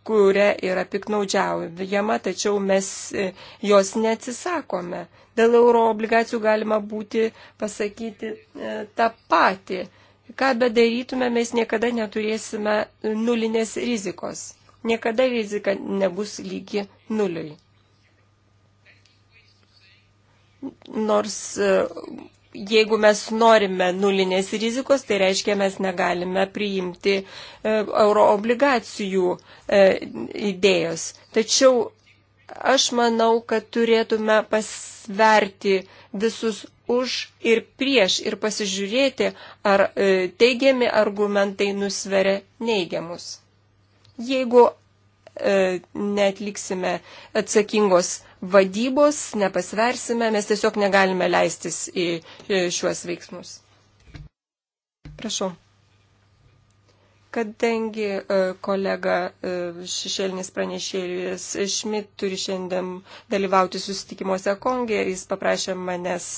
kuria yra piknaudžiaujama, tačiau mes e, jos neatsisakome. Dėl euro obligacijų galima būti pasakyti e, tą patį. Ką bedarytume, mes niekada neturėsime nulinės rizikos. Niekada rizika nebus lygi nuliui. Nors e, jeigu mes norime nulinės rizikos, tai reiškia, mes negalime priimti e, euro obligacijų e, idėjos. Tačiau aš manau, kad turėtume pasverti visus už ir prieš ir pasižiūrėti, ar e, teigiami argumentai nusveria neigiamus. Jeigu E, netliksime atsakingos vadybos, nepasversime, mes tiesiog negalime leistis į šiuos veiksmus. Prašau. Kadangi e, kolega e, šešėlinis pranešėjas Šmit turi šiandien dalyvauti susitikimuose Kongė, jis paprašė manęs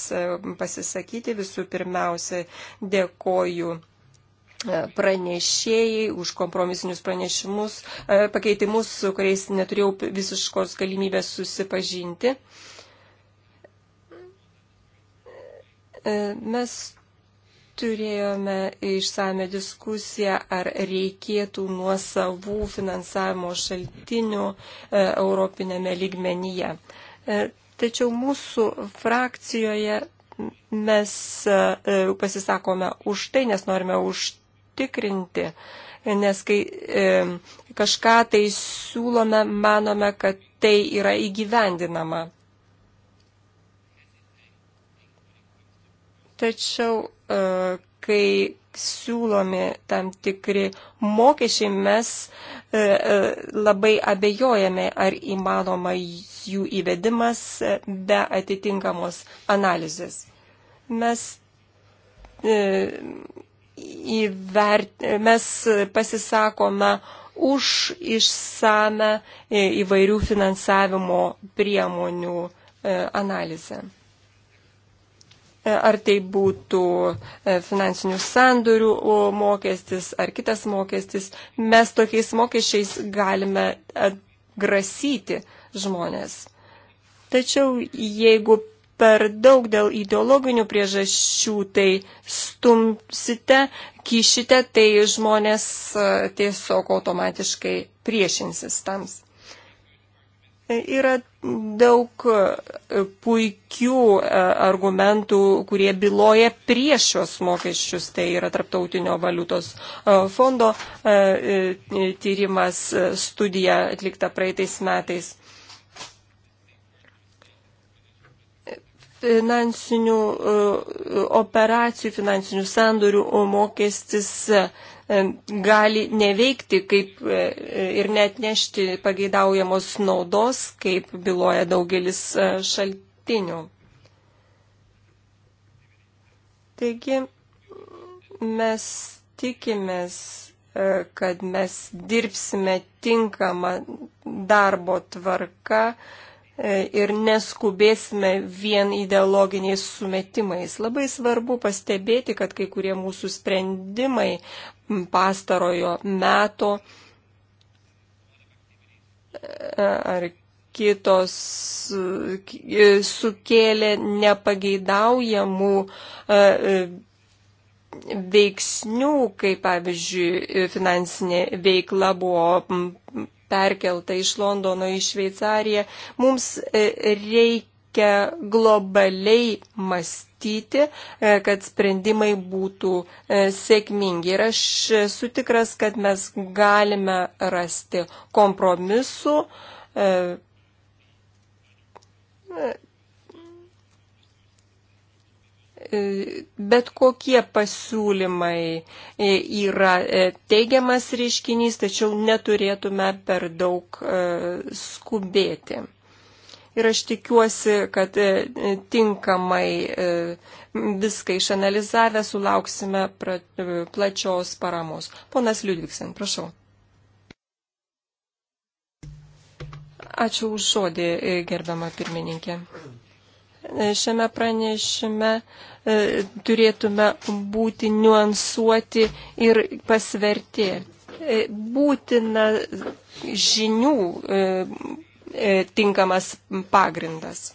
pasisakyti. Visų pirmiausia, dėkoju pranešėjai už kompromisinius pranešimus, e, pakeitimus, su kuriais neturėjau visiškos galimybės susipažinti. E, mes turėjome išsame diskusiją, ar reikėtų nuo savų finansavimo šaltinių e, Europinėme lygmenyje. Tačiau mūsų frakcijoje mes pasisakome už tai, nes norime už užtikrinti, nes kai e, kažką tai siūlome, manome, kad tai yra įgyvendinama. Tačiau, e, kai siūlomi tam tikri mokesčiai, mes e, e labai abejojame, ar įmanoma jų įvedimas be atitinkamos analizės. Mes e, įvert, mes pasisakome už išsame e, įvairių finansavimo priemonių e, analizę. E, ar tai būtų finansinių sandorių mokestis ar kitas mokestis, mes tokiais mokesčiais galime grasyti žmonės. Tačiau jeigu per daug dėl ideologinių priežasčių tai stumsite, kišite, tai žmonės e, tiesiog automatiškai priešinsis tams. E, yra daug e, puikių argumentų, kurie byloja prieš šios mokesčius. Tai yra Tarptautinio valiutos fondo tyrimas, studija atlikta praeitais metais. finansinių e, operacijų, finansinių sandorių mokestis e, gali neveikti kaip e, ir net nešti pageidaujamos naudos, kaip byloja daugelis šaltinių. Taigi mes tikimės, kad mes dirbsime tinkamą darbo tvarką, E, ir neskubėsime vien ideologiniais sumetimais. Labai svarbu pastebėti, kad kai kurie mūsų sprendimai pastarojo meto e, ar kitos e, sukėlė nepageidaujamų veiksnių, kaip pavyzdžiui finansinė veikla buvo perkelta iš Londono į Šveicariją, mums e, reikia globaliai mąstyti, e, kad sprendimai būtų e, sėkmingi. Ir aš esu tikras, kad mes galime rasti kompromisų E, bet kokie pasiūlymai e, yra e, teigiamas reiškinys, tačiau neturėtume per daug skubėti. Ir aš tikiuosi, kad tinkamai viską išanalizavę sulauksime plačios paramos. Ponas Liudviksen, prašau. Ačiū už žodį, gerbama pirmininkė šiame pranešime E, turėtume būti niuansuoti ir pasverti. E, būtina žinių e, tinkamas pagrindas.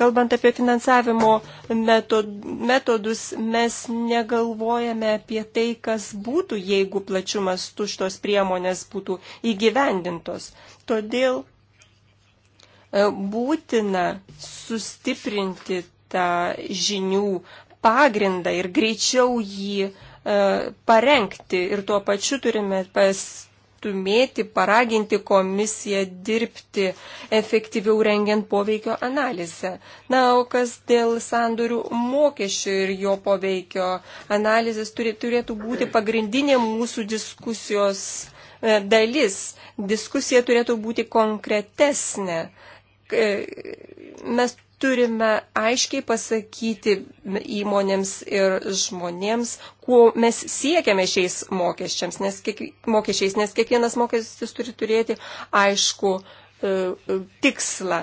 Kalbant apie finansavimo metodus, mes negalvojame apie tai, kas būtų, jeigu plačiumas tuštos priemonės būtų įgyvendintos. Todėl būtina sustiprinti tą žinių pagrindą ir greičiau jį e, parengti ir tuo pačiu turime pastumėti, paraginti komisiją dirbti efektyviau rengiant poveikio analizę. Na, o kas dėl sandorių mokesčių ir jo poveikio analizės turi, turėtų būti pagrindinė mūsų diskusijos e, dalis. Diskusija turėtų būti konkretesnė. E, mes turime aiškiai pasakyti įmonėms ir žmonėms, kuo mes siekiame šiais mokesčiams, nes kiek, mokesčiais, nes kiekvienas mokestis turi turėti aišku e, e, tikslą.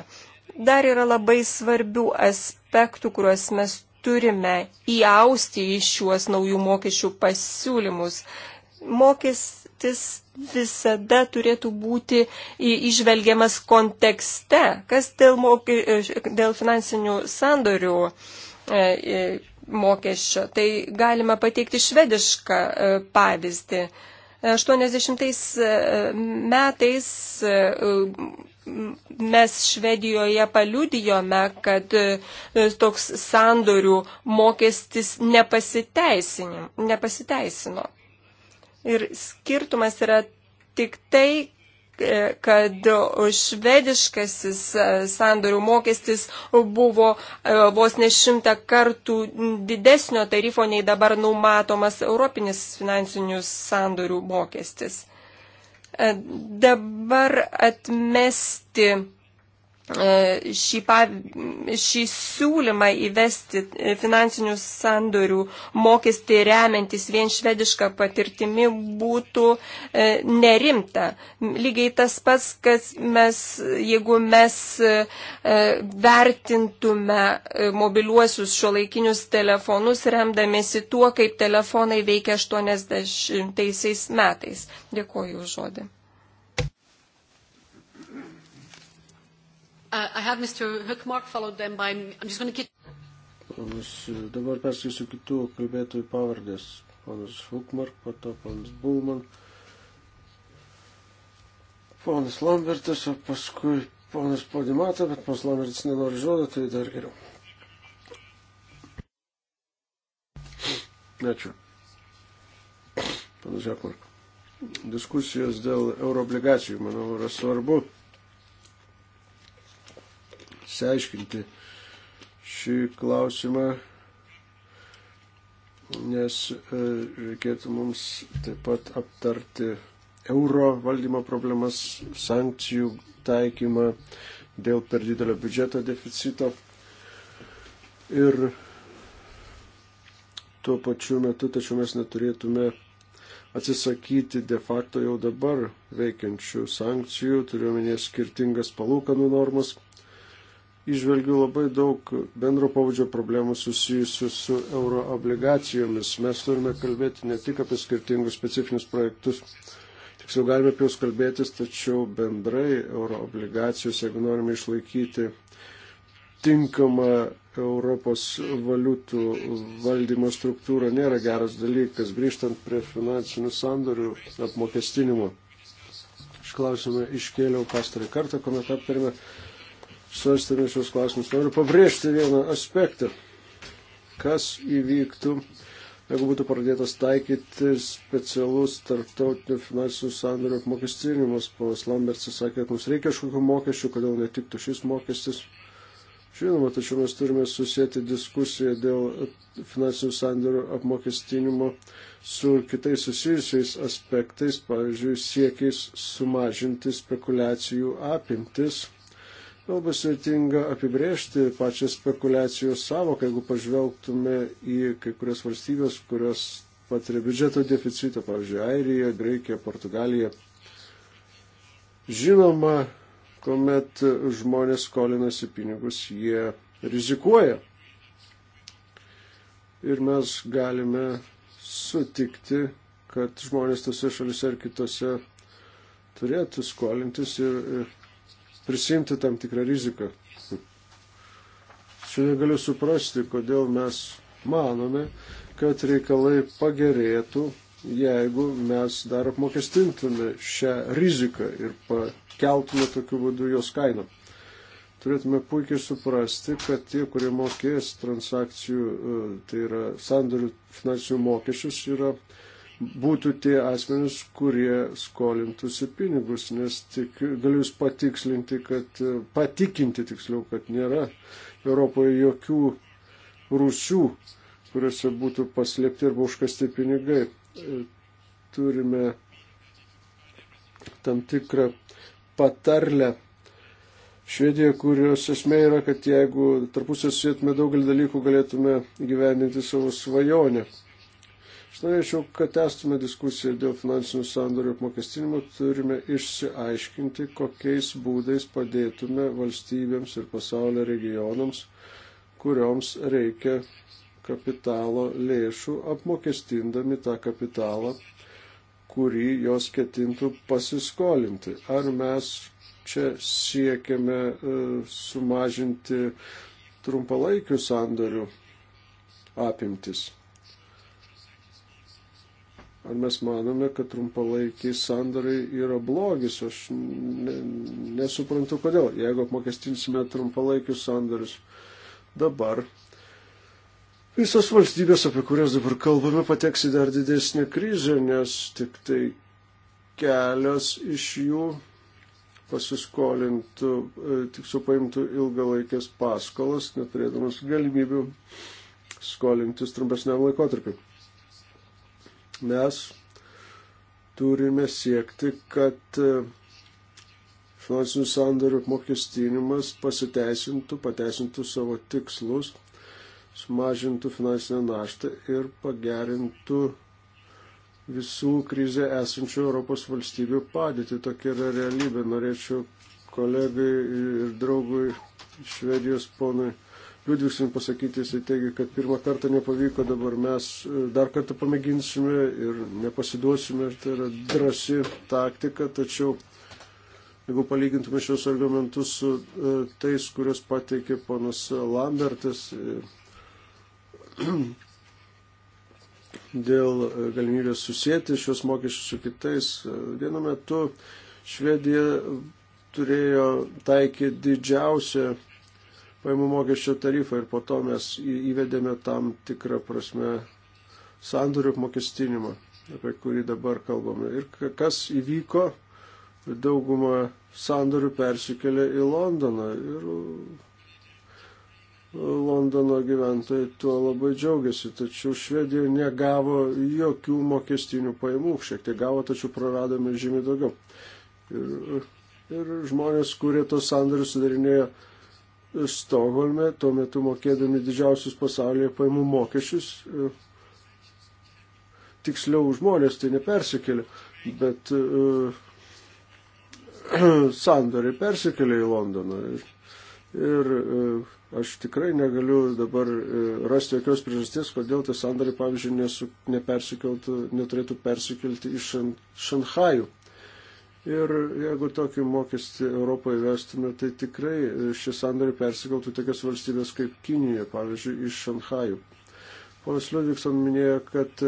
Dar yra labai svarbių aspektų, kuriuos mes turime įausti į šiuos naujų mokesčių pasiūlymus. Mokestis visada turėtų būti išvelgiamas kontekste, kas dėl, moky, e, dėl finansinių sandorių e, e, mokesčio. Tai galima pateikti švedišką pavyzdį. 80 metais mes Švedijoje paliudijome, kad toks sandorių mokestis nepasiteisino. Ir skirtumas yra tik tai, e, kad švediškasis e, sandorių mokestis buvo e, vos ne šimtą kartų didesnio tarifo nei dabar numatomas europinis finansinių sandorių mokestis. Dabar atmesti E, šį, pav... šį siūlymą įvesti e, finansinių sandorių mokestį remiantis vien švedišką patirtimi būtų e, nerimta. Lygiai tas pats, kas mes, jeigu mes vertintume mobiliuosius šiuolaikinius telefonus, remdamėsi tuo, kaip telefonai veikia 80 metais. Dėkuoju už žodį. Uh, I have Mr. Hookmark, followed then by... I'm just going to get... Ponas, uh, dabar perskaisiu kitų kalbėtojų pavardės. Ponas Hookmark, po to ponas Bulman, ponas Lambertas, o paskui ponas Podimata, bet ponas Lambertas nenori žodžio, tai dar geriau. Ačiū. Panas Žekmark. Diskusijos dėl euroobligacijų, manau, yra svarbu išsiaiškinti šį klausimą, nes e, reikėtų mums taip pat aptarti euro valdymo problemas, sankcijų taikymą dėl per didelio biudžeto deficito ir tuo pačiu metu, tačiau mes neturėtume atsisakyti de facto jau dabar veikiančių sankcijų, turiuomenė skirtingas palūkanų normas išvelgiu labai daug bendro pavadžio problemų susijusių su euroobligacijomis. Mes turime kalbėti ne tik apie skirtingus specifinius projektus, tiksliau galime apie juos kalbėtis, tačiau bendrai euroobligacijos, jeigu norime išlaikyti tinkamą Europos valiutų valdymo struktūrą, nėra geras dalykas, grįžtant prie finansinių sandorių apmokestinimo. Aš klausimą iškėliau pastarį kartą, kuomet aptarėme svarstame šios klausimus. Noriu pabrėžti vieną aspektą. Kas įvyktų, jeigu būtų pradėtas taikyti specialus tarptautinių finansinių sandorių apmokestinimas. Ponas Lambertsas sakė, kad mums reikia kažkokių mokesčių, kodėl netiktų šis mokestis. Žinoma, tačiau mes turime susijęti diskusiją dėl finansinių sandorių apmokestinimo su kitais susijusiais aspektais, pavyzdžiui, siekiais sumažinti spekulacijų apimtis Labai sveitinga apibrėžti pačią spekulacijos savoką, jeigu pažvelgtume į kai kurias valstybės, kurios patiria biudžeto deficitą, pavyzdžiui, Airija, Graikija, Portugalija. Žinoma, kuomet žmonės skolinasi pinigus, jie rizikuoja. Ir mes galime sutikti, kad žmonės tose šalise ir kitose turėtų skolintis ir prisimti tam tikrą riziką. Čia negaliu suprasti, kodėl mes manome, kad reikalai pagerėtų, jeigu mes dar apmokestintume šią riziką ir pakeltume tokiu būdu jos kainą. Turėtume puikiai suprasti, kad tie, kurie mokės transakcijų, e, tai yra sandorių finansinių mokesčius, yra būtų tie asmenys, kurie skolintųsi pinigus, nes tik galiu jūs patikslinti, kad patikinti tiksliau, kad nėra Europoje jokių rūsių, kuriuose būtų paslėpti arba užkasti pinigai. Turime tam tikrą patarlę Švedija, kurios esmė yra, kad jeigu tarpusės sėtume daugelį dalykų, galėtume gyveninti savo svajonę. Aš norėčiau, kad testume diskusiją dėl finansinių sandorių apmokestinimo, turime išsiaiškinti, kokiais būdais padėtume valstybėms ir pasaulio regionams, kurioms reikia kapitalo lėšų, apmokestindami tą kapitalą, kurį jos ketintų pasiskolinti. Ar mes čia siekiame e, sumažinti trumpalaikių sandorių apimtis? ar mes manome, kad trumpalaikiai sandarai yra blogis. Aš ne, nesuprantu, kodėl. Jeigu apmokestinsime trumpalaikius sandarius dabar, visos valstybės, apie kurias dabar kalbame, pateks į dar didesnį krizę, nes tik tai kelios iš jų pasiskolintų, e, tik supaimtų ilgalaikės paskolas, neturėdamas galimybių skolintis trumpesniam laikotarpiu mes turime siekti, kad e, finansinių sandarių apmokestinimas pasiteisintų, pateisintų savo tikslus, sumažintų finansinę naštą ir pagerintų visų krizė esančių Europos valstybių padėtį. Tokia yra realybė. Norėčiau kolegai ir draugui Švedijos ponui Liudviksin pasakyti, jisai teigia, kad pirmą kartą nepavyko, dabar mes e, dar kartą pamėginsime ir nepasiduosime, ir tai yra drasi taktika, tačiau jeigu palygintume šios argumentus su e, tais, kuriuos pateikė ponas Lambertas e, dėl galimybės susijęti šios mokesčius su kitais, vienu metu Švedija turėjo taikyti didžiausią paimų mokesčio tarifą ir po to mes įvedėme tam tikrą prasme sandorių apmokestinimą, apie kurį dabar kalbame. Ir kas įvyko, dauguma sandorių persikėlė į Londoną ir uh, Londono gyventojai tuo labai džiaugiasi, tačiau Švedija negavo jokių mokestinių pajamų, šiek tiek gavo, tačiau praradome žymiai daugiau. Ir, uh, ir žmonės, kurie tos sandarius sudarinėjo Stokholme, tuo metu mokėdami didžiausius pasaulyje paimų mokesčius, e, tiksliau žmonės tai nepersikėlė, bet uh, sandoriai persikėlė į Londoną. Ir, ir e, uh, aš tikrai negaliu dabar uh, rasti jokios priežasties, kodėl tie sandoriai, pavyzdžiui, nesu, nepersikeltų, neturėtų persikelti iš šan, Šanhajų. Ir jeigu tokį mokestį Europoje vestume, tai tikrai e, šie sandoriai persikeltų tokias valstybės kaip Kinija, pavyzdžiui, iš Šanhajų. Ponas Liudvikson minėjo, kad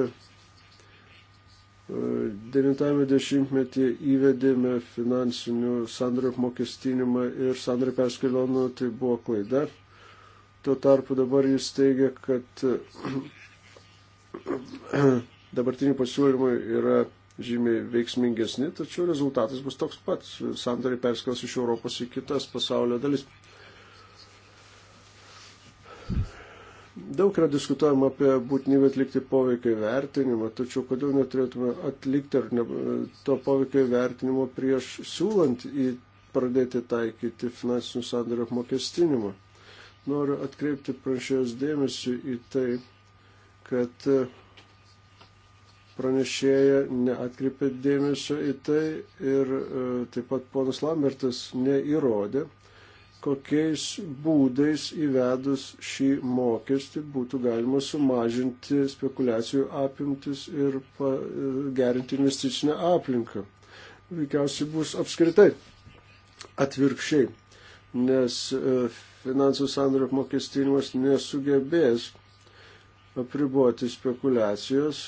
90-metį e, įvedėme finansinių sandorių apmokestinimą ir sandorių perskelionų, tai buvo klaida. Tuo tarpu dabar jis teigia, kad e, dabartiniai pasiūlymai yra žymiai veiksmingesni, tačiau rezultatas bus toks pats. Sandoriai perskels iš Europos į kitas pasaulio dalis. Daug yra diskutuojama apie būtinybę atlikti poveikio įvertinimą, tačiau kodėl neturėtume atlikti ar ne, to poveikio įvertinimo prieš siūlant į pradėti taikyti finansinių sandorių apmokestinimą. Noriu atkreipti pranešėjos dėmesį į tai, kad pranešėja neatkreipė dėmesio į tai ir e, taip pat ponas Lambertas neįrodė, kokiais būdais įvedus šį mokestį būtų galima sumažinti spekulacijų apimtis ir e, gerinti investicinę aplinką. Veikiausiai bus apskritai atvirkščiai, nes e, finansų sandario apmokestinimas nesugebės apriboti spekulacijos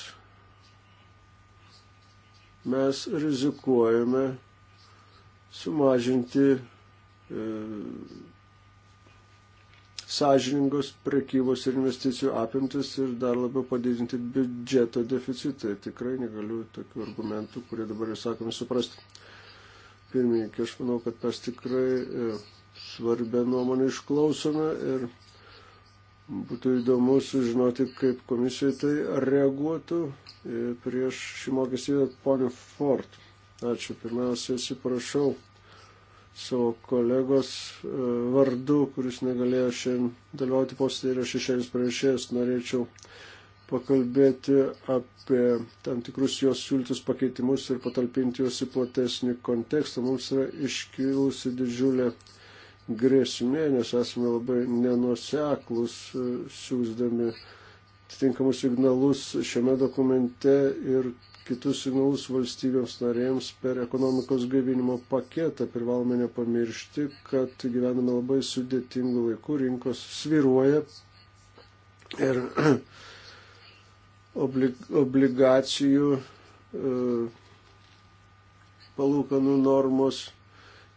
mes rizikuojame sumažinti e, sąžiningos prekybos ir investicijų apimtis ir dar labiau padidinti biudžeto deficitą. Tikrai negaliu tokių argumentų, kurie dabar ir sakomi, suprasti. Pirmininkė, aš manau, kad mes tikrai e, svarbę nuomonę išklausome ir Būtų įdomu sužinoti, kaip komisija tai reaguotų e, prieš šį mokestį ponio Ford. Ačiū. Pirmiausia, atsiprašau savo kolegos e, vardu, kuris negalėjo šiandien dalyvauti posėdėje ir aš išėjęs pranešėjas norėčiau pakalbėti apie tam tikrus jos siūlytus pakeitimus ir patalpinti juos į platesnį kontekstą. Mums yra iškilusi didžiulė grėsmė, nes esame labai nenuseklus e, siūsdami atitinkamus signalus šiame dokumente ir kitus signalus valstybėms narėms per ekonomikos gaivinimo paketą. Privalome nepamiršti, kad gyvename labai sudėtingų laikų, rinkos sviruoja ir obligacijų e, palūkanų normos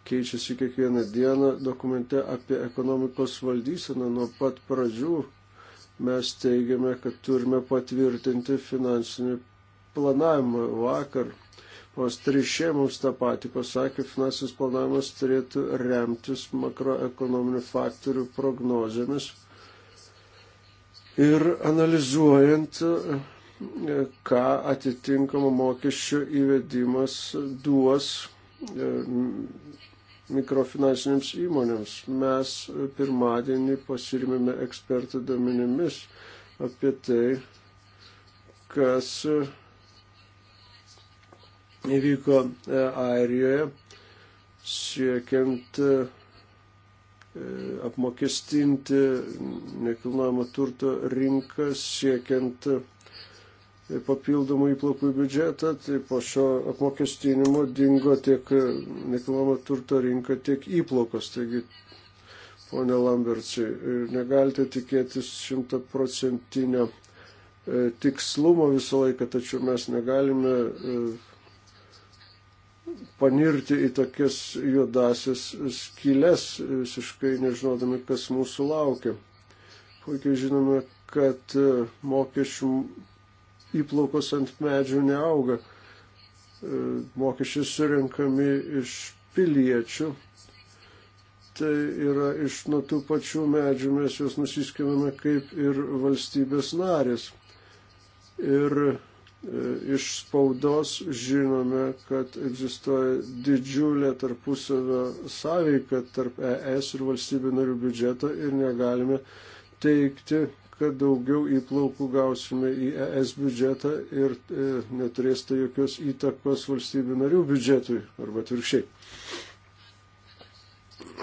keičiasi kiekvieną dieną. Dokumente apie ekonomikos valdyseną nuo pat pradžių mes teigiame, kad turime patvirtinti finansinį planavimą vakar. Pas trišė mums tą patį pasakė, finansinis planavimas turėtų remtis makroekonominių faktorių prognozėmis ir analizuojant, e, ką atitinkamo mokesčio įvedimas duos e, mikrofinansinėms įmonėms. Mes pirmadienį pasirimėme ekspertų duomenimis apie tai, kas įvyko e, Airijoje siekiant e, apmokestinti nekilnojamo turto rinką, siekiant papildomų įplaukų į biudžetą, tai po šio apmokestinimo dingo tiek nekilnojamo turto rinka, tiek įplaukos. Taigi, ponė Lamberčiai, negalite tikėtis šimtaprocentinio e, tikslumo visą laiką, tačiau mes negalime e, panirti į tokias juodasias skylės, e, visiškai nežinodami, kas mūsų laukia. Puikiai žinome, kad mokesčių įplaukos ant medžių neauga. E, mokesčiai surinkami iš piliečių. Tai yra iš nuo tų pačių medžių mes juos nusiskiname kaip ir valstybės narės. Ir e, iš spaudos žinome, kad egzistuoja didžiulė tarpusavio sąveika tarp ES ir valstybių narių biudžeto ir negalime teikti, kad daugiau įplaukų gausime į ES biudžetą ir e, neturės tai jokios įtakos valstybių narių biudžetui arba atvirkščiai.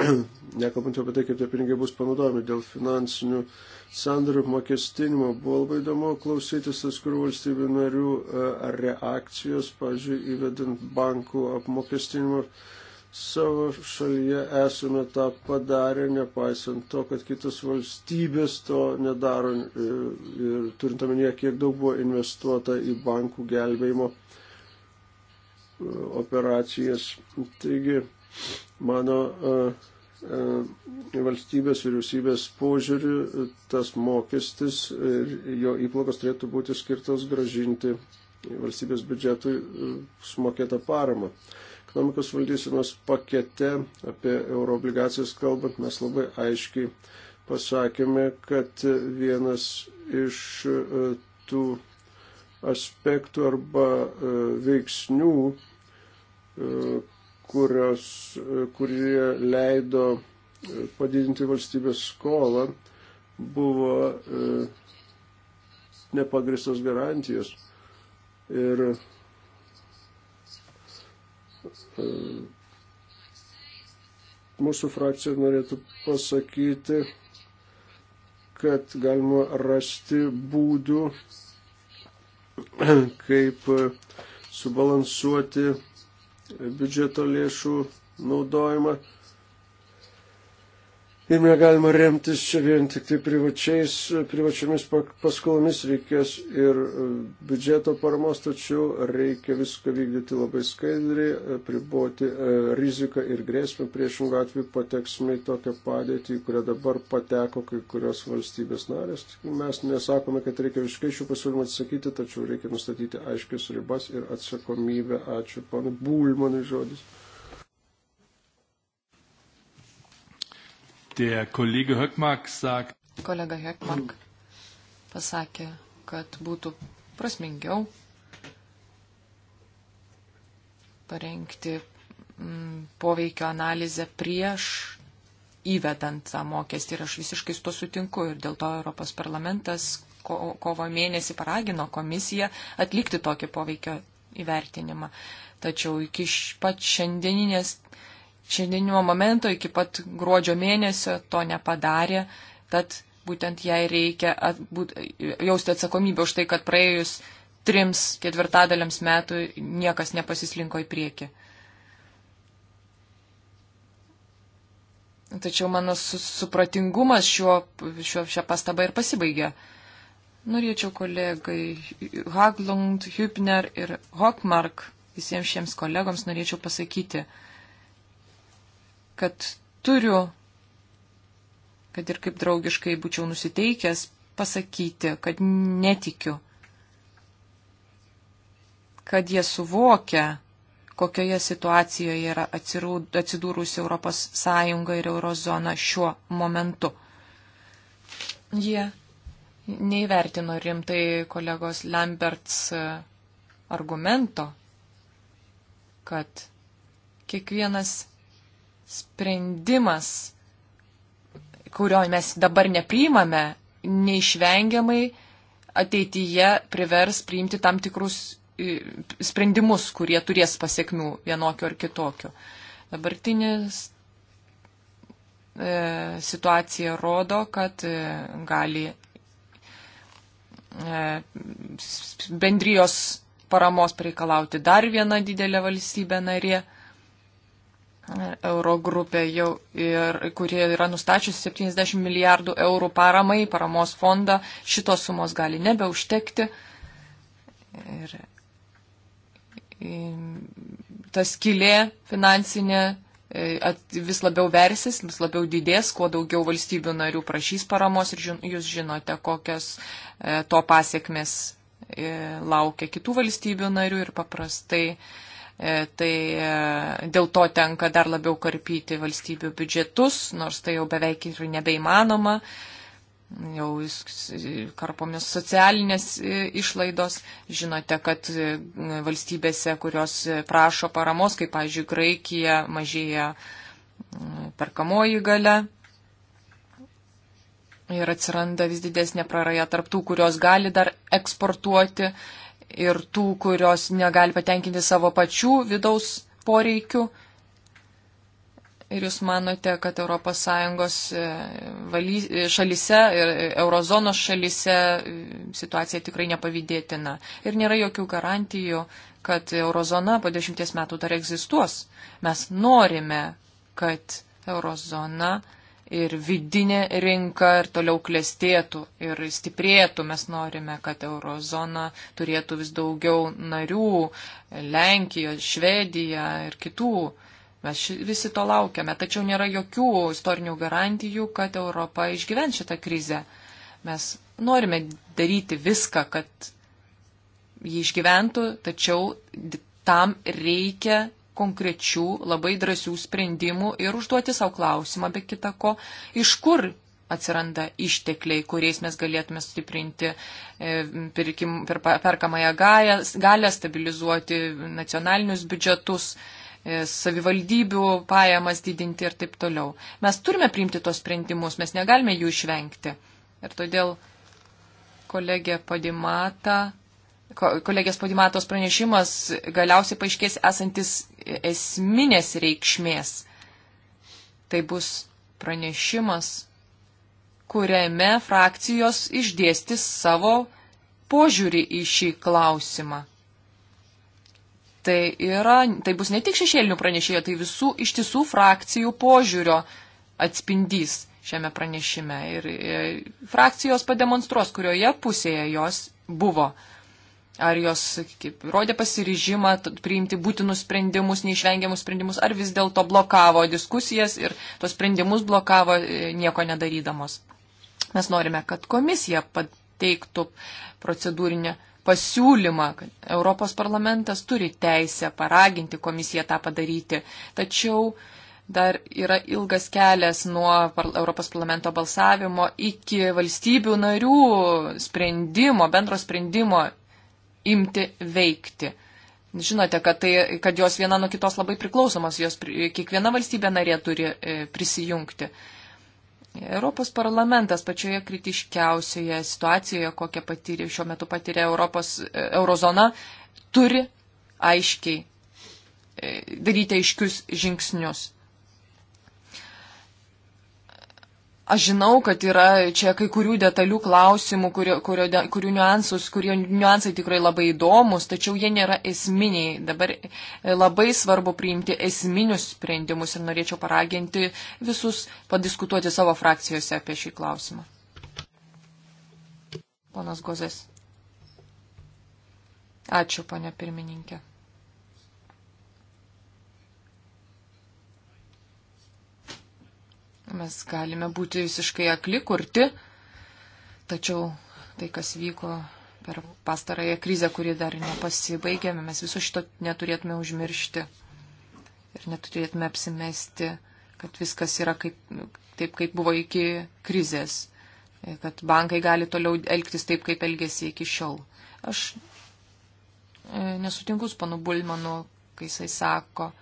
Nekalbant apie tai, kaip tie pinigai bus panaudojami dėl finansinių sandorių mokestinimo, buvo labai įdomu klausytis atskirų valstybių narių e, reakcijos, pažiūrėjau, įvedant bankų apmokestinimo savo šalyje esame tą padarę, nepaisant to, kad kitos valstybės to nedaro e, ir turint omenyje, kiek daug buvo investuota į bankų gelbėjimo e, operacijas. Taigi, mano e, valstybės vyriausybės požiūriu, tas mokestis ir jo įplokos turėtų būti skirtos gražinti valstybės biudžetui sumokėtą paramą ekonomikos valdysenos pakete apie euroobligacijas kalbant, mes labai aiškiai pasakėme, kad vienas iš e, tų aspektų arba e, veiksnių, e, kurios, kurie leido padidinti valstybės skolą, buvo nepagristos garantijos. Ir Tai mūsų frakcija norėtų pasakyti, kad galima rasti būdų, kaip subalansuoti biudžeto lėšų naudojimą ir negalima remtis čia vien tik tai privačiais, privačiomis paskolomis reikės ir e, biudžeto paramos, tačiau reikia viską vykdyti labai skaidriai, priboti e, riziką ir grėsmę, priešingų atveju pateksime į tokią padėtį, į kurią dabar pateko kai kurios valstybės narės. Mes nesakome, kad reikia visiškai šių pasiūlymų atsisakyti, tačiau reikia nustatyti aiškias ribas ir atsakomybę. Ačiū, panu Būlmanui žodis. Der Kollege Höckmark sagt. Kolega Höckmark pasakė, kad būtų prasmingiau parengti mm, poveikio analizę prieš įvedant tą mokestį ir aš visiškai su to sutinku ir dėl to Europos parlamentas ko, kovo mėnesį paragino komisiją atlikti tokį poveikio įvertinimą. Tačiau iki pat šiandieninės šiandieninio momento iki pat gruodžio mėnesio to nepadarė, tad būtent jai reikia atbūt, jausti atsakomybę už tai, kad praėjus trims ketvirtadaliams metų niekas nepasislinko į priekį. Tačiau mano supratingumas šiuo, šiuo, šią pastabą ir pasibaigė. Norėčiau kolegai Haglund, Hübner ir Hockmark, visiems šiems kolegoms norėčiau pasakyti, kad turiu, kad ir kaip draugiškai būčiau nusiteikęs, pasakyti, kad netikiu, kad jie suvokia, kokioje situacijoje yra atsidūrusi Europos Sąjunga ir Eurozona šiuo momentu. Jie neįvertino rimtai kolegos Lamberts e, argumento, kad kiekvienas sprendimas, kurio mes dabar nepriimame, neišvengiamai ateityje privers priimti tam tikrus sprendimus, kurie turės pasiekmių vienokio ar kitokio. Dabartinis e, situacija rodo, kad e, gali e, bendrijos paramos pareikalauti dar viena didelė valstybė narė. E, Eurogrupė jau ir, kuri yra nustačiusi 70 milijardų eurų paramai, paramos fondą, šitos sumos gali nebeužtekti. Ir ta skilė finansinė vis labiau versis, vis labiau didės, kuo daugiau valstybių narių prašys paramos ir jūs žinote, kokios e, to pasiekmes laukia kitų valstybių narių ir paprastai uh, E, tai e, dėl to tenka dar labiau karpyti valstybių biudžetus, nors tai jau beveik ir nebeįmanoma, jau e, karpomis socialinės išlaidos. Žinote, kad valstybėse, kurios prašo paramos, kaip, pavyzdžiui, Graikija, mažėja perkamoji gale. Ir atsiranda vis didesnė praraja tarptų, kurios gali dar eksportuoti, uh, ir tų, kurios negali patenkinti savo pačių vidaus poreikių. Ir jūs manote, kad ES e, e, šalise ir e, eurozonos šalise situacija tikrai nepavydėtina. Ir nėra jokių garantijų, kad eurozona po dešimties metų dar egzistuos. Mes norime, kad eurozona ir vidinė rinka ir toliau klestėtų ir stiprėtų. Mes norime, kad eurozona turėtų vis daugiau narių - Lenkijos, Švedija ir kitų. Mes visi to laukiame, tačiau nėra jokių istorinių garantijų, kad Europa išgyven šitą krizę. Mes norime daryti viską, kad jį išgyventų, tačiau tam reikia konkrečių, labai drąsių sprendimų ir užduoti savo klausimą, be kita ko, iš kur atsiranda ištekliai, kuriais mes galėtume stiprinti e, pirkim, per, perkamąją galę, stabilizuoti nacionalinius biudžetus e, savivaldybių pajamas didinti ir taip toliau. Mes turime priimti tos sprendimus, mes negalime jų išvengti. Ir todėl kolegė Padimata kolegės padimatos pranešimas galiausiai paaiškės esantis esminės reikšmės. Tai bus pranešimas, kuriame frakcijos išdėstis savo požiūrį į šį klausimą. Tai, yra, tai bus ne tik šešėlinių pranešėjų, tai visų iš tiesų frakcijų požiūrio atspindys šiame pranešime. Ir, ir e, frakcijos pademonstruos, kurioje pusėje jos buvo. Ar jos kaip, rodė pasiryžimą priimti būtinus sprendimus, neišvengiamus sprendimus, ar vis dėlto blokavo diskusijas ir tos sprendimus blokavo e, nieko nedarydamos. Mes norime, kad komisija pateiktų procedūrinę pasiūlymą, kad Europos parlamentas turi teisę paraginti komisiją tą padaryti. Tačiau dar yra ilgas kelias nuo Europos parlamento balsavimo iki valstybių narių sprendimo, bendro sprendimo imti veikti. Žinote, kad, tai, kad jos viena nuo kitos labai priklausomos, jos kiekviena valstybė narė turi e, prisijungti. Europos parlamentas pačioje kritiškiausioje situacijoje, kokią patyrė, šiuo metu patyrė Europos e, eurozona, turi aiškiai e, daryti aiškius žingsnius. Aš žinau, kad yra čia kai kurių detalių klausimų, kurio, kurio, kurių niuansus, kurie niuansai tikrai labai įdomus, tačiau jie nėra esminiai. Dabar e, labai svarbu priimti esminius sprendimus ir norėčiau paraginti visus padiskutuoti savo frakcijose apie šį klausimą. Ponas Gozės. Ačiū, ponia pirmininkė. Mes galime būti visiškai akli, kurti, tačiau tai, kas vyko per pastarąją krizę, kuri dar nepasibaigė, mes viso šito neturėtume užmiršti ir neturėtume apsimesti, kad viskas yra kaip, taip, kaip buvo iki krizės, kad bankai gali toliau elgtis taip, kaip elgėsi iki šiol. Aš e, nesutinku su panu Bulmanu, kai jisai sako,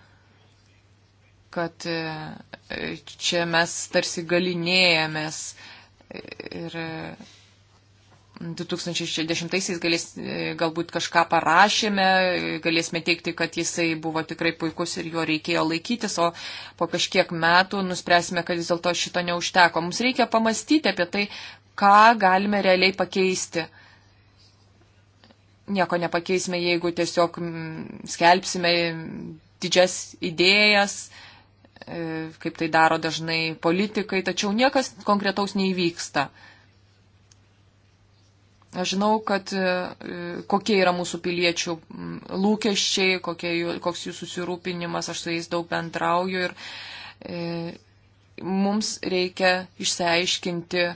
kad e, čia mes tarsi galinėjamės ir 2010-aisiais e, galės, e, galbūt kažką parašėme, galėsime teikti, kad jisai buvo tikrai puikus ir jo reikėjo laikytis, o po kažkiek metų nuspręsime, kad vis dėlto šito neužteko. Mums reikia pamastyti apie tai, ką galime realiai pakeisti. Nieko nepakeisime, jeigu tiesiog mm, skelbsime didžias idėjas, E, kaip tai daro dažnai politikai, tačiau niekas konkretaus neįvyksta. Aš žinau, kad e, kokie yra mūsų piliečių lūkesčiai, kokie, koks jų susirūpinimas, aš su jais daug bendrauju ir e, mums reikia išsiaiškinti,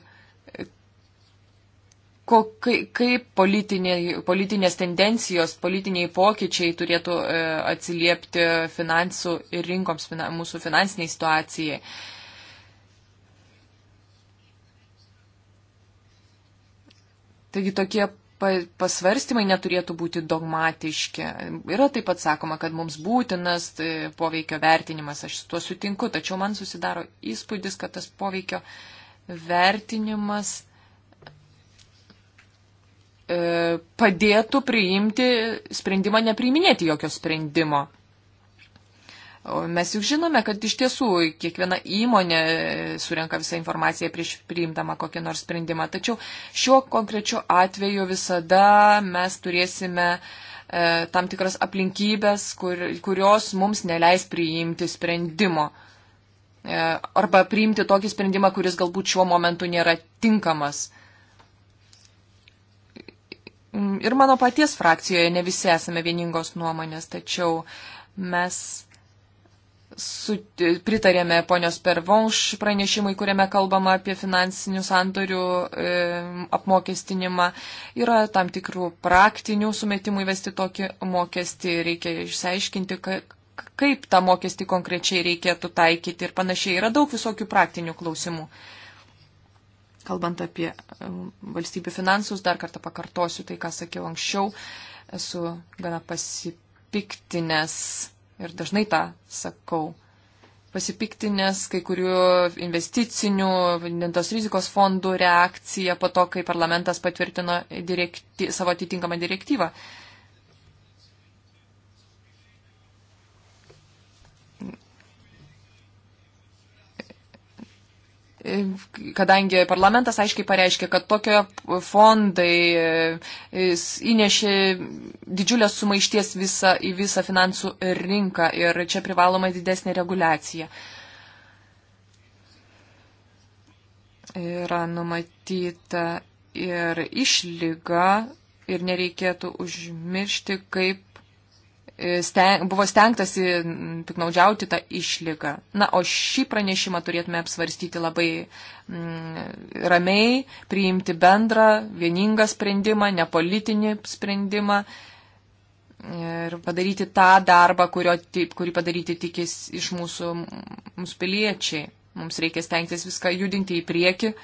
ko, kaip politinė, politinės tendencijos, politiniai pokyčiai turėtų e, atsiliepti finansų ir rinkoms, mūsų finansiniai situacijai. Taigi tokie pasvarstymai neturėtų būti dogmatiški. Yra taip pat sakoma, kad mums būtinas e, poveikio vertinimas, aš su tuo sutinku, tačiau man susidaro įspūdis, kad tas poveikio vertinimas E, padėtų priimti sprendimą, nepriiminėti jokio sprendimo. Mes juk žinome, kad iš tiesų kiekviena įmonė surenka visą informaciją prieš priimdama kokį nors sprendimą. Tačiau šiuo konkrečiu atveju visada mes turėsime e, tam tikras aplinkybės, kur, kurios mums neleis priimti sprendimo. E, arba priimti tokį sprendimą, kuris galbūt šiuo momentu nėra tinkamas. E, Mm, ir mano paties frakcijoje ne visi esame vieningos nuomonės, tačiau mes su, pritarėme ponios Pervonš pranešimui, kuriame kalbama apie finansinių sandorių e, apmokestinimą. Yra tam tikrų praktinių sumetimų įvesti tokį mokestį, reikia išsiaiškinti, ka, kaip tą mokestį konkrečiai reikėtų taikyti ir panašiai. Yra daug visokių praktinių klausimų. E, Kalbant apie um, valstybių finansus, dar kartą pakartosiu tai, ką sakiau anksčiau, esu gana pasipiktinęs ir dažnai tą sakau. Pasipiktinęs kai kurių investicinių, vadintos rizikos fondų reakcija po to, kai parlamentas patvirtino direkty, savo atitinkamą direktyvą. Uh, kadangi parlamentas aiškiai pareiškė, kad tokie fondai e, įnešė didžiulės sumaišties visą, į visą finansų rinką ir čia privaloma didesnė reguliacija. Yra numatyta ir išlyga ir nereikėtų užmiršti, kaip steng, buvo stengtasi piknaudžiauti tą išlygą. Na, o šį pranešimą turėtume apsvarstyti labai mm, ramiai, priimti bendrą, vieningą sprendimą, nepolitinį sprendimą ir padaryti tą darbą, kurio, kurį padaryti tikis iš mūsų, mūsų piliečiai. Mums reikia stengtis viską judinti į priekį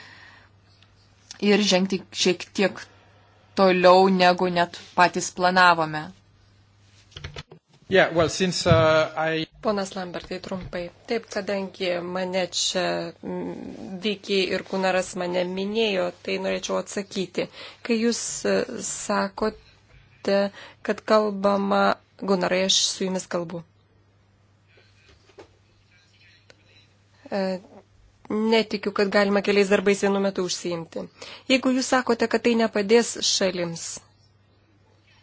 ir žengti šiek tiek toliau, negu net patys planavome. Yeah, well, since, uh, I... Ponas Lambertai, trumpai. Taip, kadangi mane čia mm, Vykiai ir Kunaras mane minėjo, tai norėčiau atsakyti. Kai jūs e, sakote, kad kalbama, Gunarai, aš su jumis kalbu. E, netikiu, kad galima keliais darbais vienu metu užsiimti. Jeigu jūs sakote, kad tai nepadės šalims,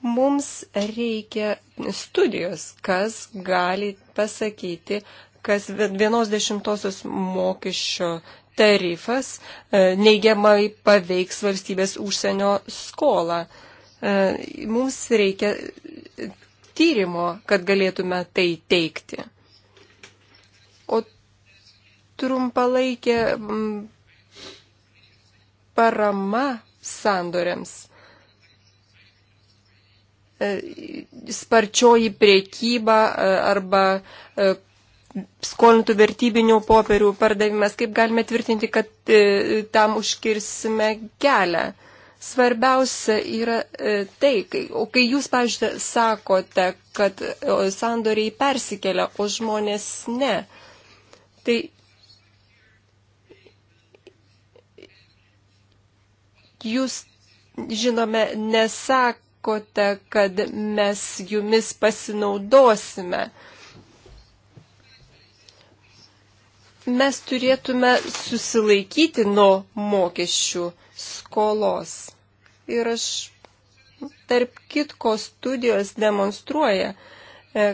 Mums reikia studijos, kas gali pasakyti, kas vienos dešimtosios mokesčio tarifas e, neigiamai paveiks valstybės užsienio skolą. E, mums reikia tyrimo, kad galėtume tai teikti. O trumpalaikė parama sandoriams E, sparčioji priekyba e, arba e, skolintų vertybinių popierių pardavimas, kaip galime tvirtinti, kad tam užkirsime kelią. Svarbiausia yra tai, kai, o kai jūs, pažiūrėjau, sakote, kad sandoriai persikelia, o žmonės ne, tai jūs, žinome, nesak, sakote, kad mes jumis pasinaudosime. Mes turėtume susilaikyti nuo mokesčių skolos. Ir aš, tarp kitko, studijos demonstruoja, e,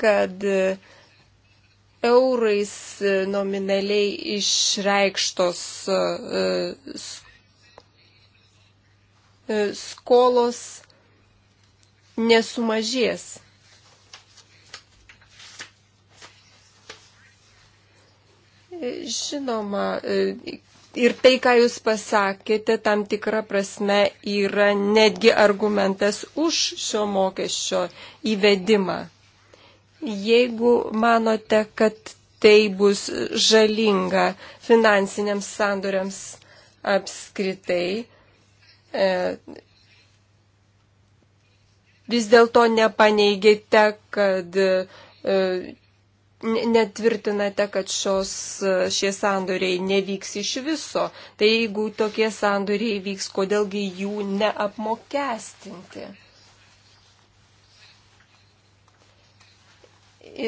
kad eurais nominaliai išreikštos e, E, skolos nesumažės. Žinoma, e, ir tai, ką Jūs pasakėte, tam tikra prasme yra netgi argumentas už šio mokesčio įvedimą. Jeigu manote, kad tai bus žalinga finansiniams sandoriams apskritai, E, vis dėlto nepaneigėte, kad e, netvirtinate, kad šios, šie sandoriai nevyks iš viso. Tai jeigu tokie sandoriai vyks, kodėlgi jų neapmokestinti?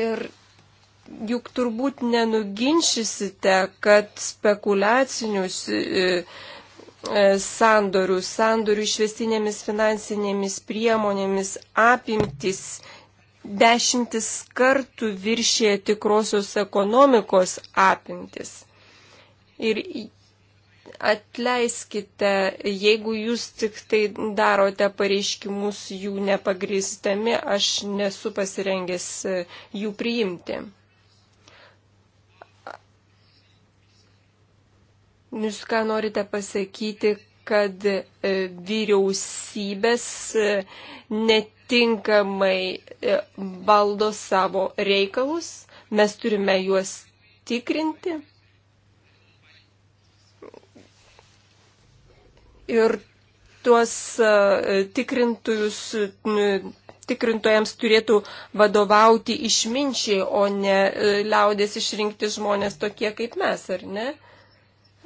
Ir juk turbūt nenuginčysite, kad spekuliacinius e, E, sandorių, sandorių išvestinėmis finansinėmis priemonėmis apimtis dešimtis kartų viršė tikrosios ekonomikos apimtis. Ir atleiskite, jeigu jūs tik tai darote pareiškimus jų nepagrįstami, aš nesu pasirengęs e, jų priimti. Jūs ką norite pasakyti, kad e, vyriausybės e, netinkamai e, valdo savo reikalus, mes turime juos tikrinti. Ir tuos tikrintojus, tikrintojams turėtų vadovauti išminčiai, o ne liaudės išrinkti žmonės tokie kaip mes, ar ne?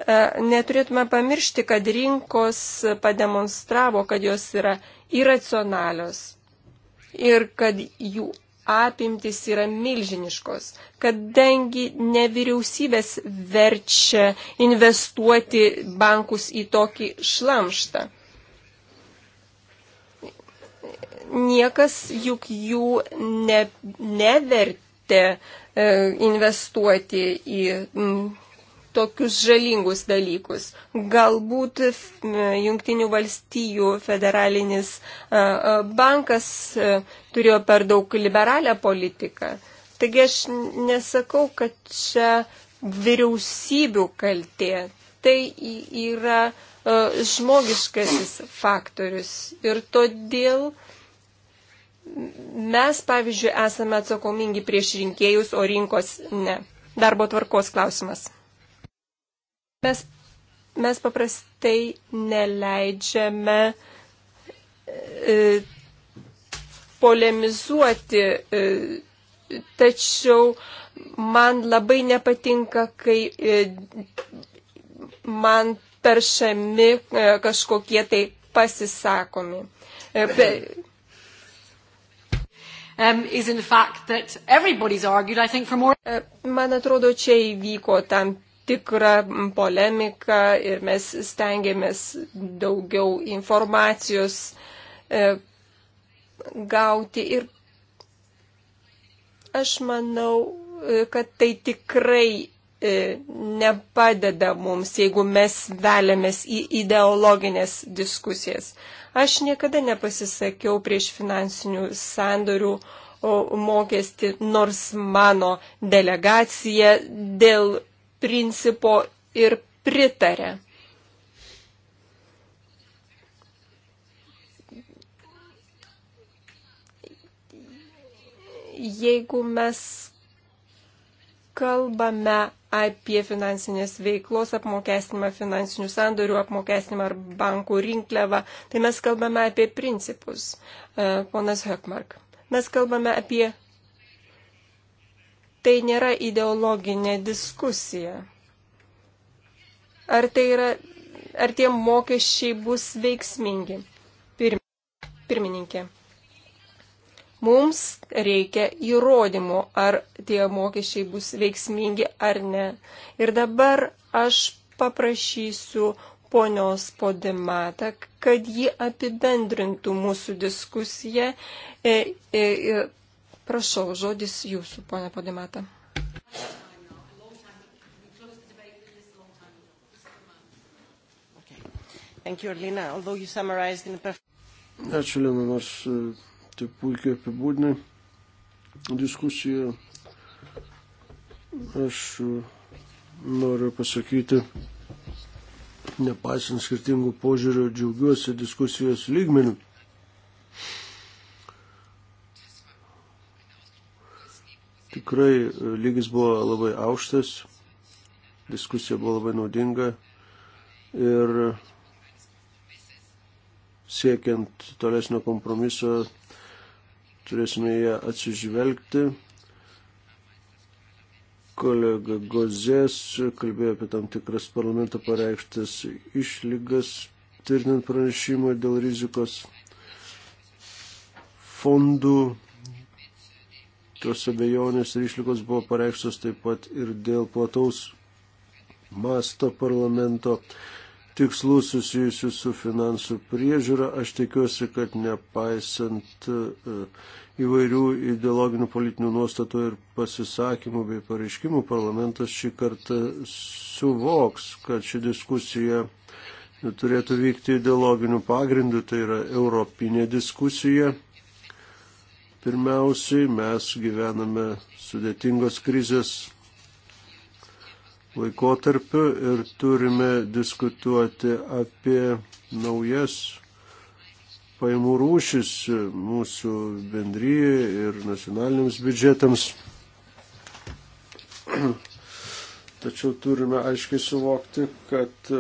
E, neturėtume pamiršti, kad rinkos pademonstravo, kad jos yra iracionalios ir kad jų apimtis yra milžiniškos, kadangi nevyriausybės verčia investuoti bankus į tokį šlamštą. Niekas juk jų ne, nevertė e, investuoti į. Mm, tokius žalingus dalykus. Galbūt e, Junktinių valstijų federalinis e, e, bankas turėjo per daug liberalią politiką. Taigi aš nesakau, kad čia vyriausybių kaltė. Tai yra žmogiškasis faktorius. Ir todėl mes, pavyzdžiui, esame atsakomingi prieš rinkėjus, o rinkos ne. Darbo tvarkos klausimas. Mes, mes paprastai neleidžiame e, polemizuoti, e, tačiau man labai nepatinka, kai e, man peršami kažkokie tai pasisakomi. Um, man atrodo, čia įvyko tam tikrą polemiką ir mes stengiamės daugiau informacijos e, gauti. Ir aš manau, e, kad tai tikrai e, nepadeda mums, jeigu mes veliamės į ideologinės diskusijas. Aš niekada nepasisakiau prieš finansinių sandorių mokestį, nors mano delegacija dėl principo ir pritarė. Jeigu mes kalbame apie finansinės veiklos apmokestinimą, finansinių sandorių apmokestinimą ar bankų rinkliavą, tai mes kalbame apie principus, e, ponas Hökmark. Mes kalbame apie tai nėra ideologinė diskusija. Ar, tai yra, ar tie mokesčiai bus veiksmingi? Pirmi, pirmininkė. Mums reikia įrodymų, ar tie mokesčiai bus veiksmingi ar ne. Ir dabar aš paprašysiu ponios Podimata, kad ji apibendrintų mūsų diskusiją, e, e, Prašau, žodis jūsų, ponė Podimata. Ačiū, Lina, nors e, taip puikiai apibūdinai diskusiją. Aš e, noriu pasakyti, nepaisant skirtingų požiūrių, džiaugiuosi diskusijos lygmenių. Tikrai e, lygis buvo labai aukštas, diskusija buvo labai naudinga ir siekiant tolesnio kompromiso turėsime ją atsižvelgti. Kolega Gozės kalbėjo apie tam tikras parlamento pareikštas išlygas, tvirtinant pranešimą dėl rizikos fondų tos abejonės ir išlikos buvo pareikštos taip pat ir dėl plataus masto parlamento tikslų susijusių su finansų priežiūra. Aš tikiuosi, kad nepaisant e, įvairių ideologinių politinių nuostatų ir pasisakymų bei pareiškimų, parlamentas šį kartą suvoks, kad ši diskusija turėtų vykti ideologinių pagrindų, tai yra europinė diskusija Pirmiausiai mes gyvename sudėtingos krizės laikotarpiu ir turime diskutuoti apie naujas paimų rūšis mūsų bendryje ir nacionaliniams biudžetams. Tačiau turime aiškiai suvokti, kad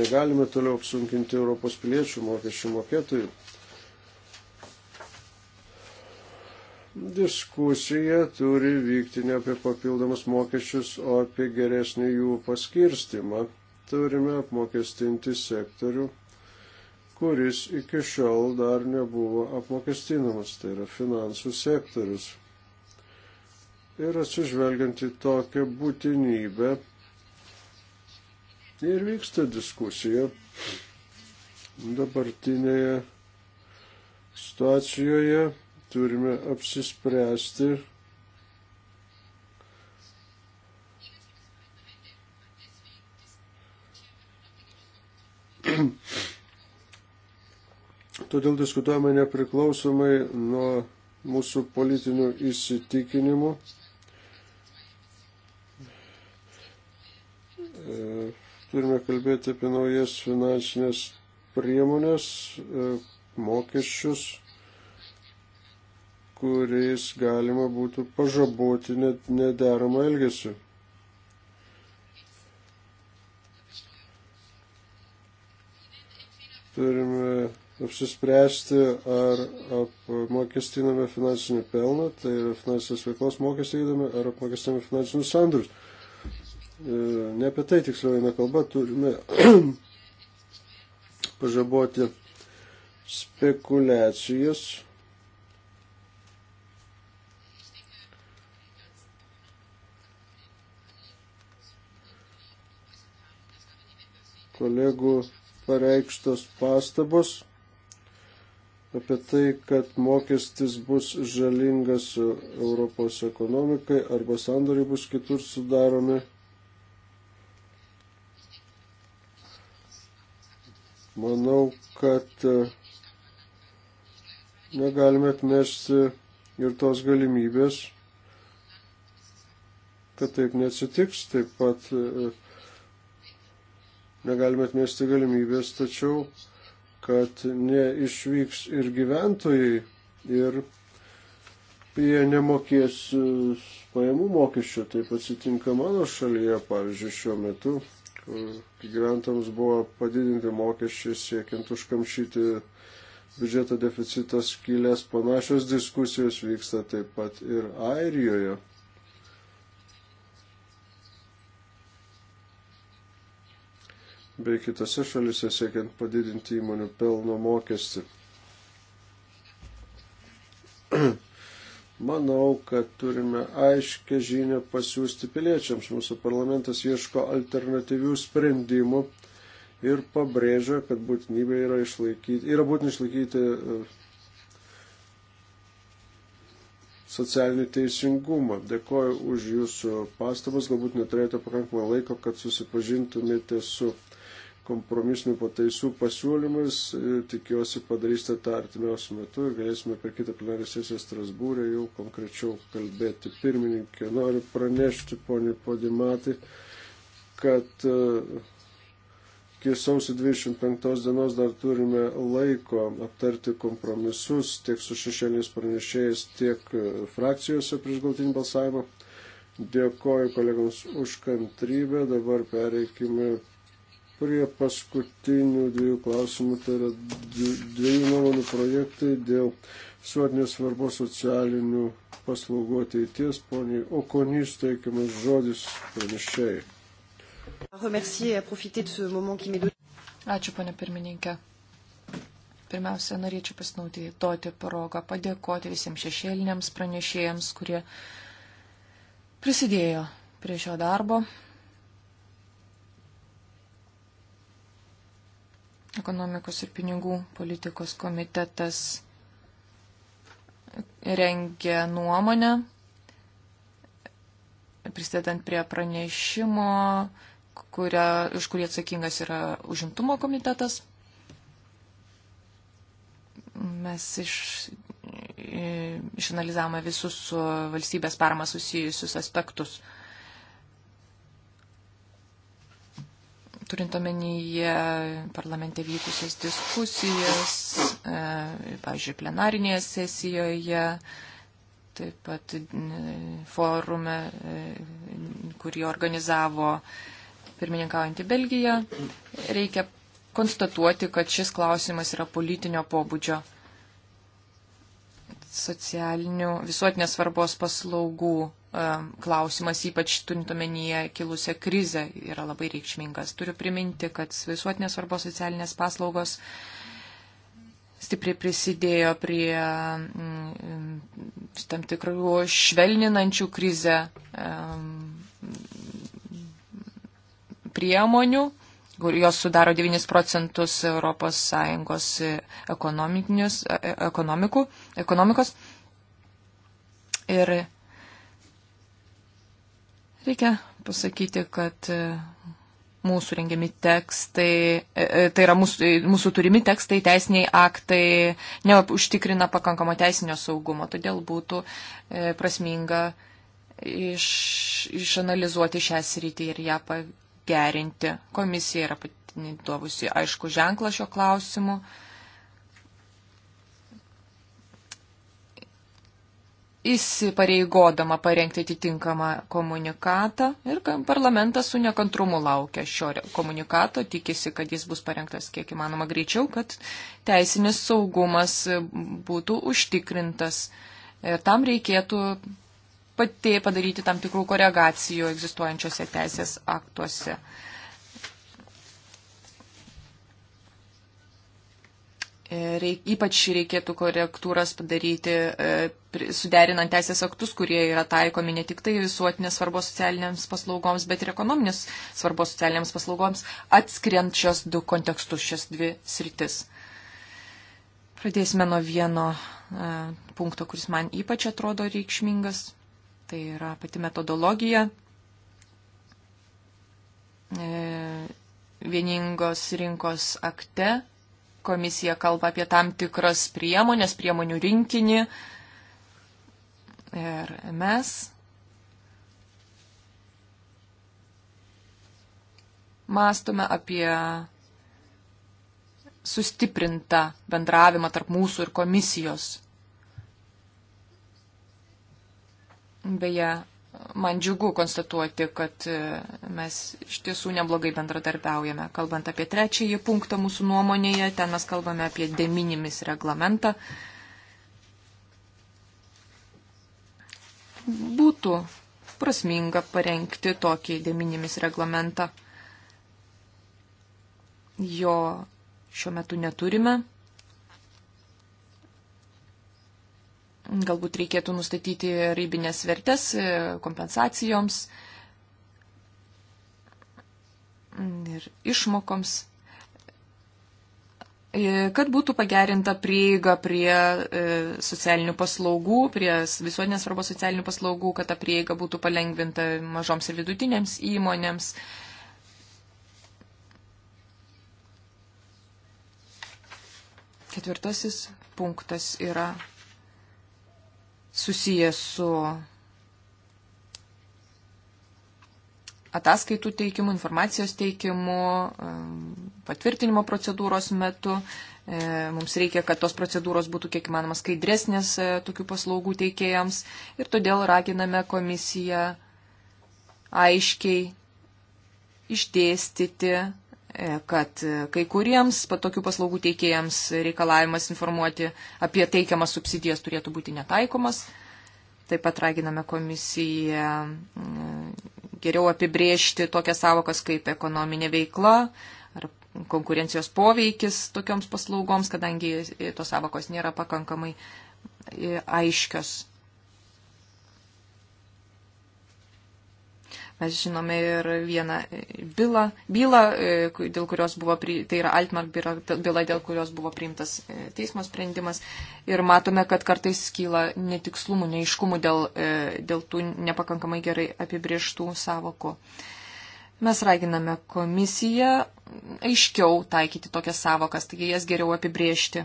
negalime toliau apsunkinti Europos piliečių mokesčių mokėtojų diskusija turi vykti ne apie papildomus mokesčius, o apie geresnį jų paskirstimą. Turime apmokestinti sektorių, kuris iki šiol dar nebuvo apmokestinamas, tai yra finansų sektorius. Ir atsižvelgiant į tokią būtinybę, ir vyksta diskusija dabartinėje situacijoje turime apsispręsti, Todėl diskutuojame nepriklausomai nuo mūsų politinių įsitikinimų. E, turime kalbėti apie naujas finansinės priemonės, e, mokesčius kuriais galima būtų pažaboti net nederamą elgesį. Turime apsispręsti, ar apmokestiname finansinį pelną, tai yra finansinės veiklos mokestį įdame, ar apmokestiname finansinius sandurius. E, ne apie tai tiksliau eina kalba, turime pažaboti spekulacijas kolegų pareikštos pastabos apie tai, kad mokestis bus žalingas Europos ekonomikai arba sandoriai bus kitur sudaromi. Manau, kad e, negalime atmesti ir tos galimybės, kad taip neatsitiks. Taip pat e, negalime atmesti galimybės, tačiau, kad neišvyks ir gyventojai, ir jie nemokės uh, pajamų mokesčių. Taip atsitinka mano šalyje, pavyzdžiui, šiuo metu, kur gyventojams buvo padidinti mokesčiai siekiant užkamšyti biudžeto deficitas kilęs. Panašios diskusijos vyksta taip pat ir Airijoje. bei kitose šalise siekiant padidinti įmonių pelno mokestį. Manau, kad turime aiškę žinę pasiūsti piliečiams. Mūsų parlamentas ieško alternatyvių sprendimų ir pabrėžia, kad būtinybė yra, išlaikyti, yra būtina išlaikyti e, socialinį teisingumą. Dėkoju už jūsų pastabas, galbūt neturėjote pakankamai laiko, kad susipažintumėte su kompromisinių pataisų pasiūlymus. Tikiuosi padarysite tą artimiausiu metu ir galėsime per kitą plenarį sesiją Strasbūrę jau konkrečiau kalbėti. Pirmininkė, noriu pranešti poniai Podimatai, kad e, iki sausio 25 dienos dar turime laiko aptarti kompromisus tiek su šešėliais pranešėjais, tiek e, frakcijose prieš galtinį balsavimą. Dėkoju kolegams už kantrybę, dabar pereikime prie paskutinių dviejų klausimų, tai yra dviejų nuomonių projektai dėl suotinės svarbos socialinių paslaugų ateities. Poniai Okonys teikiamas žodis pranešėjai. Ačiū, ponė pirmininkė. Pirmiausia, norėčiau pasinaudoti parogą, padėkoti visiems šešėliniams pranešėjams, kurie prisidėjo prie šio darbo. ekonomikos ir pinigų politikos komitetas rengia nuomonę, prisidedant prie pranešimo, kuria, už kurį atsakingas yra užimtumo komitetas. Mes iš, išanalizavome visus su valstybės parama susijusius aspektus. turint omenyje parlamente vykusias diskusijas, e, pavyzdžiui, plenarinėje sesijoje, taip pat e, forume, e, kurį organizavo pirmininkaujantį Belgiją, reikia konstatuoti, kad šis klausimas yra politinio pobūdžio socialinių visuotinės svarbos paslaugų E, klausimas, ypač turint omenyje kilusią krizę, yra labai reikšmingas. Turiu priminti, kad visuotinės svarbos socialinės paslaugos stipriai prisidėjo prie mm, tam tikrų švelninančių krizę priemonių, kur jos sudaro 9 procentus ES e, e, ekonomikos. Ir Reikia pasakyti, kad e, mūsų rengiami tekstai, e, e, tai yra mūsų, mūsų turimi tekstai, teisiniai aktai neužtikrina pakankamo teisinio saugumo, todėl būtų prasminga iš, išanalizuoti šią sritį ir ją pagerinti. Komisija yra duovusi aišku ženklą šio klausimu. įsipareigodama parengti atitinkamą komunikatą ir parlamentas su nekantrumu laukia šio komunikato, tikisi, kad jis bus parengtas kiek įmanoma greičiau, kad teisinis saugumas e, būtų užtikrintas. Ir tam reikėtų pati padaryti tam tikrų koregacijų egzistuojančiose teisės aktuose. Uh, E, reik, ypač reikėtų korektūras padaryti, e, suderinant teisės aktus, kurie yra taikomi ne tik tai visuotinės svarbos socialinėms paslaugoms, bet ir ekonominės svarbos socialinėms paslaugoms, atskiriant šios du kontekstus, šias dvi sritis. Pradėsime nuo vieno e, punkto, kuris man ypač atrodo reikšmingas. Tai yra pati metodologija vieningos rinkos akte Komisija kalba apie tam tikras priemonės, priemonių rinkinį. Ir mes mąstome apie sustiprintą bendravimą tarp mūsų ir komisijos. Beje, man džiugu konstatuoti, kad e, mes iš tiesų neblogai bendradarbiaujame. Kalbant apie trečiąjį punktą mūsų nuomonėje, ten mes kalbame apie deminimis reglamentą. Būtų prasminga parengti tokį deminimis reglamentą. Jo šiuo metu neturime. Galbūt reikėtų nustatyti rybinės vertės e, kompensacijoms ir išmokoms, e, kad būtų pagerinta prieiga prie e, socialinių paslaugų, prie visuotinės svarbos socialinių paslaugų, kad ta prieiga būtų palengvinta mažoms ir vidutinėms įmonėms. Ketvirtasis punktas yra susijęs su ataskaitų teikimu, informacijos teikimu, patvirtinimo procedūros metu. E, mums reikia, kad tos procedūros būtų kiek įmanoma skaidresnės e, tokių paslaugų teikėjams ir todėl raginame komisiją aiškiai išdėstyti E, kad e, kai kuriems tokių paslaugų teikėjams reikalavimas informuoti apie teikiamas subsidijas turėtų būti netaikomas. Taip pat raginame komisiją mm, geriau apibriežti tokias savokas kaip ekonominė veikla ar konkurencijos poveikis tokioms paslaugoms, kadangi tos savokos nėra pakankamai e, aiškios. Mes žinome ir vieną bylą, bylą e, dėl kurios buvo, pri, tai yra Altmark byla, dėl kurios buvo priimtas e, teismo sprendimas. Ir matome, kad kartais kyla netikslumų, neiškumų dėl, e, dėl tų nepakankamai gerai apibrieštų savokų. Mes raginame komisiją aiškiau taikyti tokias savokas, taigi jas geriau apibriežti.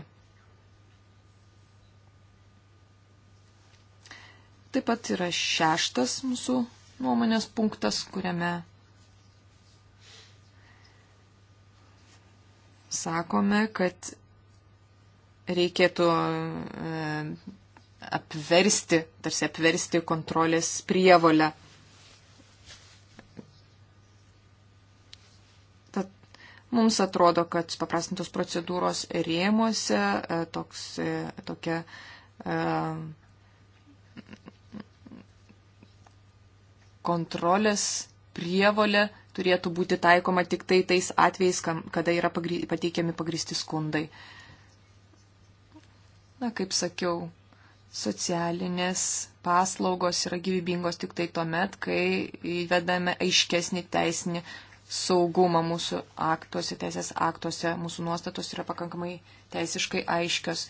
Taip pat yra šeštas mūsų nuomonės punktas, kuriame sakome, kad reikėtų e, apversti, tarsi apversti kontrolės prievolę. Tad mums atrodo, kad paprastintos procedūros rėmuose e, toks, e, tokia kontrolės prievolė turėtų būti taikoma tik tai tais atvejais, kada yra pagry, pateikiami pagristi skundai. Na, kaip sakiau, socialinės paslaugos yra gyvybingos tik tai tuo met, kai įvedame aiškesnį teisinį saugumą mūsų aktuose, teisės aktuose, mūsų nuostatos yra pakankamai teisiškai aiškios.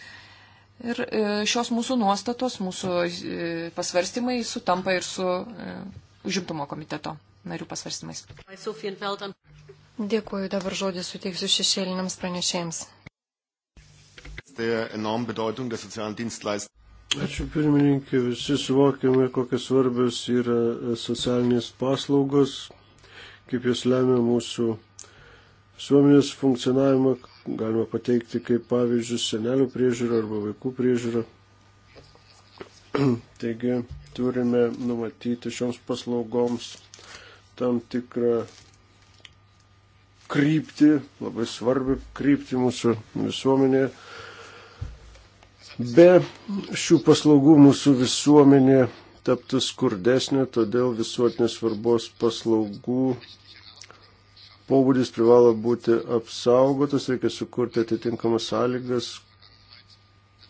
Ir e, šios mūsų nuostatos, mūsų e, pasvarstymai sutampa ir su e, užimtumo komiteto narių pasvarstymais. Dėkuoju, dabar žodį suteiksiu šešėliniams pranešėjams. Tai Ačiū pirmininkė, visi suvokiame, kokios svarbios yra socialinės paslaugos, kaip jos lemia mūsų suomenės funkcionavimą, galima pateikti kaip pavyzdžius senelių priežiūrą arba vaikų priežiūrą. Taigi, turime numatyti šioms paslaugoms tam tikrą kryptį, labai svarbią kryptį mūsų visuomenėje. Be šių paslaugų mūsų visuomenė taptų skurdesnė, todėl visuotinės svarbos paslaugų pobūdis privalo būti apsaugotas, reikia sukurti atitinkamas sąlygas,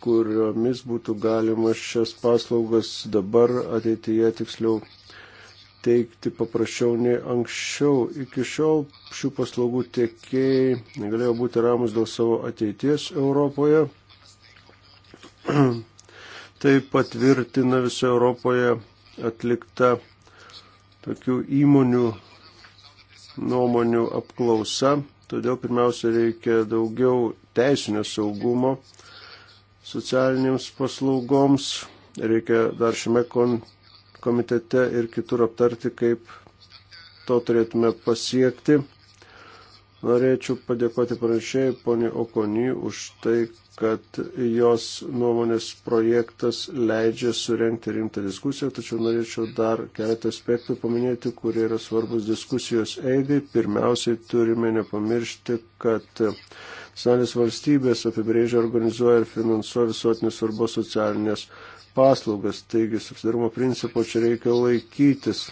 kuriomis būtų galima šias paslaugas dabar ateityje tiksliau teikti paprasčiau nei anksčiau. Iki šiol šių paslaugų tiekėjai negalėjo būti ramus dėl savo ateities Europoje. tai patvirtina viso Europoje atlikta tokių įmonių nuomonių apklausa. Todėl pirmiausia reikia daugiau teisinio saugumo socialinėms paslaugoms. Reikia dar šiame komitete ir kitur aptarti, kaip to turėtume pasiekti. Norėčiau padėkoti pranešėjai poni Okony už tai, kad jos nuomonės projektas leidžia surenkti rimtą diskusiją, tačiau norėčiau dar keletą aspektų paminėti, kurie yra svarbus diskusijos eigai. Pirmiausiai turime nepamiršti, kad Senės valstybės apibrėžia, organizuoja ir finansuoja visuotinės svarbos socialinės paslaugas. Taigi, subsidarumo principo čia reikia laikytis.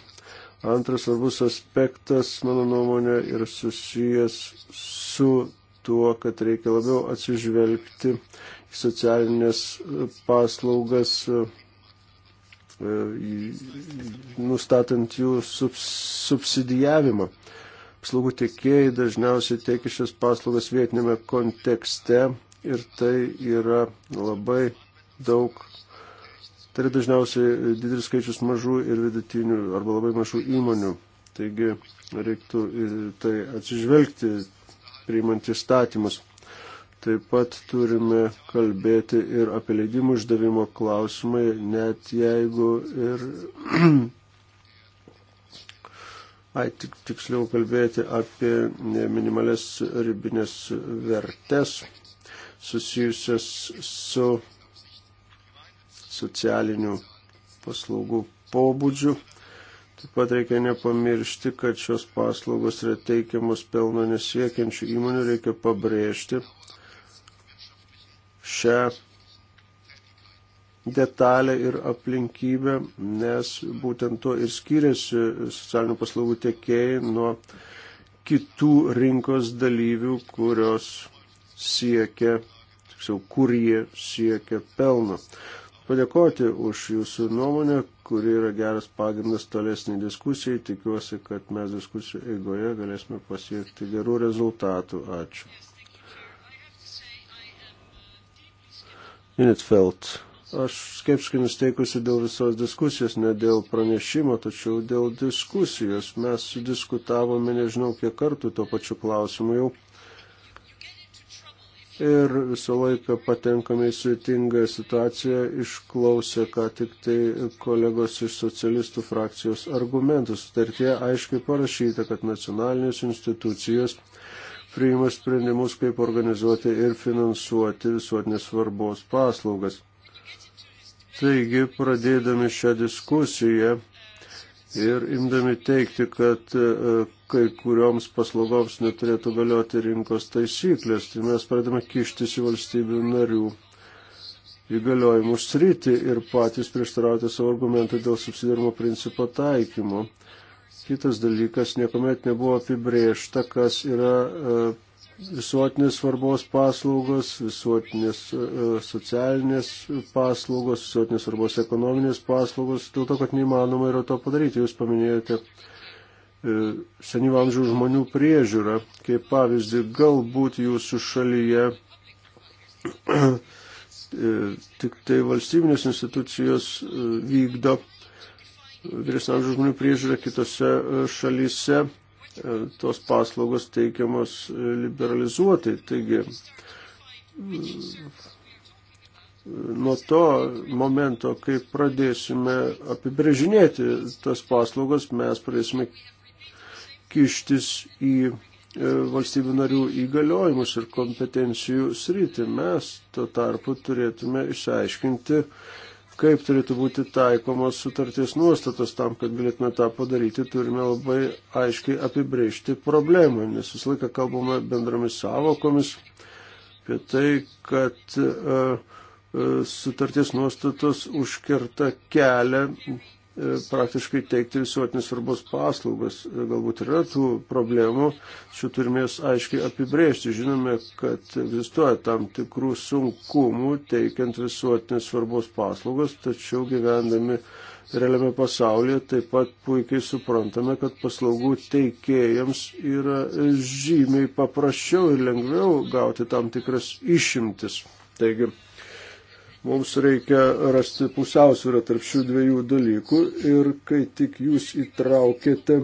Antras svarbus aspektas, mano nuomonė, yra susijęs su tuo, kad reikia labiau atsižvelgti į socialinės paslaugas, e, nustatant jų subsidijavimą. Paslaugų tiekėjai dažniausiai teikia šias paslaugas vietinėme kontekste ir tai yra labai daug, tai yra dažniausiai didelis skaičius mažų ir vidutinių arba labai mažų įmonių. Taigi reiktų tai atsižvelgti, priimant įstatymus. Taip pat turime kalbėti ir apie leidimų išdavimo klausimai, net jeigu ir ai, tik, tiksliau kalbėti apie minimales ribinės vertes susijusias su socialinių paslaugų pobūdžiu. Taip pat reikia nepamiršti, kad šios paslaugos yra teikiamos pelno nesiekiančių įmonių, reikia pabrėžti šią detalę ir aplinkybę, nes būtent to ir skiriasi socialinių paslaugų tiekėjai nuo kitų rinkos dalyvių, kurios siekia, tiksliau, kurie siekia pelno. Padėkoti už jūsų nuomonę, kuri yra geras pagrindas tolesnį diskusijai. Tikiuosi, kad mes diskusijų eigoje galėsime pasiekti gerų rezultatų. Ačiū. Initfeld. Aš skeptiškai nusteikusi dėl visos diskusijos, ne dėl pranešimo, tačiau dėl diskusijos. Mes diskutavome nežinau kiek kartų to pačiu klausimu jau. Ir visą laiką patenkame į sudėtingą situaciją, išklausę ką tik tai kolegos iš socialistų frakcijos argumentus. Sutartie aiškiai parašyta, kad nacionalinės institucijos priima sprendimus, kaip organizuoti ir finansuoti visuotinės svarbos paslaugas. Taigi, pradėdami šią diskusiją ir imdami teikti, kad e, kai kurioms paslaugoms neturėtų galioti rinkos taisyklės, tai mes pradame kištis į valstybių narių įgaliojimų sritį ir patys prieštarauti savo argumentai dėl subsidirimo principo taikymo. Kitas dalykas, niekuomet nebuvo apibriešta, kas yra e, visuotinės svarbos paslaugos, visuotinės e, e, socialinės paslaugos, visuotinės svarbos ekonominės paslaugos, dėl to, kad neįmanoma yra to padaryti. Jūs paminėjote e, senyvo amžiaus žmonių priežiūrą, kaip pavyzdį, galbūt jūsų šalyje tik tai valstybinės institucijos vykdo vyresnio amžiaus žmonių priežiūrą kitose šalyse E, tos paslaugos teikiamos liberalizuotai. Taigi, e, nuo to momento, kai pradėsime apibrėžinėti tas paslaugas, mes pradėsime kištis į e, valstybių narių įgaliojimus ir kompetencijų sritį. Mes tuo tarpu turėtume išsiaiškinti, kaip turėtų būti taikomos sutarties nuostatos tam, kad galėtume tą padaryti, turime labai aiškiai apibrėžti problemą, nes visą laiką kalbame bendromis savokomis apie tai, kad uh, sutarties nuostatos užkerta kelią E, praktiškai teikti visuotinės svarbos paslaugas. E, galbūt yra tų problemų, šių turimės aiškiai apibrėžti. Žinome, kad egzistuoja tam tikrų sunkumų teikiant visuotinės svarbos paslaugas, tačiau gyvendami realiame pasaulyje taip pat puikiai suprantame, kad paslaugų teikėjams yra žymiai paprasčiau ir lengviau gauti tam tikras išimtis. Taigi, Mums reikia rasti pusiausvyrą tarp šių dviejų dalykų ir kai tik jūs įtraukėte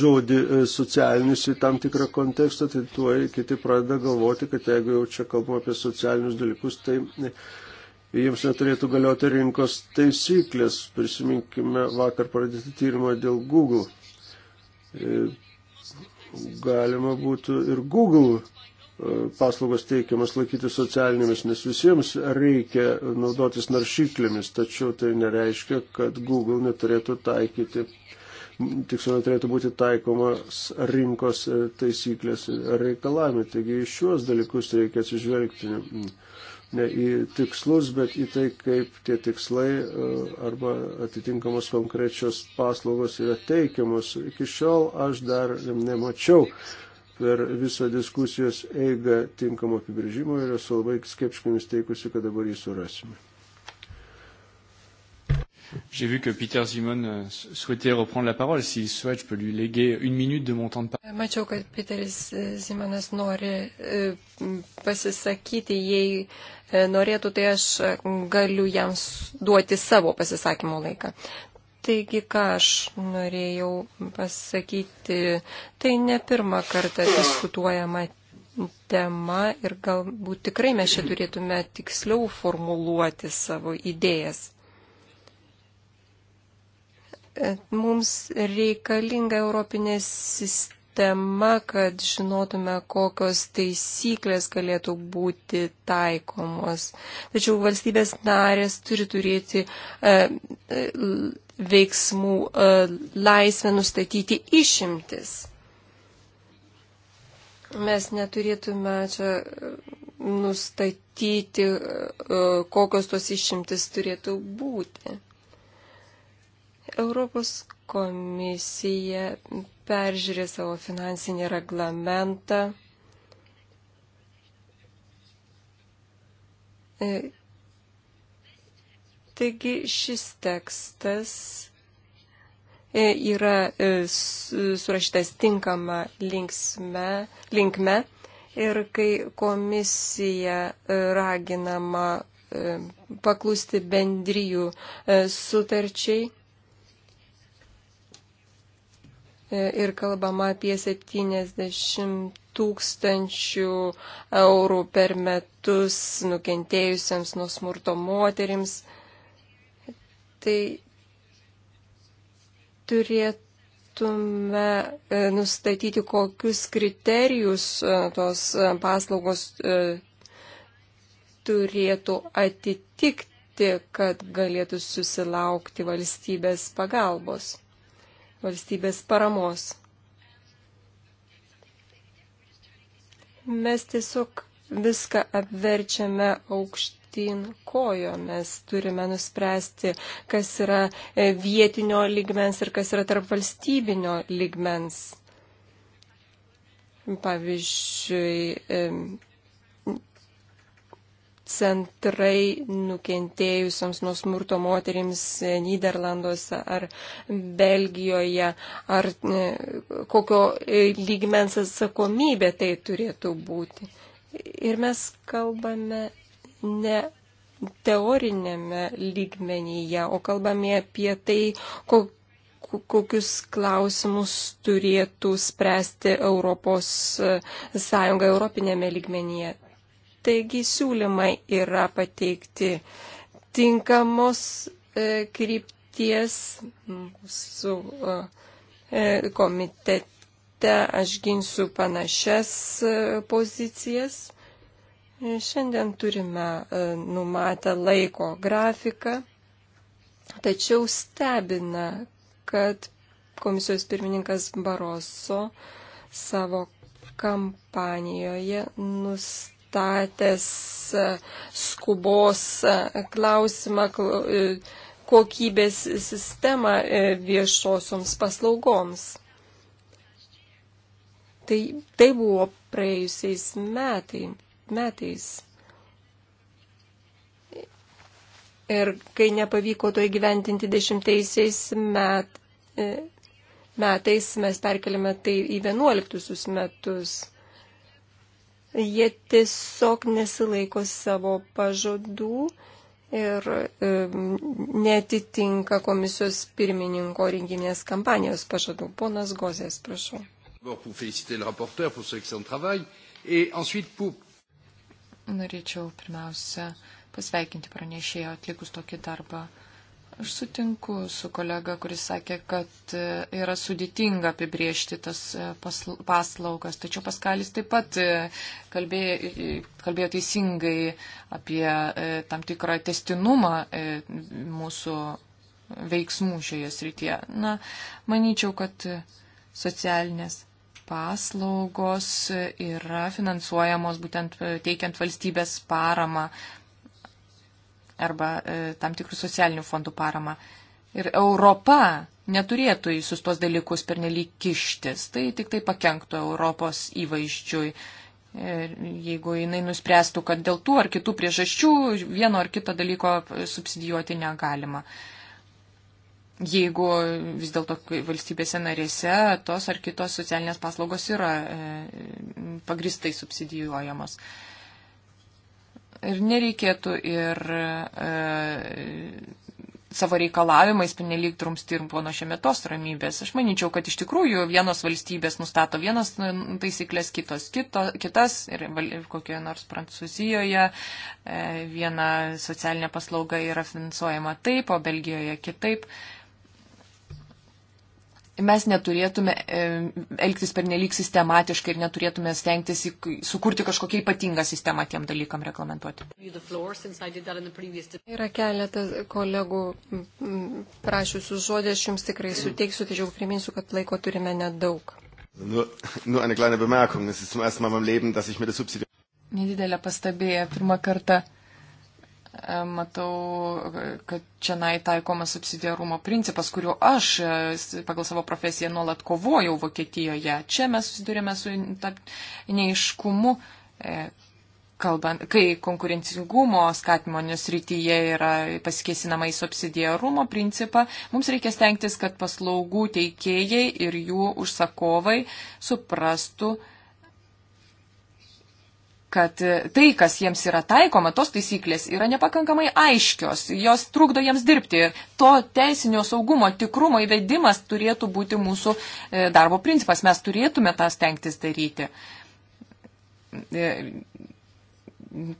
žodį e, socialinius į tam tikrą kontekstą, tai tuo kiti pradeda galvoti, kad jeigu jau čia kalbame apie socialinius dalykus, tai e, jiems neturėtų galioti rinkos taisyklės. Prisiminkime vakar pradėti tyrimą dėl Google. E, galima būtų ir Google paslaugos teikiamas laikyti socialinėmis, nes visiems reikia naudotis naršyklėmis, tačiau tai nereiškia, kad Google neturėtų taikyti, tiksliau neturėtų būti taikomas rinkos e, taisyklės reikalavimai. Taigi iš šiuos dalykus reikia atsižvelgti ne į tikslus, bet į tai, kaip tie tikslai e, arba atitinkamos konkrečios paslaugos yra teikiamos. Iki šiol aš dar nemačiau per visą diskusijos eigą tinkamo apibrėžimo ir esu labai skeptiškai nusteikusi, kad dabar jį surasime. J'ai vu que Peter Simon euh, souhaitait reprendre la parole. S'il souhaite, je peux lui léguer une minute de mon temps de parole. Euh, Mačiau, kad Peteris Simonas nori euh, pasisakyti. Jei norėtų, tai aš galiu jam duoti savo pasisakymo laiką. Taigi, ką aš norėjau pasakyti, tai ne pirmą kartą diskutuojama tema ir galbūt tikrai mes čia turėtume tiksliau formuluoti savo idėjas. Mums reikalinga Europinė sistema tema, kad žinotume, kokios taisyklės galėtų būti taikomos. Tačiau valstybės narės turi turėti e, e veiksmų e, laisvę nustatyti išimtis. Mes neturėtume čia e, nustatyti, e, kokios tos išimtis turėtų būti. Europos komisija peržiūrė savo finansinį reglamentą. E, taigi šis tekstas e, yra e, surašytas tinkama linksme, linkme ir kai komisija raginama paklusti bendryjų sutarčiai, E, ir kalbama apie 70 tūkstančių eurų per metus nukentėjusiems nuo smurto moterims. Tai turėtume e, nustatyti, kokius kriterijus e, tos paslaugos turėtų atitikti, kad galėtų susilaukti valstybės pagalbos valstybės paramos. Mes tiesiog viską apverčiame aukštyn kojomis, turime nuspręsti, kas yra e, vietinio ligmens ir kas yra tarp valstybinio ligmens. Pavyzdžiui, centrai nukentėjusiams nuo smurto moterims e, Niderlanduose ar Belgijoje, ar e, kokio e, lygmens atsakomybė tai turėtų būti. Ir mes kalbame ne teorinėme lygmenyje, o kalbame apie tai, kokie kokius klausimus turėtų spręsti Europos Sąjunga Europinėme lygmenyje. Taigi siūlymai yra pateikti tinkamos e, krypties su e, e, komitete. Aš ginsiu panašias pozicijas. Šiandien turime numatę laiko grafiką, tačiau stebina, kad komisijos pirmininkas Baroso savo kampanijoje nustatė nustatęs e, skubos e, klausimą e, kokybės sistemą viešosioms paslaugoms. Tai, tai buvo praėjusiais metai, metais. Ir kai nepavyko to įgyventinti dešimtaisiais met, metais, mes perkeliame tai į vienuoliktusius metus. Jie tiesiog nesilaiko savo pažadų ir e, netitinka komisijos pirmininko rinkiminės kampanijos pažadų. Ponas Gozės, prašau. Norėčiau pirmiausia pasveikinti pranešėjo atlikus tokį darbą Aš sutinku su kolega, kuris sakė, kad e, yra sudėtinga apibriežti tas e, paslaugas, tačiau Paskalis taip pat e, kalbėjo, kalbėjo teisingai apie tam tikrą testinumą mūsų veiksmų šioje srityje. Na, manyčiau, kad socialinės paslaugos yra finansuojamos būtent teikiant valstybės paramą arba e, tam tikrų socialinių fondų paramą. Ir Europa neturėtų į sus tuos dalykus pernelyg kištis. Tai tik tai pakenktų Europos įvaizdžiui. Ir e, jeigu jinai nuspręstų, kad dėl tų ar kitų priežasčių vieno ar kito dalyko subsidijuoti negalima. Jeigu vis dėlto valstybėse narėse tos ar kitos socialinės paslaugos yra e, pagristai subsidijuojamos. E, Ir nereikėtų ir e, savo reikalavimais penelyg drumsti ir pono šiemetos ramybės. Aš manyčiau, kad iš tikrųjų vienos valstybės nustato vienas nu, taisyklės, kitos kito, kitas. Ir, ir kokioje nors Prancūzijoje e, viena socialinė paslauga yra finansuojama taip, o Belgijoje kitaip. E, mes neturėtume e, elgtis pernelyg sistematiškai ir neturėtume stengtis sukurti kažkokią ypatingą sistemą tiem dalykam reglamentuoti. Yra keletas kolegų prašysiu žodį, aš jums tikrai suteiksiu, tačiau priminsiu, kad laiko turime nedaug. Nur, nur eine kleine Bemerkung. Es ist zum ersten Mal in meinem Leben, dass ich mir das Subsidium. Nedidelė pastabėja. Pirmą kartą E, matau, kad čia taikomas subsidiarumo principas, kuriuo aš e, pagal savo profesiją nuolat kovojau Vokietijoje. Čia mes susidurėme su neiškumu, e, kalbant, kai konkurencingumo skatimo nesrityje yra pasikėsinama į subsidiarumo principą, mums reikia stengtis, kad paslaugų teikėjai ir jų užsakovai suprastų, kad e, tai, kas jiems yra taikoma, tos taisyklės yra nepakankamai aiškios, jos trukdo jiems dirbti. To teisinio saugumo tikrumo įvedimas turėtų būti mūsų e, darbo principas, mes turėtume tą stengtis daryti. E,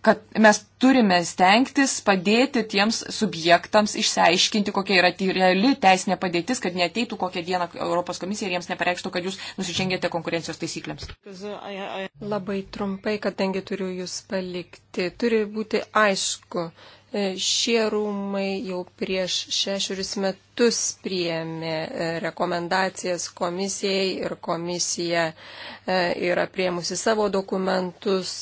kad mes turime stengtis padėti tiems subjektams išsiaiškinti, kokia yra reali teisinė padėtis, kad neteitų kokią dieną Europos komisija ir jiems nepareikštų, kad jūs nusižengėte konkurencijos taisyklėms. Labai trumpai, kadangi turiu jūs palikti, turi būti aišku, e, Šie rūmai jau prieš šešerius metus priėmė e, rekomendacijas komisijai ir komisija e, yra prieimusi savo dokumentus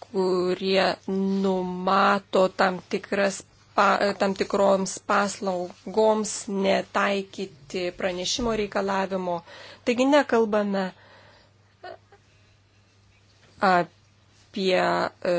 kurie numato tam, tikras, pa, tam tikroms paslaugoms netaikyti pranešimo reikalavimo. Taigi nekalbame apie e,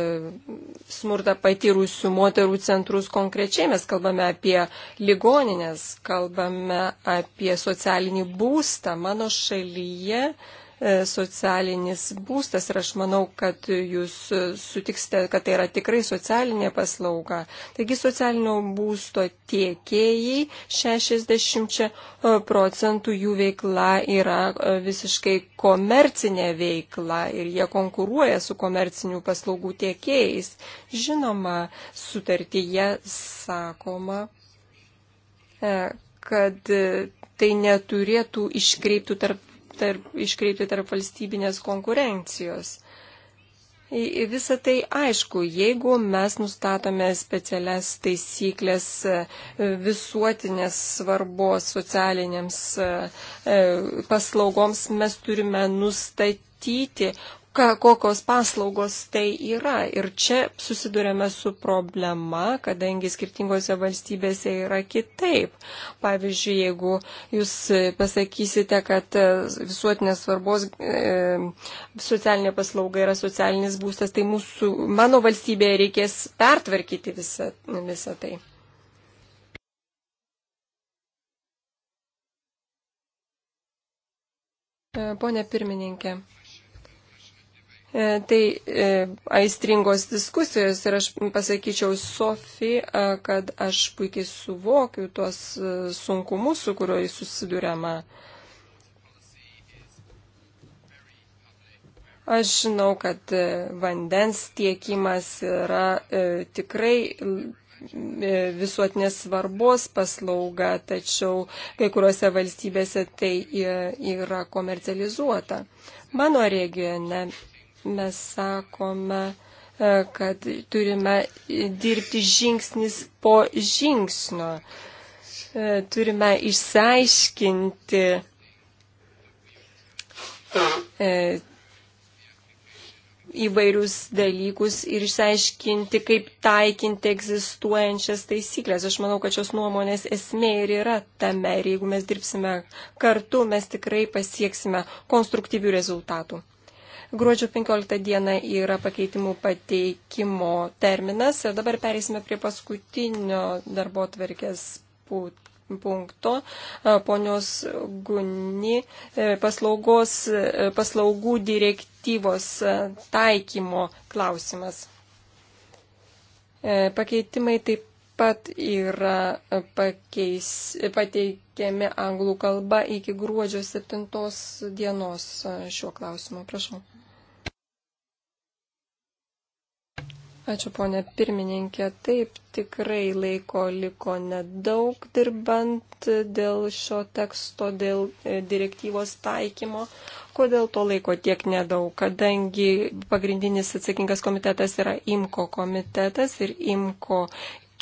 smurtą patyrusių moterų centrus konkrečiai, mes kalbame apie ligoninės, kalbame apie socialinį būstą. Mano šalyje uh, E, socialinis būstas ir aš manau, kad jūs sutiksite, kad tai yra tikrai socialinė paslauga. Taigi socialinio būsto tiekėjai 60 e, procentų jų veikla yra e, visiškai komercinė veikla ir jie konkuruoja su komercinių paslaugų tiekėjais. Žinoma, sutartyje sakoma, kad tai neturėtų iškreiptų tarp tarp, iškreipti tarp valstybinės konkurencijos. Visą tai aišku, jeigu mes nustatome specialias taisyklės e, visuotinės svarbos socialiniams e, e, paslaugoms, mes turime nustatyti, ka, kokios paslaugos tai yra. Ir čia susidurėme su problema, kadangi skirtingose valstybėse yra kitaip. Pavyzdžiui, jeigu jūs pasakysite, kad e, visuotinės svarbos e, socialinė paslauga yra socialinis būstas, tai mūsų, mano valstybėje reikės pertvarkyti visą, visą tai. E, pone pirmininkė, E, tai e, aistringos diskusijos ir aš pasakyčiau Sofi, e, kad aš puikiai suvokiu tuos sunkumus, su kuriuo susidurėma. Aš žinau, kad vandens tiekimas yra tikrai visuotinės svarbos paslauga, tačiau kai kuriuose valstybėse tai yra komercializuota. Mano regione mes sakome, e, kad turime dirbti žingsnis po žingsnio. E, turime išsiaiškinti e, įvairius dalykus ir išsiaiškinti, kaip taikinti egzistuojančias taisyklės. Aš manau, kad šios nuomonės esmė ir yra tame ir jeigu mes dirbsime kartu, mes tikrai pasieksime konstruktyvių rezultatų. Gruodžio 15 diena yra pakeitimų pateikimo terminas ir dabar pereisime prie paskutinio darbo tvarkės punkto. Ponios Guni e, paslaugos, e, paslaugų direktyvos e, taikymo klausimas. Pakeitimai taip pat yra pakeis, pateikiami anglų kalba iki gruodžio 7 dienos šiuo klausimu. Prašau. Ačiū, ponė pirmininkė. Taip, tikrai laiko liko nedaug dirbant dėl šio teksto, dėl e, direktyvos taikymo. Kodėl to laiko tiek nedaug? Kadangi pagrindinis atsakingas komitetas yra IMKO komitetas ir IMKO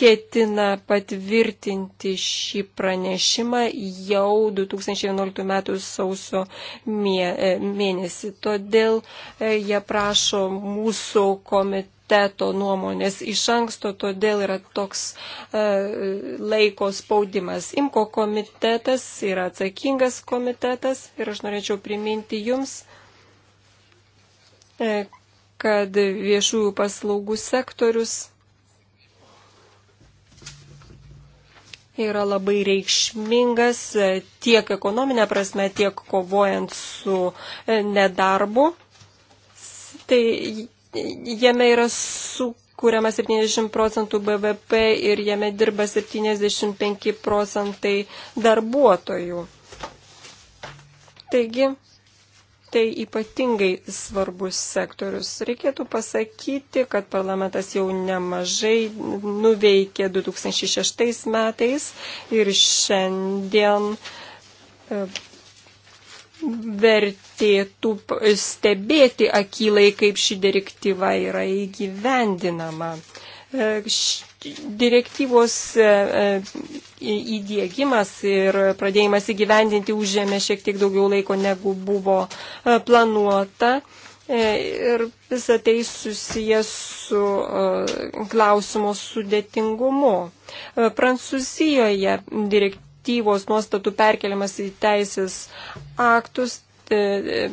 ketina patvirtinti šį pranešimą jau 2011 m. sausio e, mėnesį. Todėl e, jie prašo mūsų komiteto komiteto nuomonės iš anksto, todėl yra toks e, laiko spaudimas. Imko komitetas yra atsakingas komitetas ir aš norėčiau priminti jums, e, kad viešųjų paslaugų sektorius yra labai reikšmingas e, tiek ekonominė prasme, tiek kovojant su e, nedarbu. Tai jame yra sukūriama 70 procentų BVP ir jame dirba 75 procentai darbuotojų. Taigi, tai ypatingai svarbus sektorius. Reikėtų pasakyti, kad parlamentas jau nemažai nuveikė 2006 metais ir šiandien e, vertėtų stebėti akylai, kaip ši direktyva yra įgyvendinama. E, direktyvos e, e, įdėgymas ir pradėjimas įgyvendinti užėmė šiek tiek daugiau laiko, negu buvo planuota. Ir visą tai susijęs su klausimo sudėtingumu. Prancūzijoje direkt, direktyvos nuostatų perkeliamas į teisės aktus tai,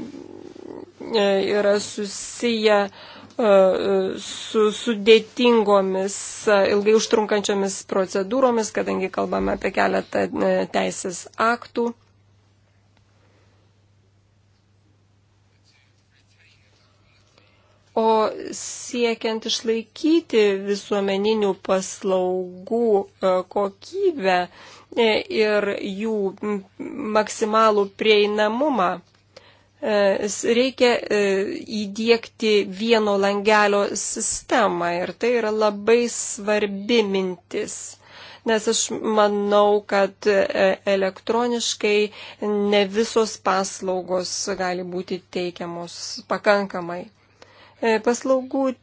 e, yra susiję e, su sudėtingomis, e, ilgai užtrunkančiomis procedūromis, kadangi kalbame apie keletą teisės aktų. O siekiant išlaikyti visuomeninių paslaugų kokybę, E, ir jų maksimalų prieinamumą. E, reikia e, įdėkti vieno langelio sistemą ir tai yra labai svarbi mintis nes aš manau, kad elektroniškai ne visos paslaugos gali būti teikiamos pakankamai. Paslaugų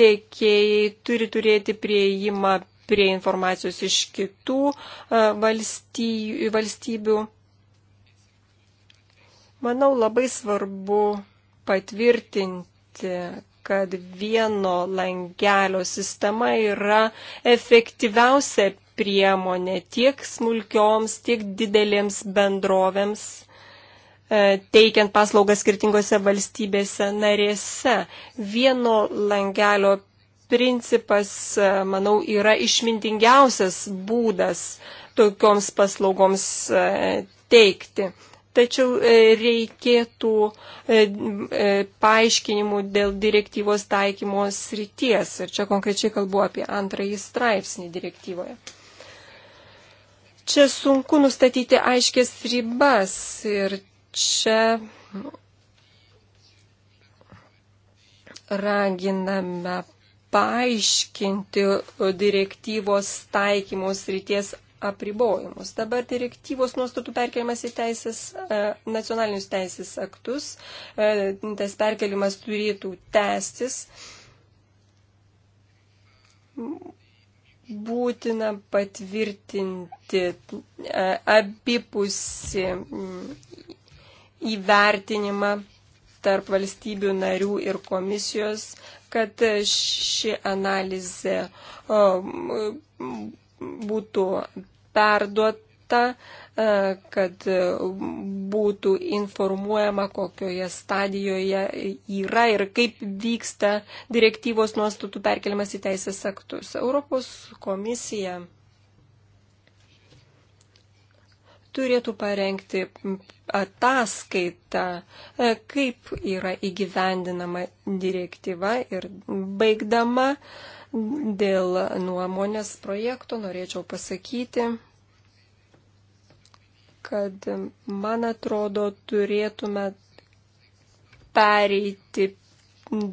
teikėjai turi turėti prieimą prie informacijos iš kitų e, valstybių. Manau, labai svarbu patvirtinti, kad vieno langelio sistema yra efektyviausia priemonė tiek smulkioms, tiek didelėms bendrovėms e, teikiant paslaugas skirtingose valstybėse narėse. Vieno langelio principas, e, manau, yra išmintingiausias būdas tokioms paslaugoms e, teikti. Tačiau e, reikėtų paaiškinimų dėl direktyvos taikymos ryties. Ir čia konkrečiai kalbu apie antrąjį straipsnį direktyvoje. Čia sunku nustatyti aiškės ribas ir čia raginame paaiškinti direktyvos taikymos ryties apribojimus. Dabar direktyvos nuostatų perkelimas į teisės, e, nacionalinius teisės aktus. E, tas perkelimas turėtų tęstis. Būtina patvirtinti e, abipusi įvertinimą tarp valstybių narių ir komisijos, kad ši analizė būtų perduota, e, kad būtų informuojama, kokioje stadijoje yra ir kaip vyksta direktyvos nuostatų perkeliamas į teisės aktus. Europos komisija turėtų parengti ataskaitą, e, kaip yra įgyvendinama direktyva. Ir baigdama dėl nuomonės projekto norėčiau pasakyti, kad man atrodo turėtume pereiti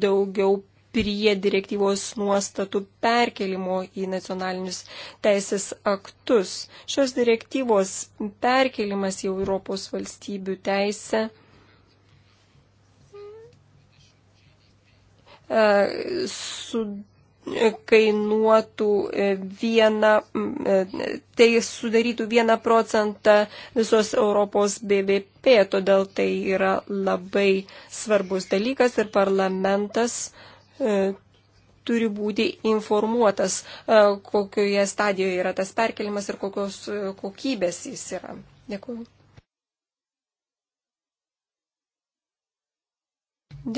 daugiau prie direktyvos nuostatų perkelimo į nacionalinius teisės aktus. Šios direktyvos perkelimas į Europos valstybių teisę e, su e, kainuotų e, vieną, tai sudarytų vieną procentą visos Europos BVP, todėl tai yra labai svarbus dalykas ir parlamentas uh, E, turi būti informuotas, e, kokioje stadijoje yra tas perkelimas ir kokios e, kokybės jis yra. Dėkuoju.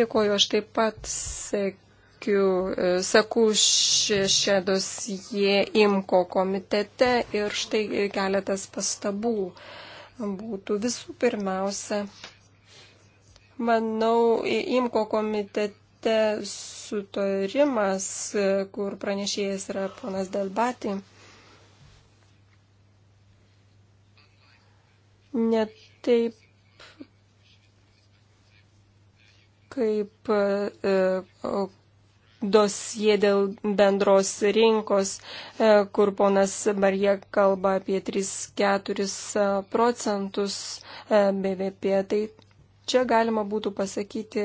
Dėkuoju, aš taip pat sekiu, sakau šią dosiją imko komitete ir štai keletas pastabų būtų visų pirmiausia. Manau, imko komitete parlamente sutarimas, kur pranešėjas yra ponas Delbati, netaip kaip e, dosie dėl bendros rinkos, e, kur ponas Marija kalba apie 3-4 e, procentus BVP. Tai Čia galima būtų pasakyti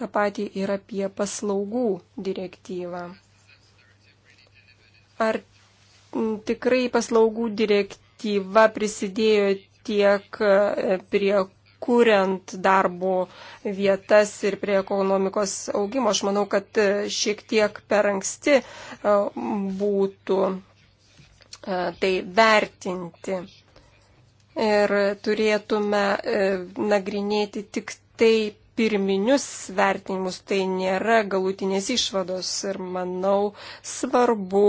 tą patį ir apie paslaugų direktyvą. Ar tikrai paslaugų direktyva prisidėjo tiek e, prie kuriant darbo vietas ir prie ekonomikos augimo. Aš manau, kad e, šiek tiek per anksti e, būtų tai vertinti ir turėtume e, nagrinėti tik tai pirminius vertinimus, tai nėra galutinės išvados ir manau svarbu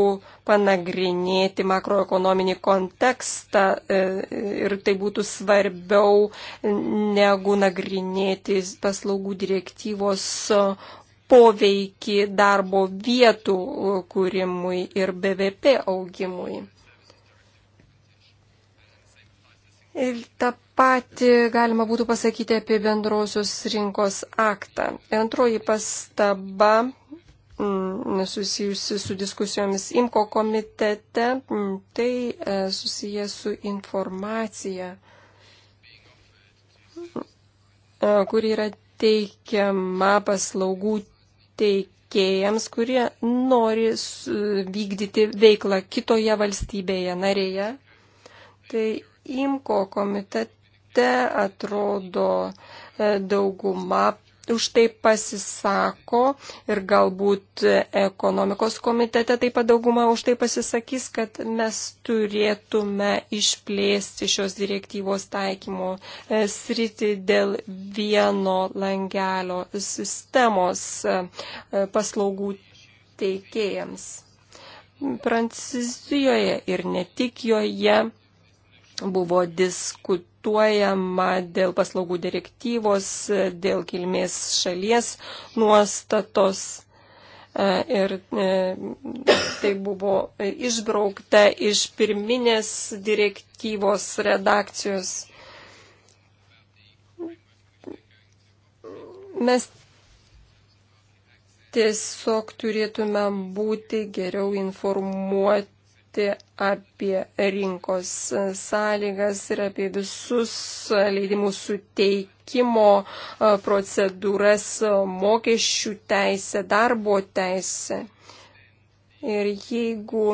panagrinėti makroekonominį kontekstą e, ir tai būtų svarbiau negu nagrinėti paslaugų direktyvos poveikį darbo vietų e, kūrimui ir BVP augimui. Ir tą patį galima būtų pasakyti apie bendrosios rinkos aktą. Antroji pastaba mm, susijusi su diskusijomis IMKO komitete, mm, tai e, susiję su informacija, e, kuri yra teikiama paslaugų teikėjams, kurie nori vykdyti veiklą kitoje valstybėje narėje. Tai IMKO komitete atrodo e, dauguma už tai pasisako ir galbūt ekonomikos komitete taip pat dauguma už tai pasisakys, kad mes turėtume išplėsti šios direktyvos taikymo e, sritį dėl vieno langelio sistemos e, paslaugų teikėjams. Prancūzijoje ir ne tik joje Buvo diskutuojama dėl paslaugų direktyvos, dėl kilmės šalies nuostatos e, ir e, tai buvo išbraukta iš pirminės direktyvos redakcijos. Mes tiesiog turėtume būti geriau informuoti kalbėti apie rinkos sąlygas ir apie visus leidimų suteikimo procedūras, mokesčių teisę, darbo teisę. Ir jeigu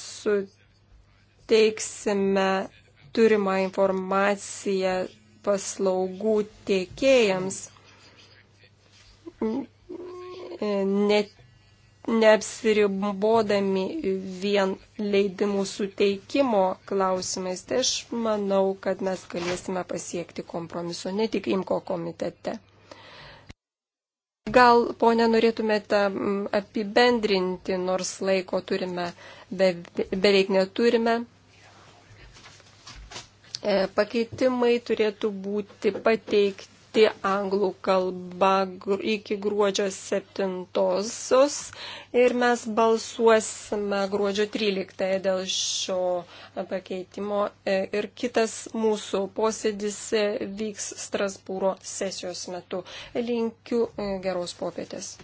suteiksime turimą informaciją paslaugų tiekėjams, net neapsiribodami vien leidimų suteikimo klausimais, tai aš manau, kad mes galėsime pasiekti kompromiso ne tik IMKO komitete. Gal, ponė, norėtumėte mm, apibendrinti, nors laiko turime, be, beveik neturime. E, pakeitimai turėtų būti pateikti pateikti anglų kalba iki gruodžio 7-osios ir mes balsuosime gruodžio 13 dėl šio pakeitimo e, ir kitas mūsų posėdis e, vyks Strasbūro sesijos metu. Linkiu e, geros popietės.